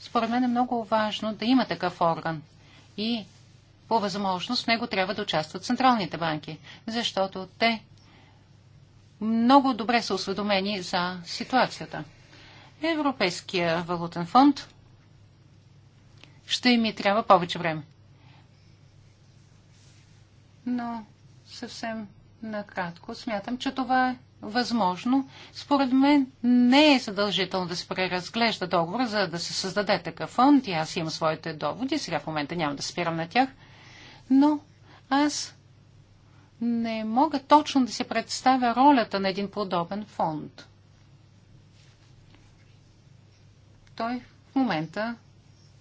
Според мен е много важно да има такъв орган и по възможност в него трябва да участват централните банки, защото те много добре са осведомени за ситуацията. Европейския валутен фонд ще им и трябва повече време. Но съвсем накратко смятам, че това е възможно. Според мен не е задължително да се преразглежда договор, за да се създаде такъв фонд и аз имам своите доводи. Сега в момента няма да спирам на тях. Но аз не мога точно да се представя ролята на един подобен фонд. Той в момента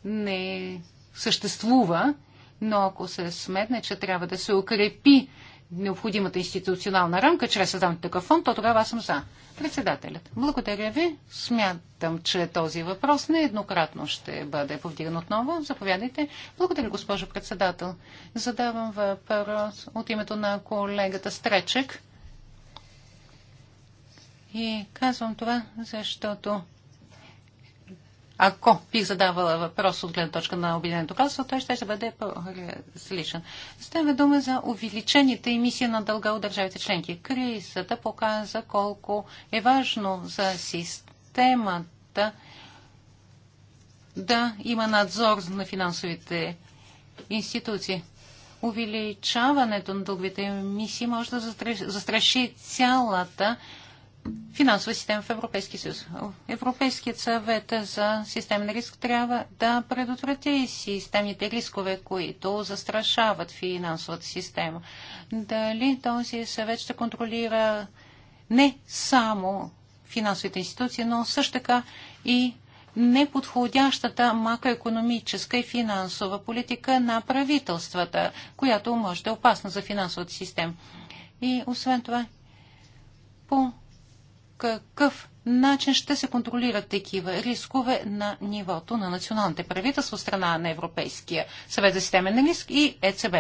не съществува, но ако се сметне, че трябва да се укрепи необходимата институционална рамка чрез създаването такъв фонд, то тогава аз съм за. Председателят, благодаря ви. Смятам, че този въпрос нееднократно ще бъде повдиган отново. Заповядайте. Благодаря, госпожо председател. Задавам въпрос от името на колегата Стречек. И казвам това, защото ако бих задавала въпрос от гледна точка на Обединеното кралство, той ще, ще бъде по-различен. Става дума за увеличените емисии на дълга от държавите членки. Кризата показа колко е важно за системата да има надзор на финансовите институции. Увеличаването на дълговите емисии може да застраши цялата финансова система в Европейския съюз. Европейският съвет за системен риск трябва да предотврати системните рискове, които застрашават финансовата система. Дали този съвет ще контролира не само финансовите институции, но също така и неподходящата макроекономическа и финансова политика на правителствата, която може да е опасна за финансовата система. И освен това, по какъв начин ще се контролират такива рискове на нивото на националните правителства, страна на Европейския съвет за системен риск и ЕЦБ?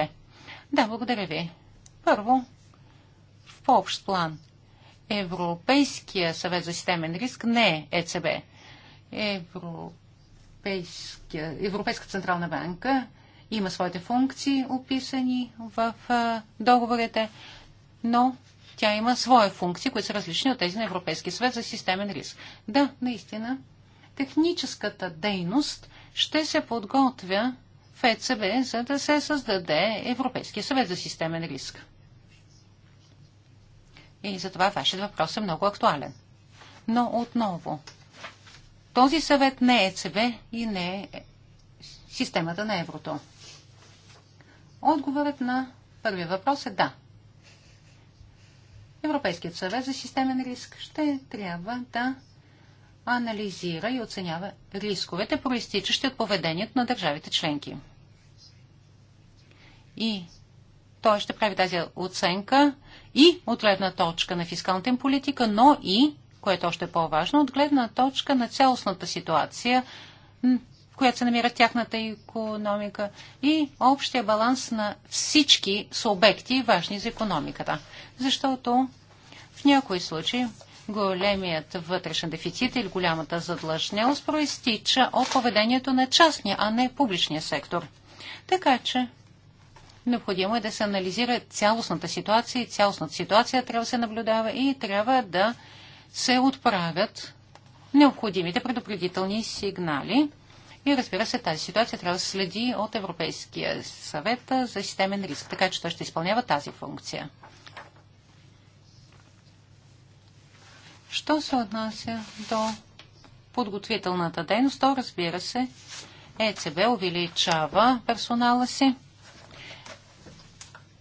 Да, благодаря ви. Първо, в общ план, Европейския съвет за системен риск не е ЕЦБ. Европейския, Европейска централна банка има своите функции, описани в договорите, но тя има свои функции, които са различни от тези на Европейския съвет за системен риск. Да, наистина. Техническата дейност ще се подготвя в ЕЦБ, за да се създаде Европейския съвет за системен риск. И затова вашият въпрос е много актуален. Но отново, този съвет не е ЕЦБ и не е системата на еврото. Отговорът на първия въпрос е да. Европейският съвет за системен риск ще трябва да анализира и оценява рисковете, проистичащи от поведението на държавите членки. И той ще прави тази оценка и от гледна точка на фискалната им политика, но и, което е още е по-важно, от гледна точка на цялостната ситуация в която се намира тяхната економика и общия баланс на всички субекти, важни за економиката. Защото в някои случаи големият вътрешен дефицит или голямата задлъжнялост проистича от поведението на частния, а не публичния сектор. Така че необходимо е да се анализира цялостната ситуация и цялостната ситуация трябва да се наблюдава и трябва да се отправят необходимите предупредителни сигнали и разбира се, тази ситуация трябва да се следи от Европейския съвет за системен риск, така че той ще изпълнява тази функция. Що се отнася до подготвителната дейност, то разбира се, ЕЦБ увеличава персонала си,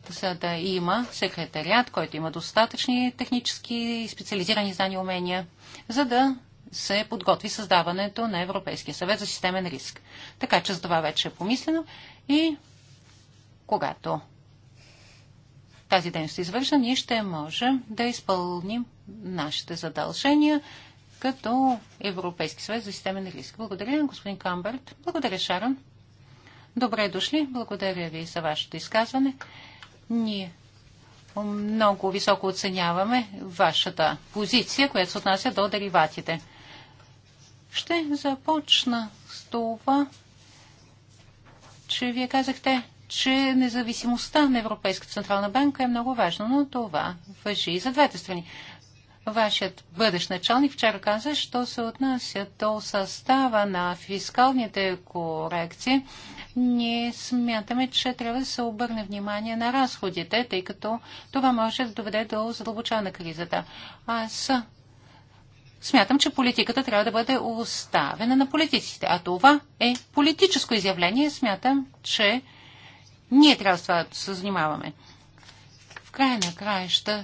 за да има секретариат, който има достатъчни технически и специализирани знания и умения, за да се подготви създаването на Европейския съвет за системен риск. Така че за това вече е помислено и когато тази дейност се извършва, ние ще можем да изпълним нашите задължения като Европейски съвет за системен риск. Благодаря, господин Камберт. Благодаря, Шаран. Добре дошли. Благодаря ви за вашето изказване. Ние много високо оценяваме вашата позиция, която се отнася до дериватите. Ще започна с това, че вие казахте, че независимостта на Европейската Централна банка е много важна, но това въжи и за двете страни. Вашият бъдещ началник вчера каза, що се отнася до състава на фискалните корекции. Ние смятаме, че трябва да се обърне внимание на разходите, тъй като това може да доведе до задълбоча на кризата. Аз смятам, че политиката трябва да бъде оставена на политиците. А това е политическо изявление. Смятам, че ние трябва с това да се занимаваме. В край на краищата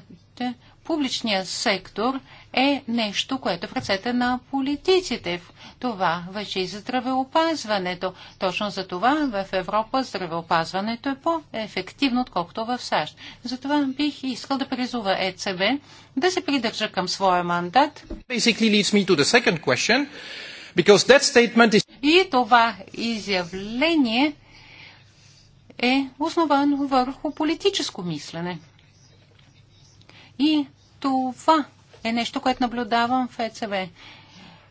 публичният сектор е нещо, което е в ръцете на политиците. Това въжи за здравеопазването. Точно за това в Европа здравеопазването е по-ефективно, отколкото в САЩ. Затова бих искал да призова ЕЦБ да се придържа към своя мандат. Question, is... И това изявление е основано върху политическо мислене. И това е нещо, което наблюдавам в ЕЦБ.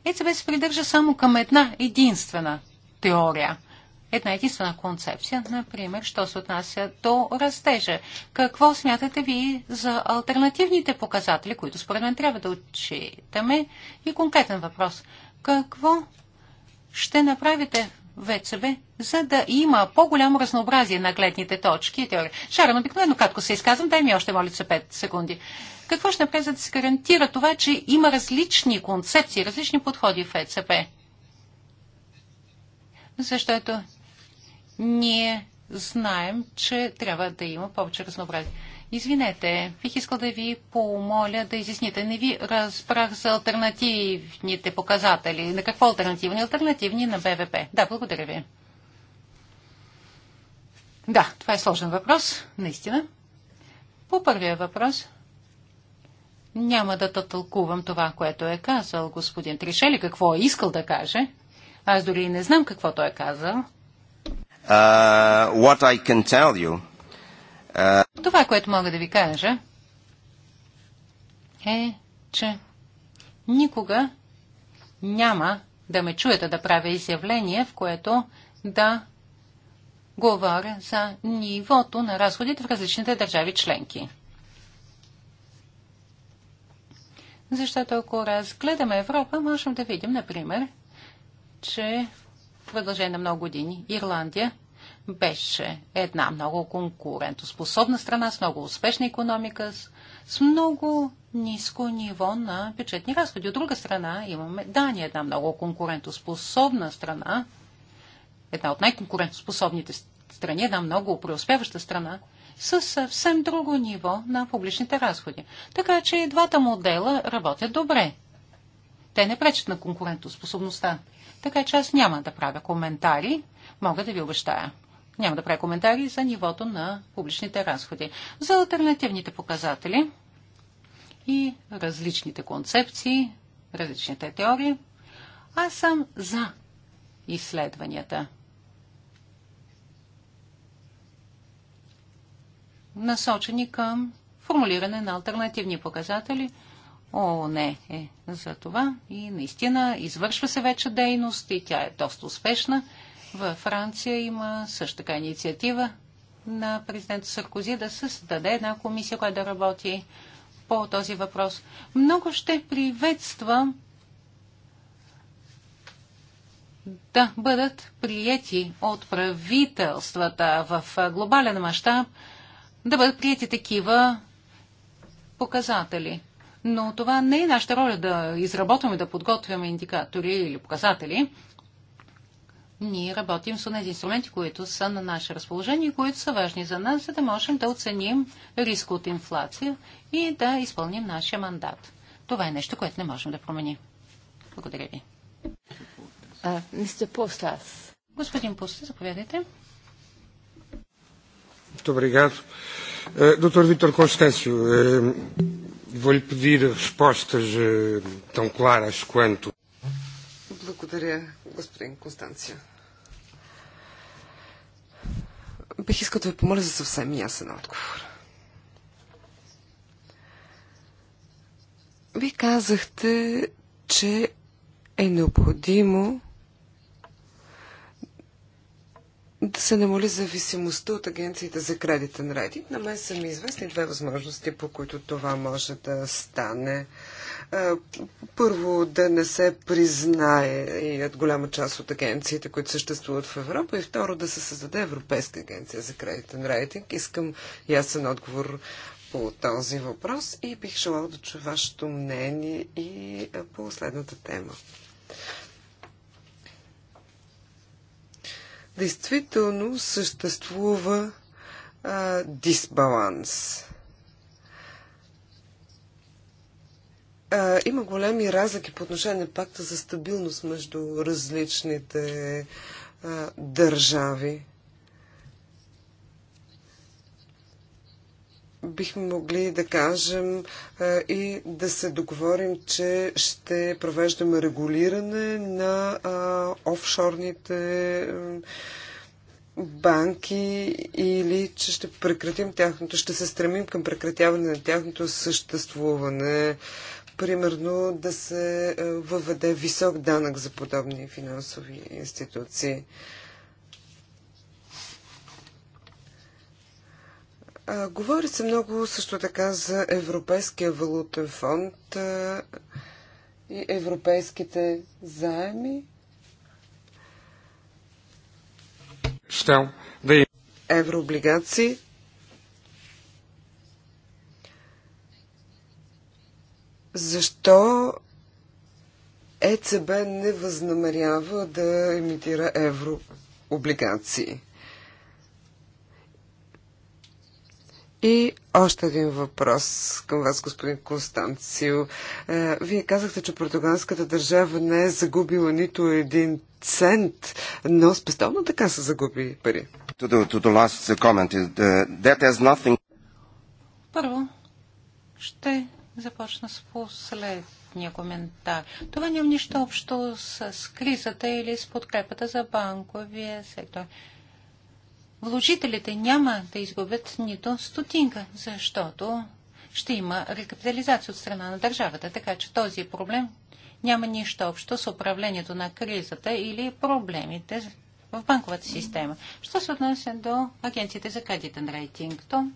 ЕЦБ се придържа само към една единствена теория – една единствена концепция, например, що се отнася до растежа. Какво смятате ви за альтернативните показатели, които според мен трябва да отчитаме? И конкретен въпрос. Какво ще направите ВЦБ, за да има по-голямо разнообразие на гледните точки и теории. Шаран, обикновено кратко се изказвам, дай ми още, моля 5 секунди. Какво ще направи, за да се гарантира това, че има различни концепции, различни подходи в ЕЦП? Защото ние знаем, че трябва да има повече разнообразие. Извинете, бих искал да ви помоля да изясните. Не ви разбрах за альтернативните показатели. На какво альтернативни? Альтернативни на БВП. Да, благодаря ви. Да, това е сложен въпрос, наистина. По първия въпрос няма да тълкувам това, което е казал господин Тришели, какво е искал да каже. Аз дори не знам какво той е казал. Uh, what I can tell you това, което мога да ви кажа, е, че никога няма да ме чуете да правя изявление, в което да говоря за нивото на разходите в различните държави членки. Защото ако разгледаме Европа, можем да видим, например, че в продължение на много години Ирландия беше една много конкурентоспособна страна, с много успешна економика, с, много ниско ниво на бюджетни разходи. От друга страна имаме Дания, една много конкурентоспособна страна, една от най-конкурентоспособните страни, една много преуспяваща страна, с съвсем друго ниво на публичните разходи. Така че и двата модела работят добре. Те не пречат на конкурентоспособността. Така че аз няма да правя коментари, мога да ви обещая. Няма да правя коментари за нивото на публичните разходи. За альтернативните показатели и различните концепции, различните теории, аз съм за изследванията. Насочени към формулиране на альтернативни показатели – О, не, е за това. И наистина извършва се вече дейност и тя е доста успешна. Във Франция има също така инициатива на президента Саркози да създаде една комисия, която да работи по този въпрос. Много ще приветствам да бъдат приети от правителствата в глобален мащаб, да бъдат прияти такива показатели. Но това не е нашата роля да изработваме, да подготвяме индикатори или показатели ние работим с тези инструменти, които са на наше разположение и които са важни за нас, за да можем да оценим риска от инфлация и да изпълним нашия мандат. Това е нещо, което не можем да променим. Благодаря ви. Мистер Постас. Господин Постас, заповядайте. Obrigado. Е, Doutor Vítor Constâncio, е, vou-lhe pedir respostas е, tão claras quanto. Благодаря, господин Констанция. Бих искал да ви помоля за съвсем ясен отговор. Вие казахте, че е необходимо да се намали зависимостта от агенциите за кредитен рейтинг. На мен са ми известни две възможности, по които това може да стане. Е, първо да не се признае и от голяма част от агенциите, които съществуват в Европа и второ да се създаде Европейска агенция за кредитен рейтинг. Искам ясен отговор по този въпрос и бих желала да чуя вашето мнение и е, по следната тема. Действително съществува а, е, дисбаланс а, има големи разлики по отношение на пакта за стабилност между различните а, държави. бихме могли да кажем а, и да се договорим, че ще провеждаме регулиране на а, офшорните банки или че ще прекратим тяхното, ще се стремим към прекратяване на тяхното съществуване примерно да се е, въведе висок данък за подобни финансови институции. Говори се много също така за Европейския валутен фонд е, и европейските заеми. Еврооблигации. Защо ЕЦБ не възнамерява да емитира еврооблигации? И още един въпрос към вас, господин Констанцио. Е, вие казахте, че португалската държава не е загубила нито един цент, но спестовно така се загуби пари. Uh, Първо, ще започна с последния коментар. Това няма нищо общо с, с кризата или с подкрепата за банковия сектор. Вложителите няма да изгубят нито стотинка, защото ще има рекапитализация от страна на държавата. Така че този проблем няма нищо общо с управлението на кризата или проблемите в банковата система. Що се отнася до агенциите за кредитен рейтинг, то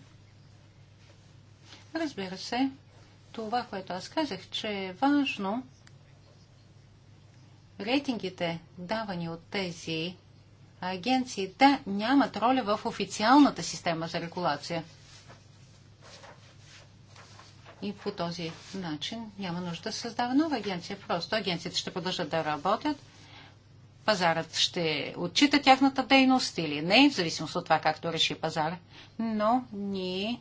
разбира се, това, което аз казах, че е важно рейтингите, давани от тези агенции, да нямат роля в официалната система за регулация. И по този начин няма нужда да създава нова агенция. Просто агенциите ще продължат да работят, пазарът ще отчита тяхната дейност или не, в зависимост от това както реши пазара. Но ние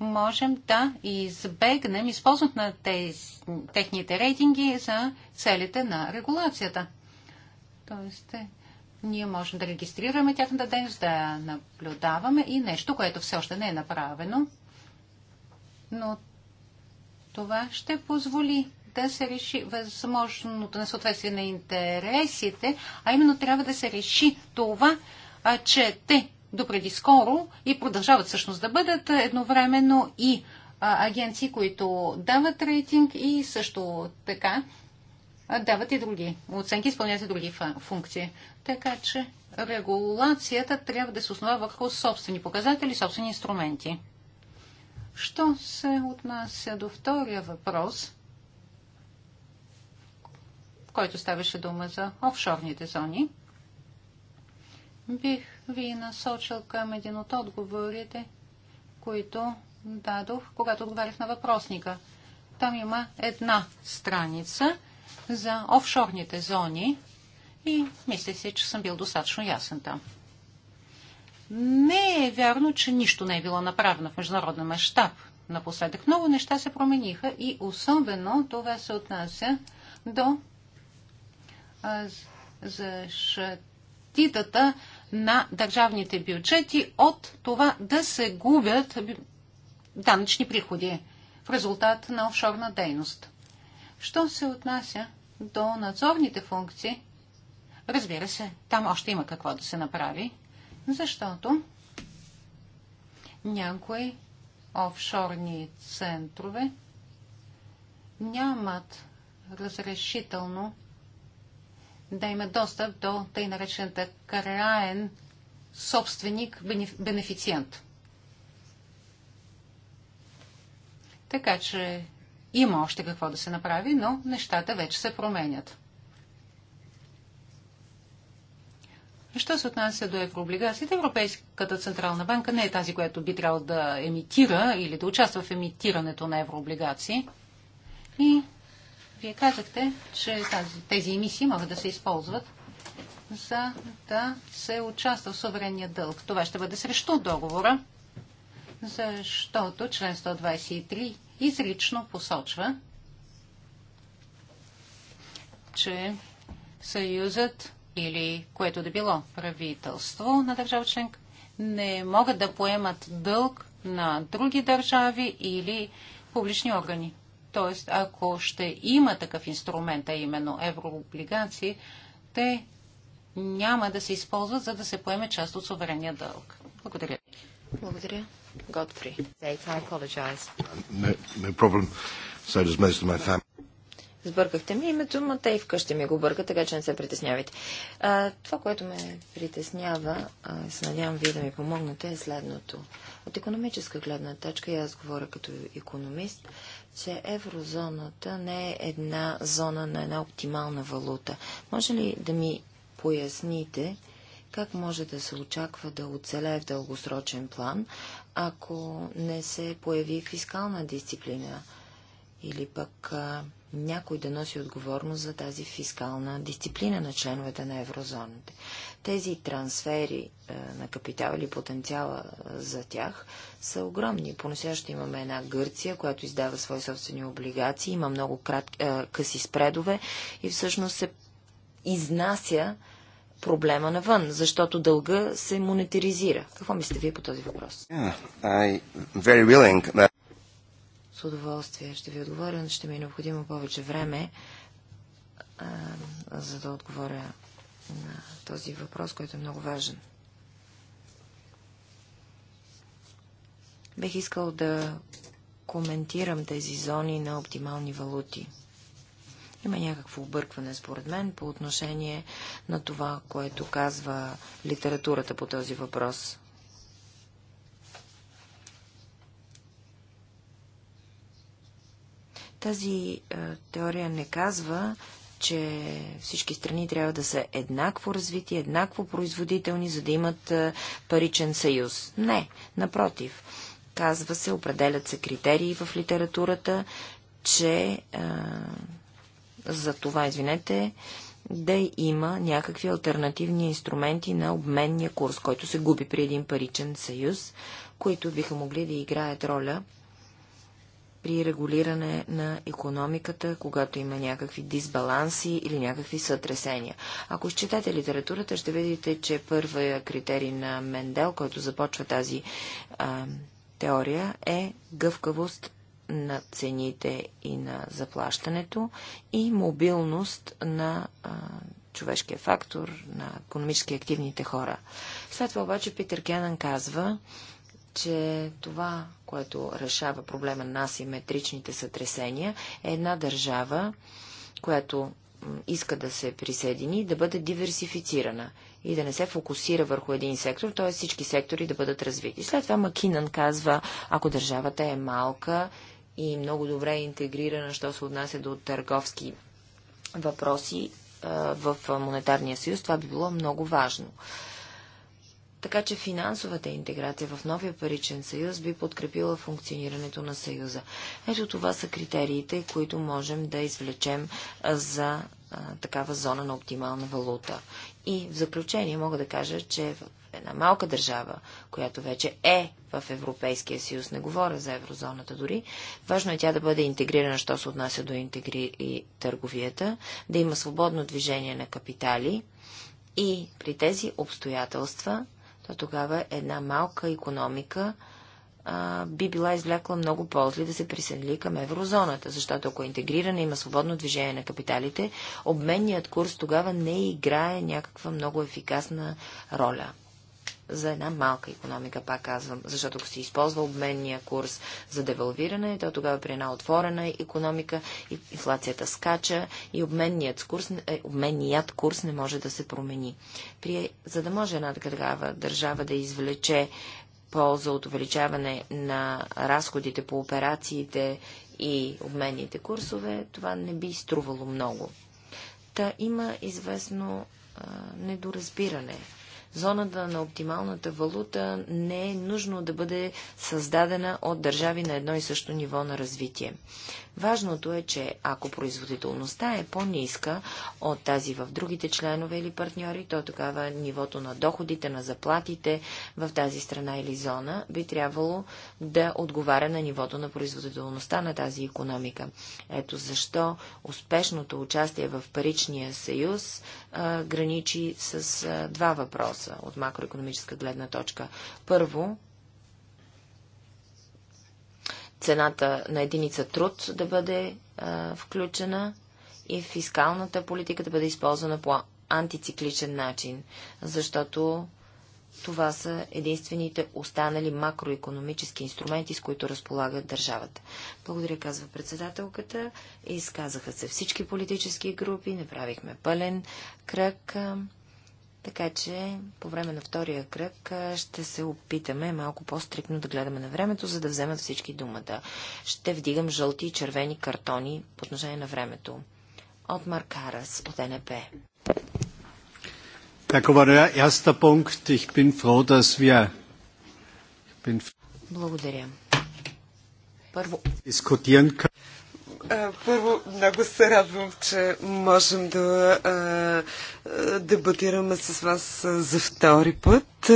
можем да избегнем използването на тези, техните рейтинги за целите на регулацията. Тоест, е, ние можем да регистрираме тяхната дейност, да я наблюдаваме и нещо, което все още не е направено, но това ще позволи да се реши възможното несъответствие на интересите, а именно трябва да се реши това, че те допреди скоро и продължават всъщност да бъдат едновременно и агенции, които дават рейтинг и също така дават и други оценки, изпълняват и други функции. Така че регулацията трябва да се основа върху собствени показатели, собствени инструменти. Що се отнася до втория въпрос, който ставаше дума за офшорните зони – бих ви насочил към един от отговорите, които дадох, когато отговарях на въпросника. Там има една страница за офшорните зони и мисля си, че съм бил достатъчно ясен там. Не е вярно, че нищо не е било направено в международен мащаб. Напоследък много неща се промениха и особено това се отнася до защититата на държавните бюджети от това да се губят данъчни приходи в резултат на офшорна дейност. Що се отнася до надзорните функции, разбира се, там още има какво да се направи, защото някои офшорни центрове нямат разрешително да има достъп до тъй наречената краен собственик, бенефициент. Така че има още какво да се направи, но нещата вече се променят. Що се отнася до еврооблигациите, Европейската Централна банка не е тази, която би трябвало да емитира или да участва в емитирането на еврооблигации. И вие казахте, че тази, тези емисии могат да се използват за да се участва в суверенния дълг. Това ще бъде срещу договора, защото член 123 изрично посочва, че съюзът или което да било правителство на държава членка не могат да поемат дълг на други държави или публични органи. Т.е. ако ще има такъв инструмент, а именно еврооблигации, те няма да се използват, за да се поеме част от суверения дълг. Благодаря. Благодаря. Godfrey. I apologize. Uh, no, no Сбъркахте ми името, но те и вкъщи ми го бърка, така че не се притеснявайте. А, това, което ме притеснява, а, се надявам вие да ми помогнете, е следното. От економическа гледна точка, и аз говоря като економист, че еврозоната не е една зона на една оптимална валута. Може ли да ми поясните как може да се очаква да оцелее в дългосрочен план, ако не се появи фискална дисциплина? или пък а, някой да носи отговорност за тази фискална дисциплина на членовете на еврозоната. Тези трансфери а, на капитал или потенциала а, за тях са огромни. Понасящо имаме една Гърция, която издава свои собствени облигации, има много кратки, а, къси спредове и всъщност се изнася проблема навън, защото дълга се монетаризира. Какво мислите вие по този въпрос? Yeah, very willing. С удоволствие ще ви отговоря, но ще ми е необходимо повече време, а, за да отговоря на този въпрос, който е много важен. Бех искал да коментирам тези зони на оптимални валути. Има някакво объркване, според мен, по отношение на това, което казва литературата по този въпрос. Тази а, е, теория не казва, че всички страни трябва да са еднакво развити, еднакво производителни, за да имат а, е, паричен съюз. Не, напротив. Казва се, определят се критерии в литературата, че а, е, за това, извинете, да има някакви альтернативни инструменти на обменния курс, който се губи при един паричен съюз, които биха могли да играят роля при регулиране на економиката, когато има някакви дисбаланси или някакви сътресения. Ако изчетете литературата, ще видите, че първия критерий на Мендел, който започва тази а, теория, е гъвкавост на цените и на заплащането и мобилност на а, човешкия фактор, на економически активните хора. След това обаче Питър Кянан казва, че това, което решава проблема на асиметричните сътресения, е една държава, която иска да се присъедини, да бъде диверсифицирана и да не се фокусира върху един сектор, т.е. всички сектори да бъдат развити. След това Макинан казва, ако държавата е малка и много добре е интегрирана, що се отнася до търговски въпроси в монетарния съюз, това би било много важно. Така че финансовата интеграция в новия паричен съюз би подкрепила функционирането на съюза. Ето това са критериите, които можем да извлечем за а, такава зона на оптимална валута. И в заключение мога да кажа, че в една малка държава, която вече е в Европейския съюз, не говоря за еврозоната дори, важно е тя да бъде интегрирана, що се отнася до интегри... и търговията, да има свободно движение на капитали и при тези обстоятелства то тогава една малка економика а, би била извлякла много ползи да се присъедини към еврозоната, защото ако е интегрирана, има свободно движение на капиталите, обменният курс тогава не играе някаква много ефикасна роля за една малка економика, пак казвам. Защото ако се използва обменния курс за девалвиране, то тогава при една отворена економика инфлацията скача и обменният курс, е, обменният курс не може да се промени. При, за да може една такава държава да извлече полза от увеличаване на разходите по операциите и обменните курсове, това не би струвало много. Та има известно а, недоразбиране Зоната на оптималната валута не е нужно да бъде създадена от държави на едно и също ниво на развитие. Важното е, че ако производителността е по-ниска от тази в другите членове или партньори, то тогава нивото на доходите, на заплатите в тази страна или зона би трябвало да отговаря на нивото на производителността на тази економика. Ето защо успешното участие в паричния съюз а, граничи с а, два въпроса от макроекономическа гледна точка. Първо, цената на единица труд да бъде а, включена и фискалната политика да бъде използвана по антицикличен начин, защото това са единствените останали макроекономически инструменти, с които разполагат държавата. Благодаря, казва председателката. Изказаха се всички политически групи, направихме пълен кръг. Така че по време на втория кръг ще се опитаме малко по-стрикно да гледаме на времето, за да вземат всички думата. Ще вдигам жълти и червени картони по отношение на времето. От Маркарас от НП. пункт. Благодаря. Първо. Дискутиран първо, много се радвам, че можем да дебатираме с вас за втори път.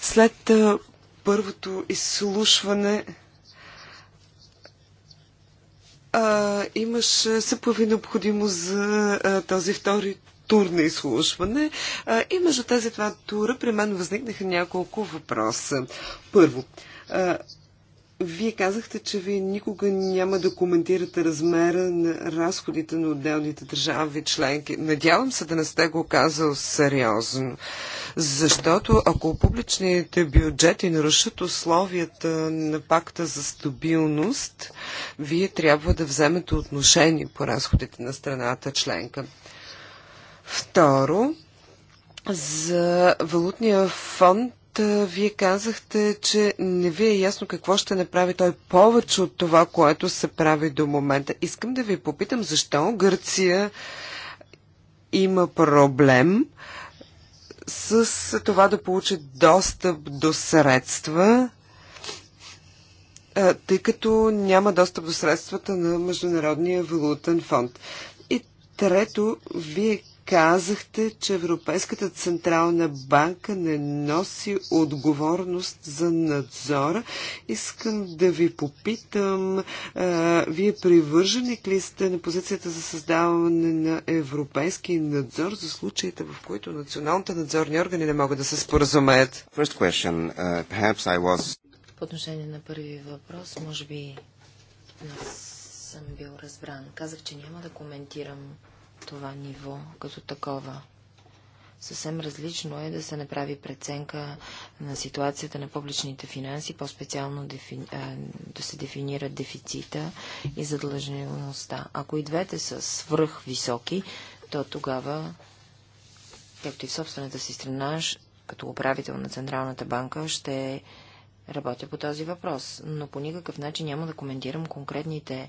След първото изслушване имаше се появи необходимост за този втори тур на изслушване. И между тези два тура при мен възникнаха няколко въпроса. Първо, вие казахте, че вие никога няма да коментирате размера на разходите на отделните държави членки. Надявам се да не сте го казал сериозно, защото ако публичните бюджети нарушат условията на пакта за стабилност, вие трябва да вземете отношение по разходите на страната членка. Второ, за валутния фонд вие казахте, че не ви е ясно какво ще направи той повече от това, което се прави до момента. Искам да ви попитам защо Гърция има проблем с това да получи достъп до средства, тъй като няма достъп до средствата на Международния валутен фонд. И трето, вие казахте, че Европейската централна банка не носи отговорност за надзора. Искам да ви попитам, а, вие привърженик ли сте на позицията за създаване на европейски надзор за случаите, в които националните надзорни органи не могат да се споразумеят? Uh, По отношение на първи въпрос, може би не съм бил разбран. Казах, че няма да коментирам това ниво като такова. Съвсем различно е да се направи преценка на ситуацията на публичните финанси, по-специално дефи... да се дефинира дефицита и задлъжнеността. Ако и двете са свръхвисоки, то тогава, както и в собствената си страна, като управител на Централната банка, ще работя по този въпрос, но по никакъв начин няма да коментирам конкретните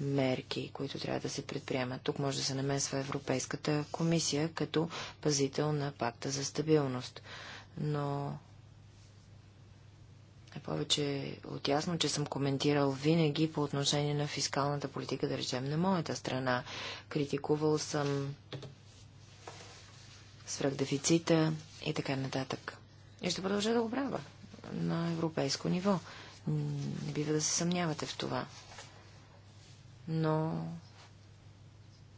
мерки, които трябва да се предприемат. Тук може да се намесва Европейската комисия като пазител на пакта за стабилност. Но е повече от ясно, че съм коментирал винаги по отношение на фискалната политика, да речем, на моята страна. Критикувал съм свръхдефицита и така нататък. И ще продължа да го правя на европейско ниво. Не бива да се съмнявате в това. Но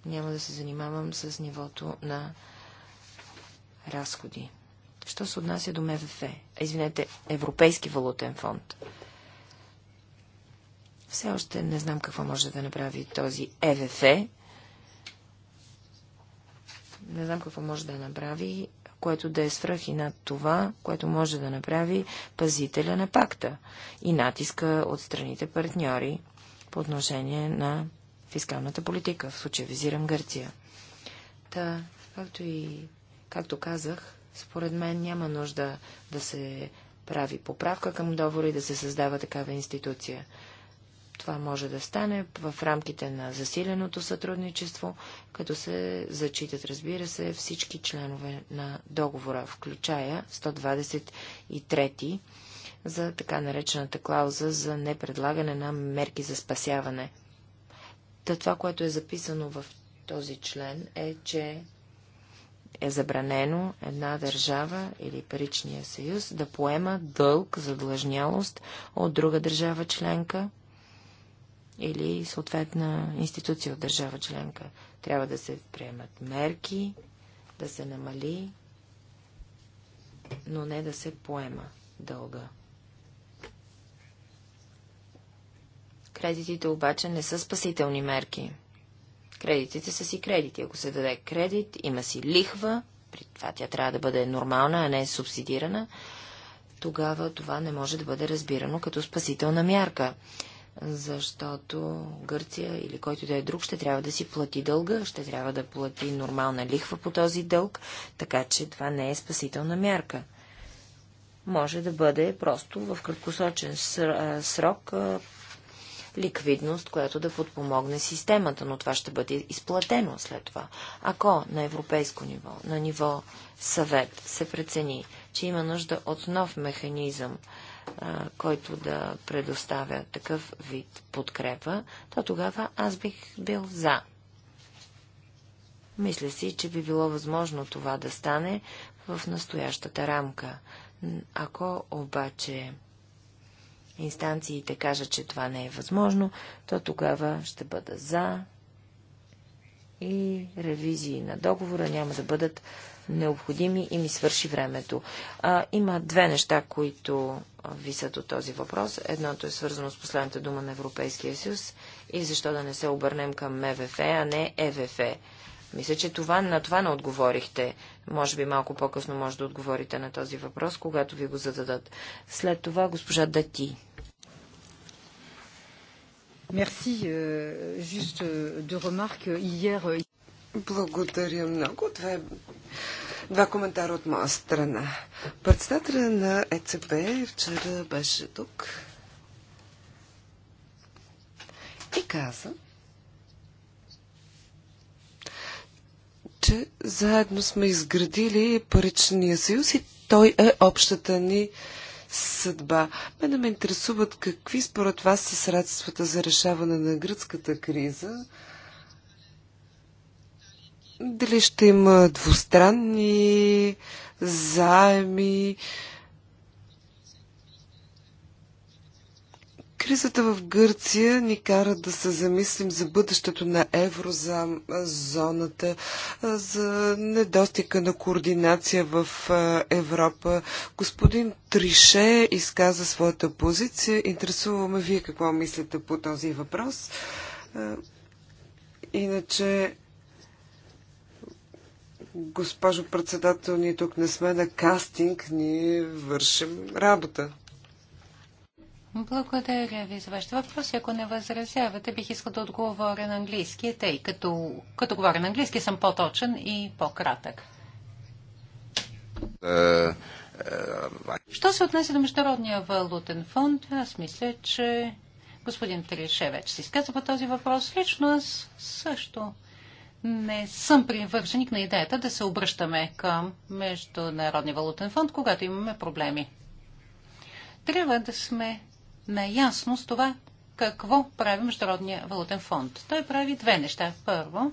няма да се занимавам с нивото на разходи. Що се отнася до МВФ? Извинете, Европейски валутен фонд. Все още не знам какво може да направи този ЕВФ. Не знам какво може да направи което да е свръх и над това, което може да направи пазителя на пакта и натиска от страните партньори по отношение на фискалната политика. В случая визирам Гърция. Та, както и както казах, според мен няма нужда да се прави поправка към договора и да се създава такава институция. Това може да стане в рамките на засиленото сътрудничество, като се зачитат, разбира се, всички членове на договора, включая 123 за така наречената клауза за непредлагане на мерки за спасяване. Та това, което е записано в този член е, че е забранено една държава или паричния съюз да поема дълг за длъжнялост от друга държава членка, или съответна институция от държава членка. Трябва да се приемат мерки, да се намали, но не да се поема дълга. Кредитите обаче не са спасителни мерки. Кредитите са си кредити. Ако се даде кредит, има си лихва, при това тя трябва да бъде нормална, а не субсидирана, тогава това не може да бъде разбирано като спасителна мярка защото Гърция или който да е друг ще трябва да си плати дълга, ще трябва да плати нормална лихва по този дълг, така че това не е спасителна мярка. Може да бъде просто в краткосрочен срок ликвидност, която да подпомогне системата, но това ще бъде изплатено след това. Ако на европейско ниво, на ниво съвет се прецени, че има нужда от нов механизъм който да предоставя такъв вид подкрепа, то тогава аз бих бил за. Мисля си, че би било възможно това да стане в настоящата рамка. Ако обаче инстанциите кажат, че това не е възможно, то тогава ще бъда за и ревизии на договора няма да бъдат необходими и ми свърши времето. А, има две неща, които висят от този въпрос. Едното е свързано с последната дума на Европейския съюз и защо да не се обърнем към МВФ, а не ЕВФ. Мисля, че това, на това не отговорихте. Може би малко по-късно може да отговорите на този въпрос, когато ви го зададат. След това госпожа Дати. Merci. Euh, juste remarque, remarques. Hier, благодаря много. Две, два коментара от моя страна. Председателя на ЕЦБ вчера беше тук и каза, че заедно сме изградили паричния съюз и той е общата ни съдба. Мене ме интересуват какви според вас са средствата за решаване на гръцката криза, дали ще има двустранни заеми? Кризата в Гърция ни кара да се замислим за бъдещето на еврозоната, за недостига на координация в Европа. Господин Трише изказа своята позиция. Интересуваме вие какво мислите по този въпрос. Иначе Госпожо председател, ние тук не сме на кастинг, ние вършим работа. Благодаря ви за вашите въпроси. Ако не възразявате, бих искал да отговоря на английски, тъй като, като говоря на английски съм по-точен и по-кратък. Е, е, Що се отнася до Международния валутен фонд, аз мисля, че господин Трише вече се изказа по този въпрос. Лично аз също не съм привърженик на идеята да се обръщаме към Международния валутен фонд, когато имаме проблеми. Трябва да сме наясно с това, какво прави Международния валутен фонд. Той прави две неща. Първо,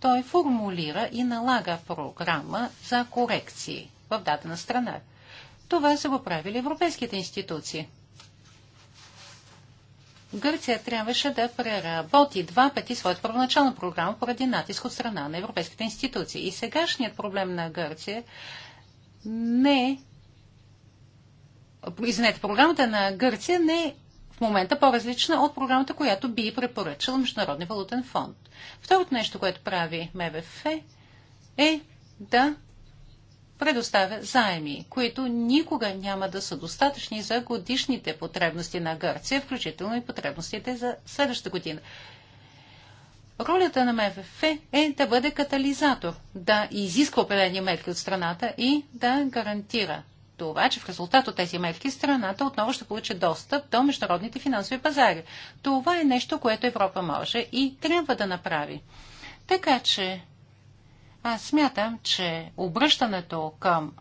той формулира и налага програма за корекции в дадена страна. Това са го правили европейските институции. Гърция трябваше да преработи два пъти своята първоначална програма поради натиск от страна на европейските институции. И сегашният проблем на Гърция не е Извинете, програмата на Гърция не е в момента по-различна от програмата, която би препоръчал Международния валутен фонд. Второто нещо, което прави МВФ е да предоставя заеми, които никога няма да са достатъчни за годишните потребности на Гърция, включително и потребностите за следващата година. Ролята на МФФ е да бъде катализатор, да изисква определени мерки от страната и да гарантира това, че в резултат от тези мерки страната отново ще получи достъп до международните финансови пазари. Това е нещо, което Европа може и трябва да направи. Така че аз смятам, че обръщането към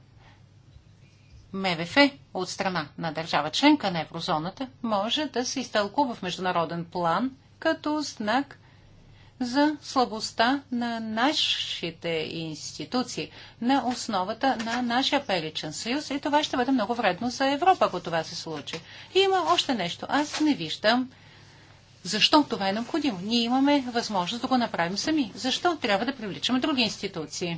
МВФ от страна на държава членка на еврозоната може да се изтълкува в международен план като знак за слабостта на нашите институции, на основата на нашия паричен съюз и това ще бъде много вредно за Европа, ако това се случи. И има още нещо. Аз не виждам защо това е необходимо? Ние имаме възможност да го направим сами. Защо трябва да привличаме други институции?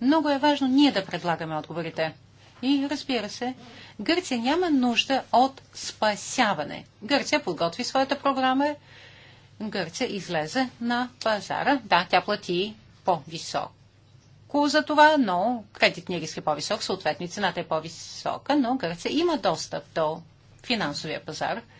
Много е важно ние да предлагаме отговорите. И разбира се, Гърция няма нужда от спасяване. Гърция подготви своята програма. Гърция излезе на пазара. Да, тя плати по-високо за това, но кредитният риск е по-висок, съответно цената е по-висока, но Гърция има достъп до финансовия пазар –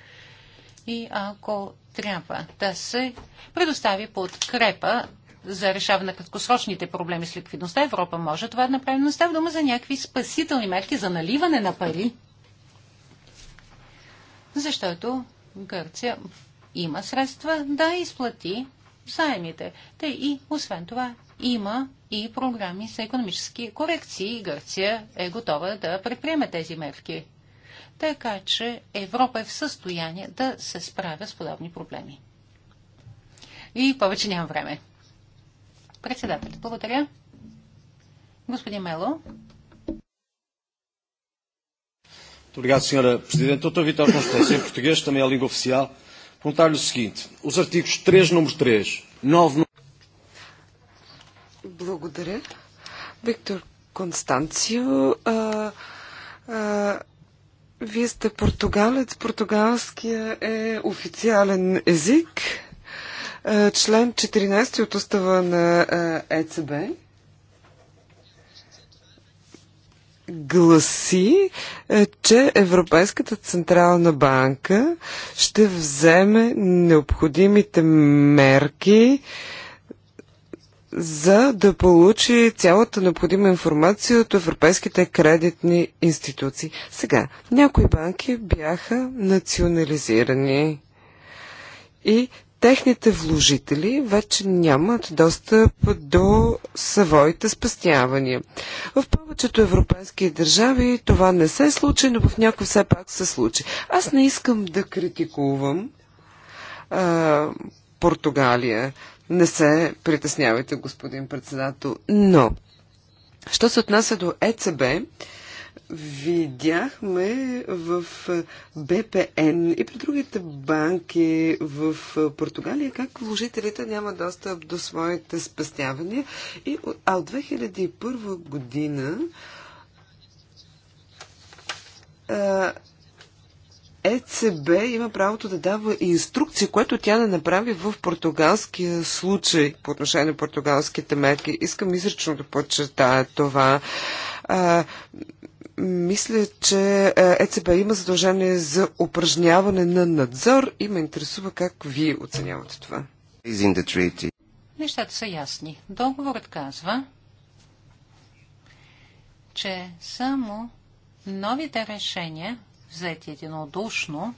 и ако трябва да се предостави подкрепа за решаване на краткосрочните проблеми с ликвидността, Европа може това да е направи, но става дума за някакви спасителни мерки за наливане на пари, защото Гърция има средства да изплати заемите. Те и, освен това, има и програми за економически корекции. Гърция е готова да предприеме тези мерки така че Европа е в състояние да се справя с подобни проблеми. И повече нямам време. Председател, благодаря. Господин Мело. Obrigado, Sra. Presidente. Dr. Vitor Constância, em português, também é a língua oficial. Perguntar-lhe o seguinte. Os artigos 3, número 3, 9... Благодаря. Виктор Констанцио, вие сте португалец. Португалския е официален език. Е, член 14 от устава на е, ЕЦБ гласи, е, че Европейската централна банка ще вземе необходимите мерки, за да получи цялата необходима информация от европейските кредитни институции. Сега, някои банки бяха национализирани и техните вложители вече нямат достъп до своите спестявания. В повечето европейски държави това не се случи, но в някои все пак се случи. Аз не искам да критикувам а, Португалия. Не се притеснявайте, господин председател. Но, що се отнася до ЕЦБ, видяхме в БПН и при другите банки в Португалия как вложителите няма достъп до своите спестявания. И, а от 2001 година ЕЦБ има правото да дава инструкции, което тя не направи в португалския случай по отношение на португалските мерки. Искам изрично да подчертая това. А, мисля, че ЕЦБ има задължение за упражняване на надзор и ме интересува как вие оценявате това. Нещата са ясни. Договорът казва, че само новите решения взети единодушно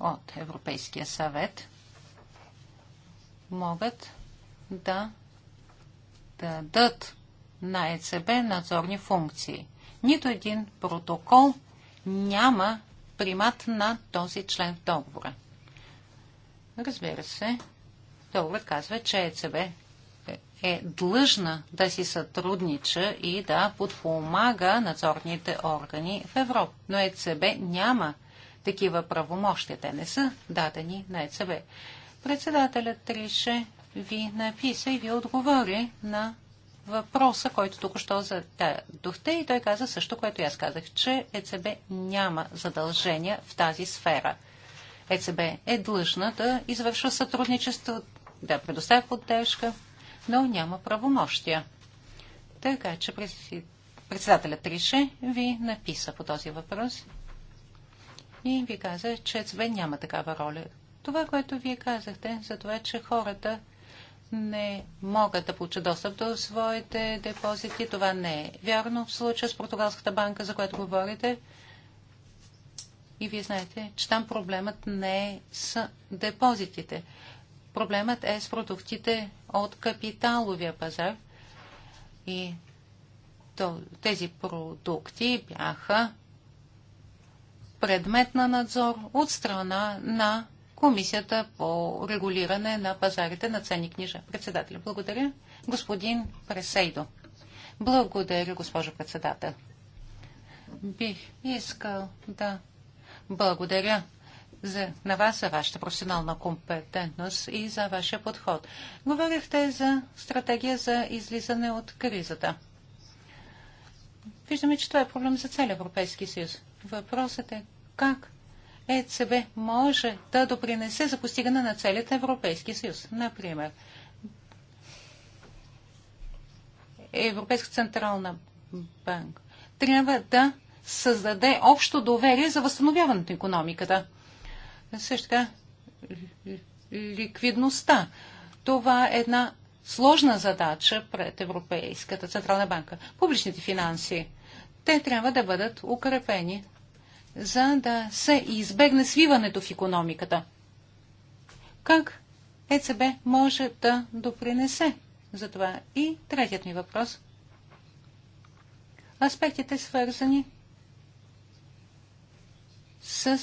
от Европейския съвет, могат да дадат на ЕЦБ надзорни функции. Нито един протокол няма примат на този член в договора. Разбира се, договорът казва, че ЕЦБ е длъжна да си сътруднича и да подпомага надзорните органи в Европа. Но ЕЦБ няма такива правомощия. Те не са дадени на ЕЦБ. Председателят Трише ви написа и ви отговори на въпроса, който току-що зададохте и той каза също, което аз казах, че ЕЦБ няма задължения в тази сфера. ЕЦБ е длъжна да извършва сътрудничество, да предоставя поддержка но няма правомощия. Така че председателят Трише ви написа по този въпрос и ви каза, че ЦБ няма такава роля. Това, което вие казахте за това, че хората не могат да получат достъп до своите депозити, това не е вярно в случая с Португалската банка, за която говорите. И вие знаете, че там проблемът не е с депозитите. Проблемът е с продуктите от капиталовия пазар. И тези продукти бяха предмет на надзор от страна на Комисията по регулиране на пазарите на ценни книжа. Председателя, благодаря. Господин Пресейдо. Благодаря, госпожо председател. Бих искал да благодаря за, на вас, за вашата професионална компетентност и за вашия подход. Говорихте за стратегия за излизане от кризата. Виждаме, че това е проблем за целия Европейски съюз. Въпросът е как ЕЦБ може да допринесе за постигане на целият Европейски съюз. Например, Европейска централна банка трябва да създаде общо доверие за възстановяването на економиката. Също така, ликвидността. Това е една сложна задача пред Европейската Централна банка. Публичните финанси, те трябва да бъдат укрепени, за да се избегне свиването в економиката. Как ЕЦБ може да допринесе за това? И третият ми въпрос. Аспектите свързани с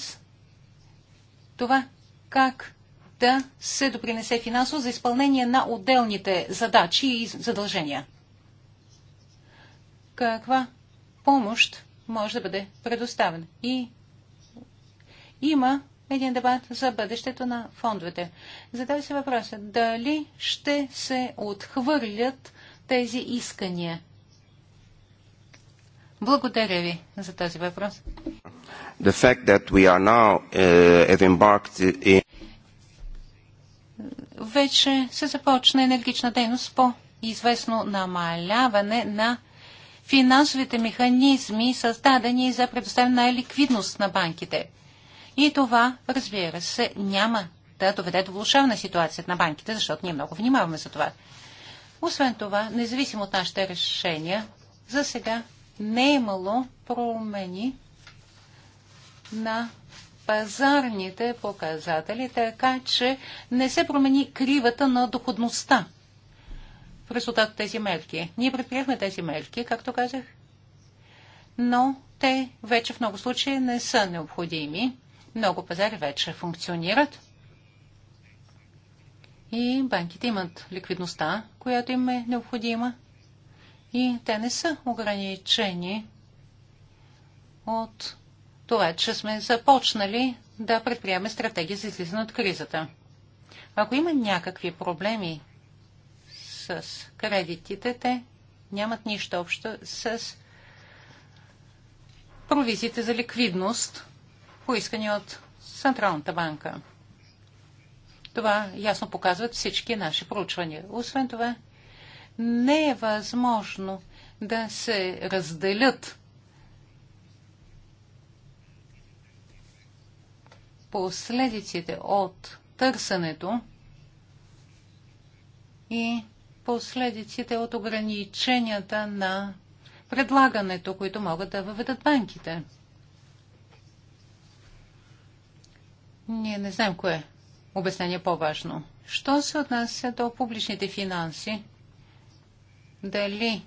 това как да се допринесе финансово за изпълнение на отделните задачи и задължения. Каква помощ може да бъде предоставена? И има един дебат за бъдещето на фондовете. Задава се въпроса дали ще се отхвърлят тези искания благодаря ви за този въпрос. The fact that we are now, uh, have embarked in... Вече се започна енергична дейност по известно намаляване на финансовите механизми, създадени за предоставяне на ликвидност на банките. И това, разбира се, няма да доведе до влушаване ситуацията на банките, защото ние много внимаваме за това. Освен това, независимо от нашите решения, за сега не е имало промени на пазарните показатели, така че не се промени кривата на доходността в резултат от тези мерки. Ние предприехме тези мерки, както казах, но те вече в много случаи не са необходими. Много пазари вече функционират и банките имат ликвидността, която им е необходима и те не са ограничени от това, че сме започнали да предприемаме стратегия за излизане от кризата. Ако има някакви проблеми с кредитите, те нямат нищо общо с провизиите за ликвидност, поискани от Централната банка. Това ясно показват всички наши проучвания. Освен това, не е възможно да се разделят последиците от търсенето и последиците от ограниченията на предлагането, които могат да въведат банките. Ние не знаем кое обяснение е по-важно. Що се отнася до публичните финанси, дали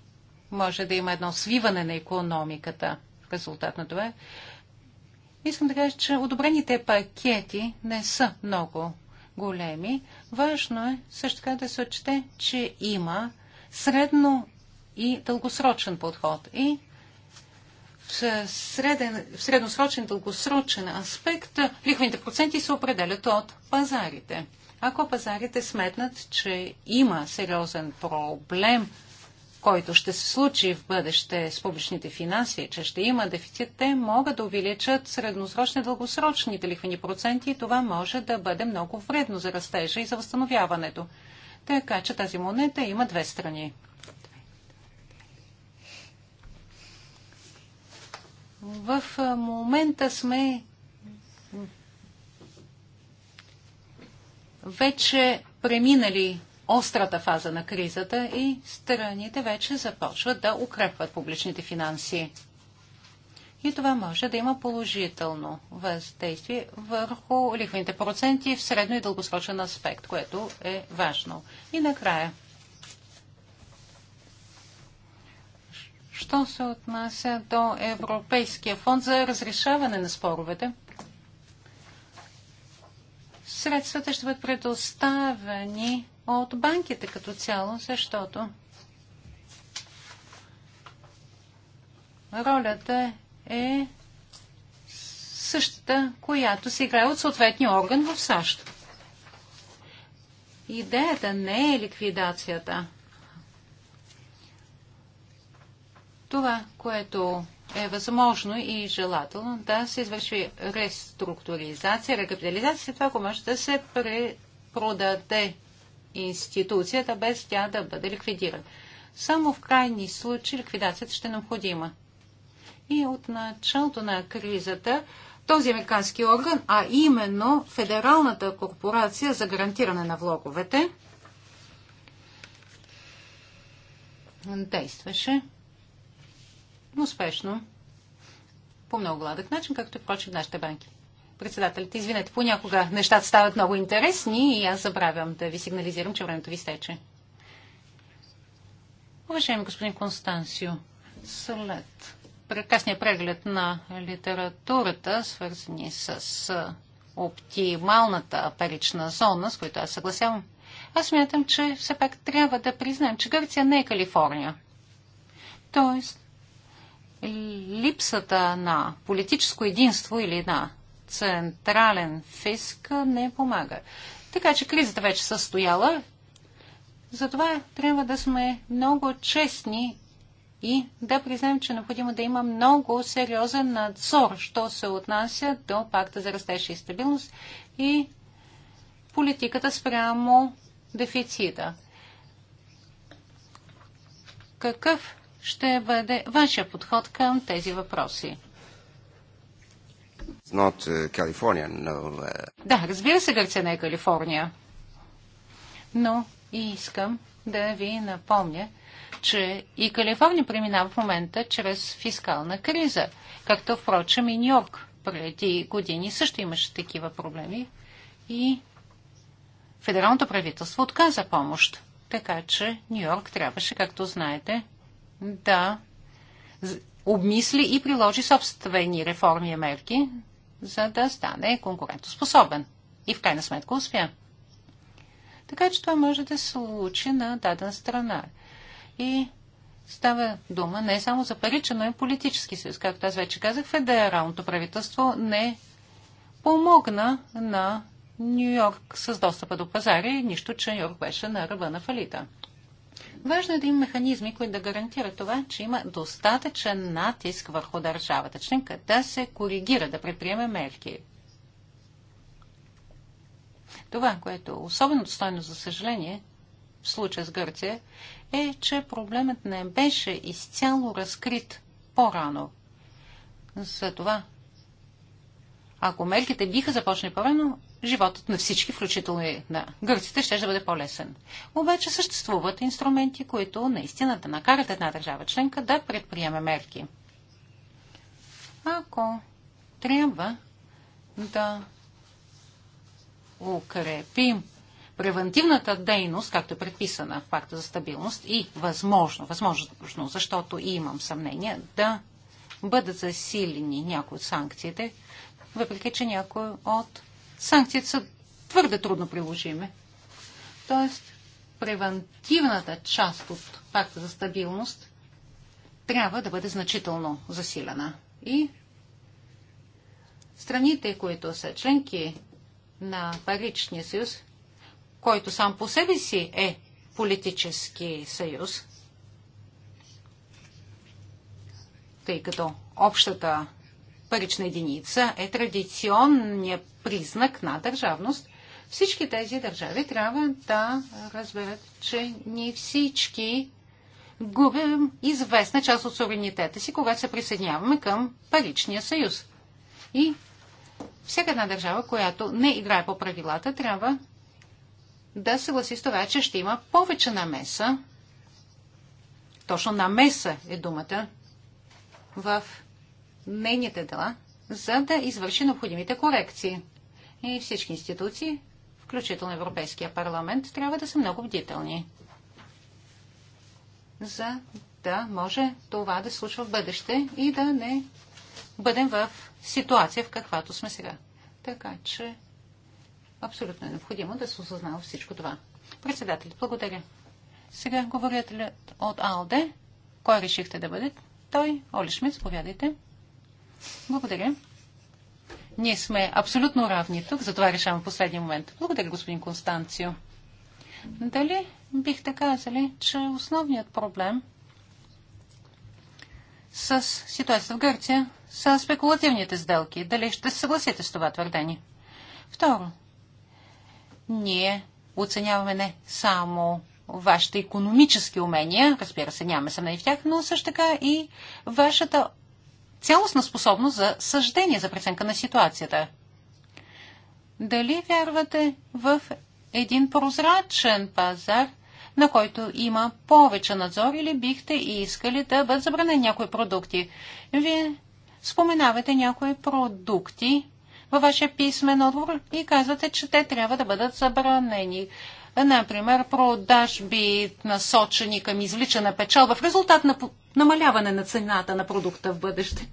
може да има едно свиване на економиката в резултат на това. Искам да кажа, че одобрените пакети не са много големи. Важно е също така да се отчете, че има средно и дългосрочен подход. И в, среден, в средносрочен дългосрочен аспект лихвените проценти се определят от пазарите. Ако пазарите сметнат, че има сериозен проблем който ще се случи в бъдеще с публичните финанси, че ще има дефицит, те могат да увеличат средносрочни и дългосрочните лихвени проценти и това може да бъде много вредно за растежа и за възстановяването. Така че тази монета има две страни. В момента сме вече преминали острата фаза на кризата и страните вече започват да укрепват публичните финанси. И това може да има положително въздействие върху лихвените проценти в средно и дългосрочен аспект, което е важно. И накрая. Що се отнася до Европейския фонд за разрешаване на споровете? Средствата ще бъдат предоставени от банките като цяло, защото ролята е същата, която се играе от съответния орган в САЩ. Идеята не е ликвидацията. Това, което е възможно и желателно да се извърши реструктуризация, рекапитализация, това, ако може да се препродаде институцията, без тя да бъде ликвидирана. Само в крайни случаи ликвидацията ще е необходима. И от началото на кризата този американски орган, а именно Федералната корпорация за гарантиране на влоговете, действаше успешно по много гладък начин, както и прочим нашите банки. Председателите, извинете, понякога нещата стават много интересни и аз забравям да ви сигнализирам, че времето ви стече. Уважаеми господин Констанцио, след прекрасния преглед на литературата, свързани с оптималната парична зона, с която аз съгласявам, аз мятам, че все пак трябва да признаем, че Гърция не е Калифорния. Тоест, липсата на политическо единство или на централен фиск не помага. Така че кризата вече е състояла. Затова трябва да сме много честни и да признаем, че е необходимо да има много сериозен надзор, що се отнася до пакта за растеж и стабилност и политиката спрямо дефицита. Какъв ще бъде вашия подход към тези въпроси? Uh, no, uh. Да, разбира се, Гърция не е Калифорния. Но и искам да ви напомня, че и Калифорния преминава в момента чрез фискална криза, както впрочем и Нью-Йорк преди години също имаше такива проблеми и федералното правителство отказа помощ. Така че Нью-Йорк трябваше, както знаете, да обмисли и приложи собствени реформи и мерки, за да стане конкурентоспособен. И в крайна сметка успя. Така че това може да се случи на дадена страна. И става дума не само за паричен, но и политически съюз. Както аз вече казах, федералното правителство не помогна на Нью Йорк с достъпа до пазари, нищо, че Нью Йорк беше на ръба на фалита. Важно е да има механизми, които да гарантират това, че има достатъчен натиск върху държавата членка да се коригира, да предприеме мерки. Това, което е особено достойно, за съжаление, в случая с Гърция, е, че проблемът не беше изцяло разкрит по-рано. Затова, ако мерките биха започнали по-рано, животът на всички, включително и на гърците, ще да бъде по-лесен. Обаче съществуват инструменти, които наистина да накарат една държава членка да предприеме мерки. Ако трябва да укрепим превентивната дейност, както е предписана в пакта за стабилност и възможно, възможно, защото и имам съмнение, да бъдат засилени някои от санкциите, въпреки че някои от санкциите са твърде трудно приложими. Тоест, превентивната част от пакта за стабилност трябва да бъде значително засилена. И страните, които са членки на Паричния съюз, който сам по себе си е политически съюз, тъй като общата парична единица е традиционният признак на държавност, всички тези държави трябва да разберат, че ние всички губим известна част от суверенитета си, когато се присъединяваме към паричния съюз. И всяка една държава, която не играе по правилата, трябва да съгласи с това, че ще има повече намеса. Точно намеса е думата в нейните дела, за да извърши необходимите корекции. И всички институции, включително Европейския парламент, трябва да са много бдителни, за да може това да случва в бъдеще и да не бъдем в ситуация, в каквато сме сега. Така че абсолютно е необходимо да се осъзнава всичко това. Председател, благодаря. Сега говорят от АЛДЕ. Кой решихте да бъде? Той. Оли Шмидт, заповядайте. Благодаря. Ние сме абсолютно равни тук, затова решавам последния момент. Благодаря, господин Констанцио. Дали бихте казали, че основният проблем с ситуацията в Гърция са спекулативните сделки? Дали ще се съгласите с това твърдение? Второ, ние оценяваме не само вашите економически умения, разбира се, нямаме съмнение в тях, но също така и вашата цялостна способност за съждение, за преценка на ситуацията. Дали вярвате в един прозрачен пазар, на който има повече надзор или бихте искали да бъдат забранени някои продукти? Вие споменавате някои продукти във вашия писмен отговор и казвате, че те трябва да бъдат забранени например, продажби насочени към извличана печалба в резултат на намаляване на цената на продукта в бъдеще.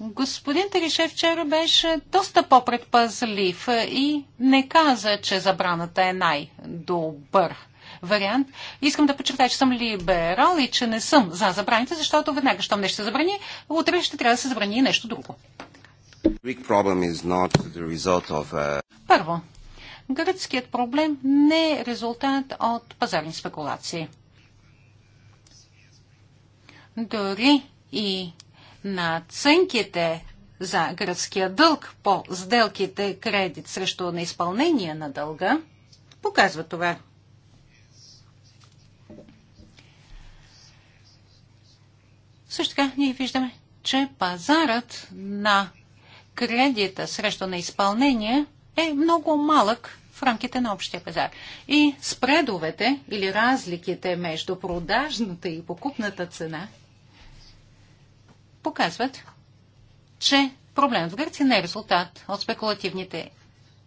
Господин Трише вчера беше доста по-предпазлив и не каза, че забраната е най-добър вариант. Искам да подчертая, че съм либерал и че не съм за забраните, защото веднага, щом нещо се забрани, утре ще трябва да се забрани и нещо друго. Uh, Първо, гръцкият проблем не е резултат от пазарни спекулации. Дори и наценките за гръцкия дълг по сделките кредит срещу неизпълнение на дълга показва това. Също така ние виждаме, че пазарът на кредита срещу на изпълнение е много малък в рамките на общия пазар. И спредовете или разликите между продажната и покупната цена показват, че проблемът в Гърция не е резултат от спекулативните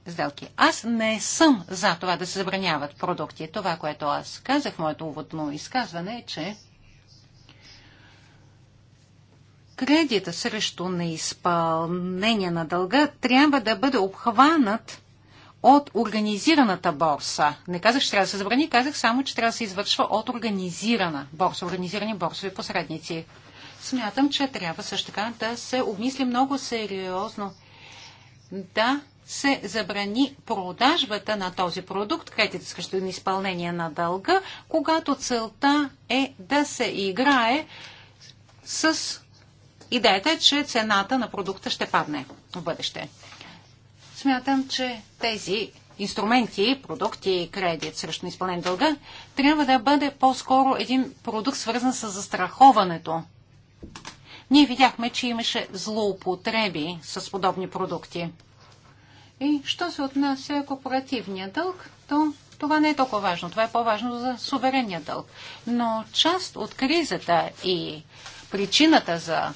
сделки. Аз не съм за това да се забраняват продукти. Това, което аз казах в моето уводно изказване е, че кредита срещу неизпълнение на дълга трябва да бъде обхванат от организираната борса. Не казах, че трябва да се забрани, казах само, че трябва да се извършва от организирана борса, организирани борсови посредници. Смятам, че трябва също така да се обмисли много сериозно да се забрани продажбата на този продукт, кредит срещу изпълнение на дълга, когато целта е да се играе с идеята е, че цената на продукта ще падне в бъдеще. Смятам, че тези инструменти, продукти и кредит срещу изпълнен дълга, трябва да бъде по-скоро един продукт свързан с застраховането. Ние видяхме, че имаше злоупотреби с подобни продукти. И що се отнася корпоративния дълг, то това не е толкова важно. Това е по-важно за суверенния дълг. Но част от кризата и причината за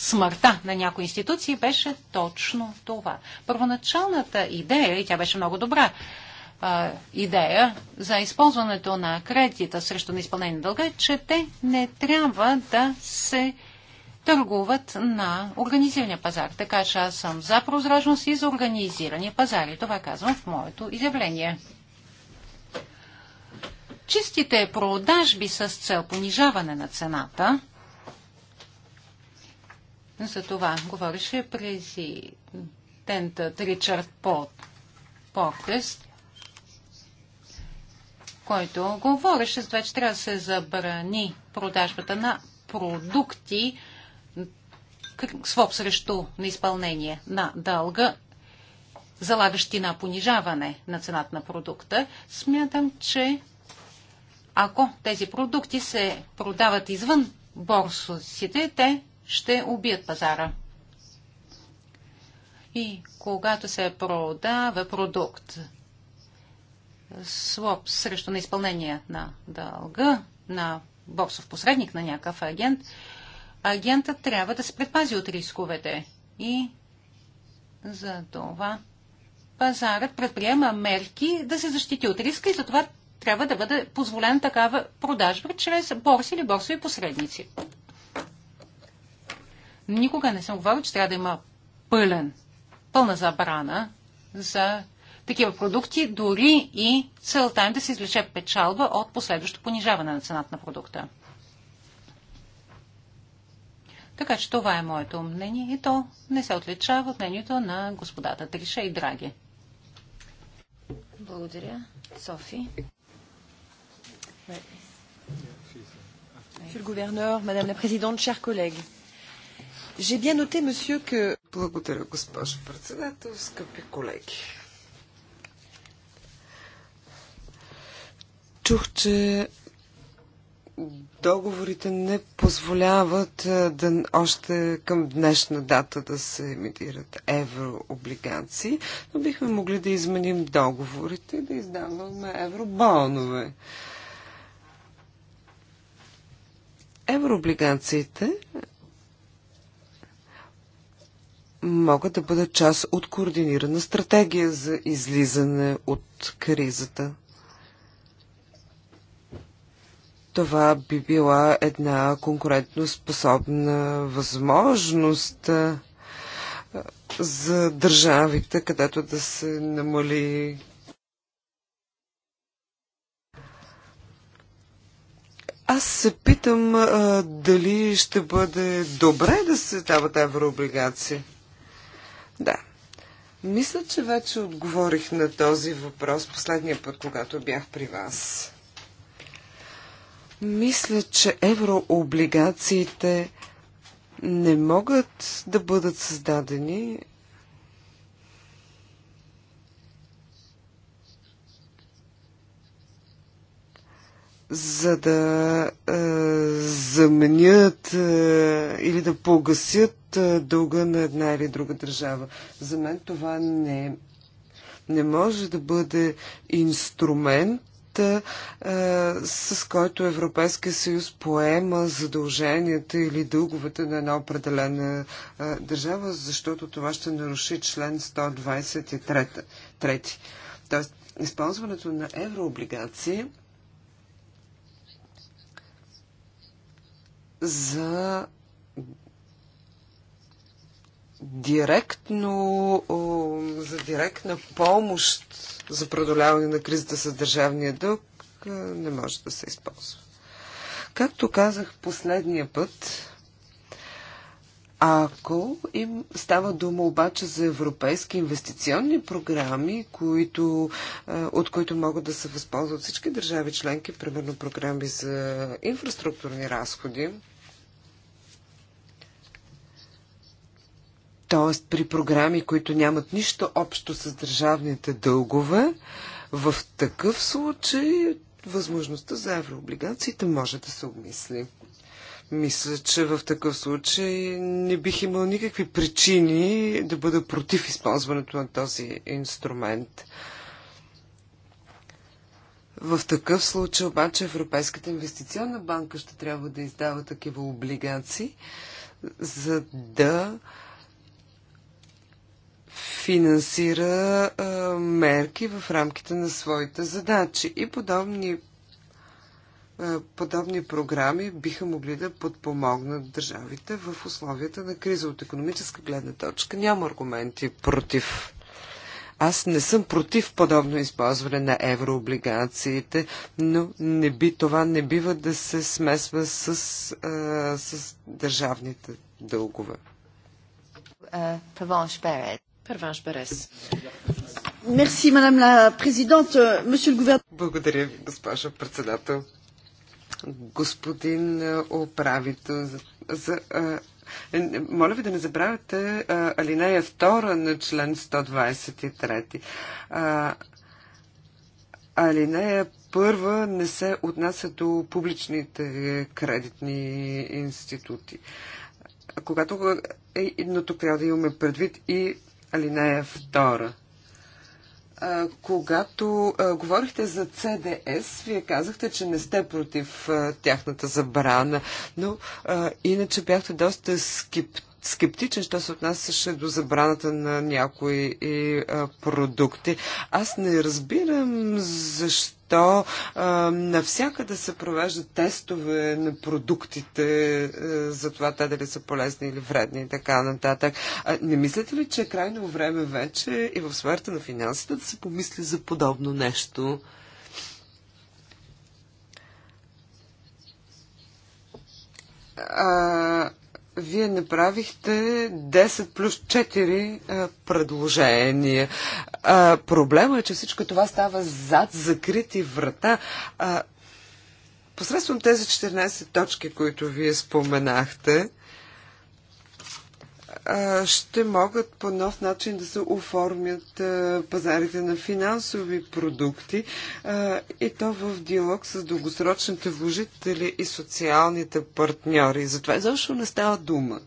смъртта на някои институции беше точно това. Първоначалната идея, и тя беше много добра, а, идея за използването на кредита срещу неизпълнение на дълга, е, че те не трябва да се търгуват на организирания пазар. Така че аз съм за прозрачност и за организирани пазар. И това казвам в моето изявление. Чистите продажби с цел понижаване на цената за това говореше президентът Ричард Пот, който говореше за това, че трябва да се забрани продажбата на продукти, своп срещу на изпълнение на дълга, залагащи на понижаване на цената на продукта, смятам, че ако тези продукти се продават извън борсосите, те ще убият пазара. И когато се продава продукт, своп срещу неизпълнение на дълга, на борсов посредник, на някакъв агент, агентът трябва да се предпази от рисковете. И за това пазарът предприема мерки да се защити от риска и за това трябва да бъде позволен такава продажба чрез борси или борсови посредници. Никога не съм говорил, че трябва да има пълен, пълна забрана за такива продукти, дори и целта им да се извлече печалба от последващо понижаване на цената на продукта. Така че това е моето мнение и то не се отличава от мнението на господата Триша и Драги. Благодаря. Софи. Monsieur le gouverneur, madame la présidente, chers collègues. Благодаря, госпожо председател, скъпи колеги. Чух, че договорите не позволяват е, да, още към днешна дата да се емитират еврооблигации, но бихме могли да изменим договорите и да издаваме евробонове. Еврооблигациите могат да бъдат част от координирана стратегия за излизане от кризата. Това би била една конкурентно способна възможност за държавите, където да се намали Аз се питам а, дали ще бъде добре да се дават еврооблигации. Да. Мисля, че вече отговорих на този въпрос последния път, когато бях при вас. Мисля, че еврооблигациите не могат да бъдат създадени за да е, заменят е, или да погасят е, дълга на една или друга държава. За мен това не, не може да бъде инструмент е, е, с който Европейския съюз поема задълженията или дълговете на една определена държава, защото това ще наруши член 123. Тоест, използването на еврооблигации за директно, за директна помощ за продоляване на кризата с държавния дълг не може да се използва. Както казах последния път, ако им става дума обаче за европейски инвестиционни програми, които, от които могат да се възползват всички държави членки, примерно програми за инфраструктурни разходи, Т.е. при програми, които нямат нищо общо с държавните дългове, в такъв случай възможността за еврооблигациите може да се обмисли. Мисля, че в такъв случай не бих имал никакви причини да бъда против използването на този инструмент. В такъв случай обаче Европейската инвестиционна банка ще трябва да издава такива облигации, за да финансира а, мерки в рамките на своите задачи. И подобни, а, подобни програми биха могли да подпомогнат държавите в условията на криза от економическа гледна точка. Няма аргументи против. Аз не съм против подобно използване на еврооблигациите, но не би, това не бива да се смесва с, а, с държавните дългове. Е, Паванш благодаря ви, госпожо председател. Господин е, управител за, е, е, моля ви да не забравяте а, алинея 2 на член 123. А, алинея първа не се отнася до публичните кредитни институти. Когато, но тук трябва да имаме предвид и Алинея 2. А, когато а, говорихте за ЦДС, вие казахте, че не сте против а, тяхната забрана, но а, иначе бяхте доста скептични скептичен, що се отнасяше до забраната на някои и, а, продукти. Аз не разбирам защо то а, навсякъде се провеждат тестове на продуктите а, за това те дали са полезни или вредни и така нататък. А, не мислите ли, че е крайно време вече и в сферата на финансите да се помисли за подобно нещо? А, вие направихте 10 плюс 4 предложения. проблема е, че всичко това става зад закрити врата. посредством тези 14 точки, които вие споменахте, ще могат по нов начин да се оформят пазарите на финансови продукти и то в диалог с дългосрочните вложители и социалните партньори. Затова изобщо не става дума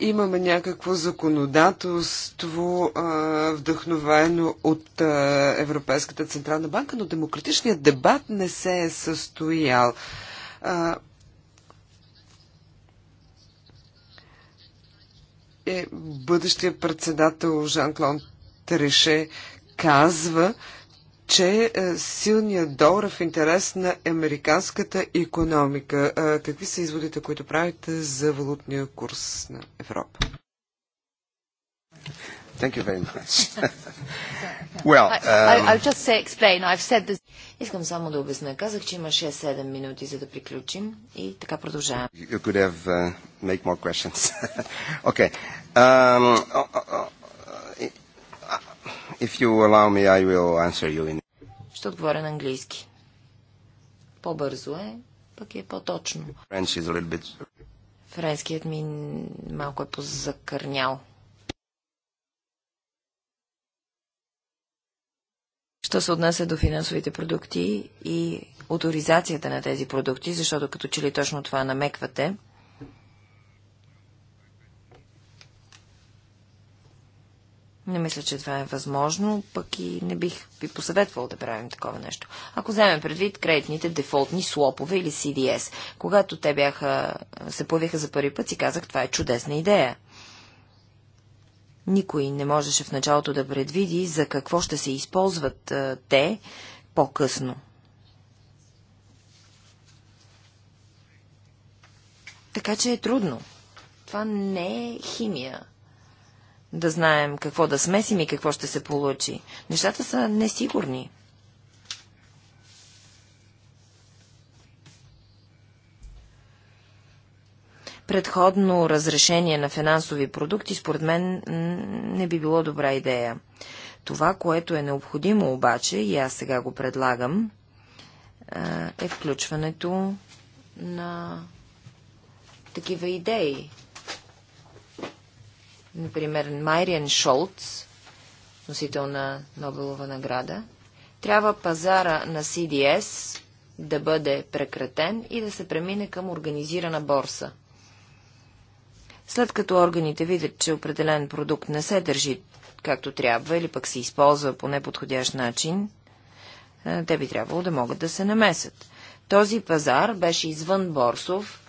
имаме някакво законодателство, а, вдъхновено от а, Европейската Централна банка, но демократичният дебат не се е състоял. А, е, бъдещия председател Жан-Клон Треше казва, че е, силният долар е в интерес на американската економика. Е, какви са изводите, които правите за валутния курс на Европа? Thank you very much. *laughs* well, um... I'll just say, explain. I've said this. Искам само да обясня. Казах, че има 6-7 минути, за да приключим и така продължавам. You could have uh, make more questions. *laughs* okay. Um, If you allow me, I will answer you in... Ще отговоря на английски. По-бързо е, пък е по-точно. French is a little bit... Френският ми малко е позакърнял. Що се отнася до финансовите продукти и авторизацията на тези продукти, защото като че ли точно това намеквате, Не мисля, че това е възможно, пък и не бих ви посъветвал да правим такова нещо. Ако вземем предвид кредитните дефолтни слопове или CDS, когато те бяха, се появиха за първи път, си казах, това е чудесна идея. Никой не можеше в началото да предвиди за какво ще се използват а, те по-късно. Така че е трудно. Това не е химия да знаем какво да смесим и какво ще се получи. Нещата са несигурни. Предходно разрешение на финансови продукти, според мен, не би било добра идея. Това, което е необходимо обаче, и аз сега го предлагам, е включването на такива идеи например Майриен Шолц, носител на Нобелова награда, трябва пазара на CDS да бъде прекратен и да се премине към организирана борса. След като органите видят, че определен продукт не се държи както трябва или пък се използва по неподходящ начин, е, те би трябвало да могат да се намесят. Този пазар беше извън борсов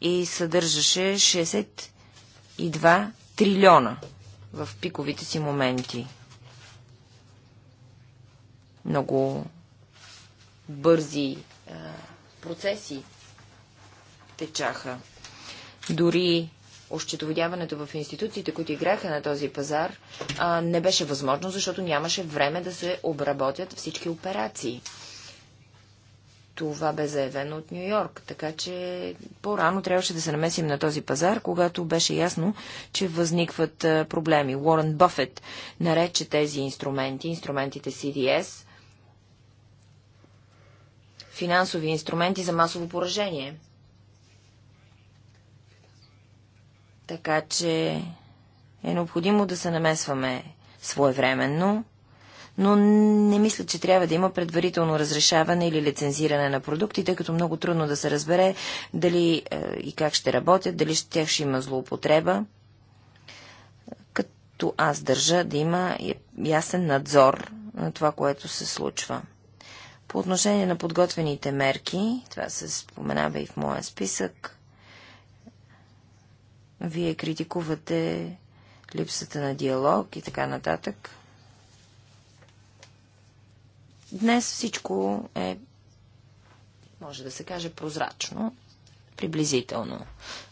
и съдържаше 60 1,2 трилиона в пиковите си моменти. Много бързи а, процеси течаха. Дори ощетоводяването в институциите, които играха на този пазар, а, не беше възможно, защото нямаше време да се обработят всички операции. Това бе заявено от Нью Йорк, така че по-рано трябваше да се намесим на този пазар, когато беше ясно, че възникват проблеми. Уорън Бъфет нарече тези инструменти, инструментите CDS, финансови инструменти за масово поражение. Така че е необходимо да се намесваме своевременно но не мисля, че трябва да има предварително разрешаване или лицензиране на продуктите, като много трудно да се разбере дали е, и как ще работят, дали ще тях ще има злоупотреба. Като аз държа да има ясен надзор на това, което се случва. По отношение на подготвените мерки, това се споменава и в моя списък, вие критикувате липсата на диалог и така нататък. Днес всичко е, може да се каже, прозрачно, приблизително.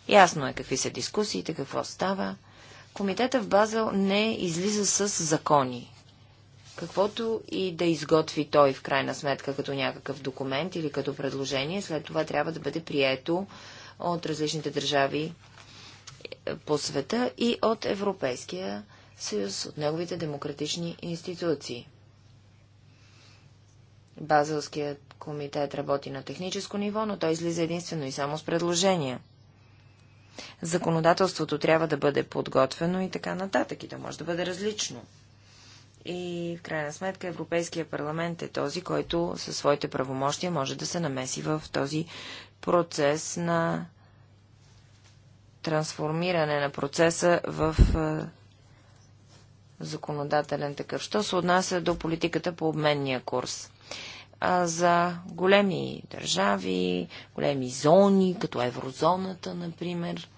Ясно е какви са дискусиите, какво става. Комитета в Базел не излиза с закони. Каквото и да изготви той в крайна сметка като някакъв документ или като предложение, след това трябва да бъде прието от различните държави е, по света и от Европейския съюз, от неговите демократични институции. Базелският комитет работи на техническо ниво, но той излиза единствено и само с предложения. Законодателството трябва да бъде подготвено и така нататък, и то може да бъде различно. И в крайна сметка Европейския парламент е този, който със своите правомощия може да се намеси в този процес на трансформиране на процеса в е, законодателен такъв. Що се отнася до политиката по обменния курс? за големи държави, големи зони, като еврозоната, например.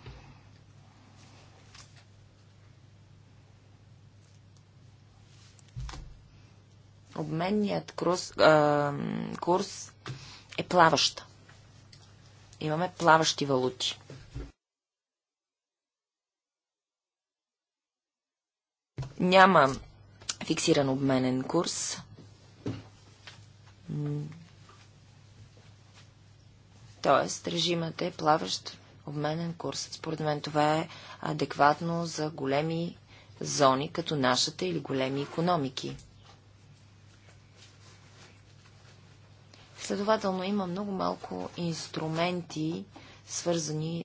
Обменният курс, а, курс е плаваща. Имаме плаващи валути. Няма фиксиран обменен курс. Тоест, режимът е плаващ обменен курс. Според мен това е адекватно за големи зони, като нашата или големи економики. Следователно има много малко инструменти, свързани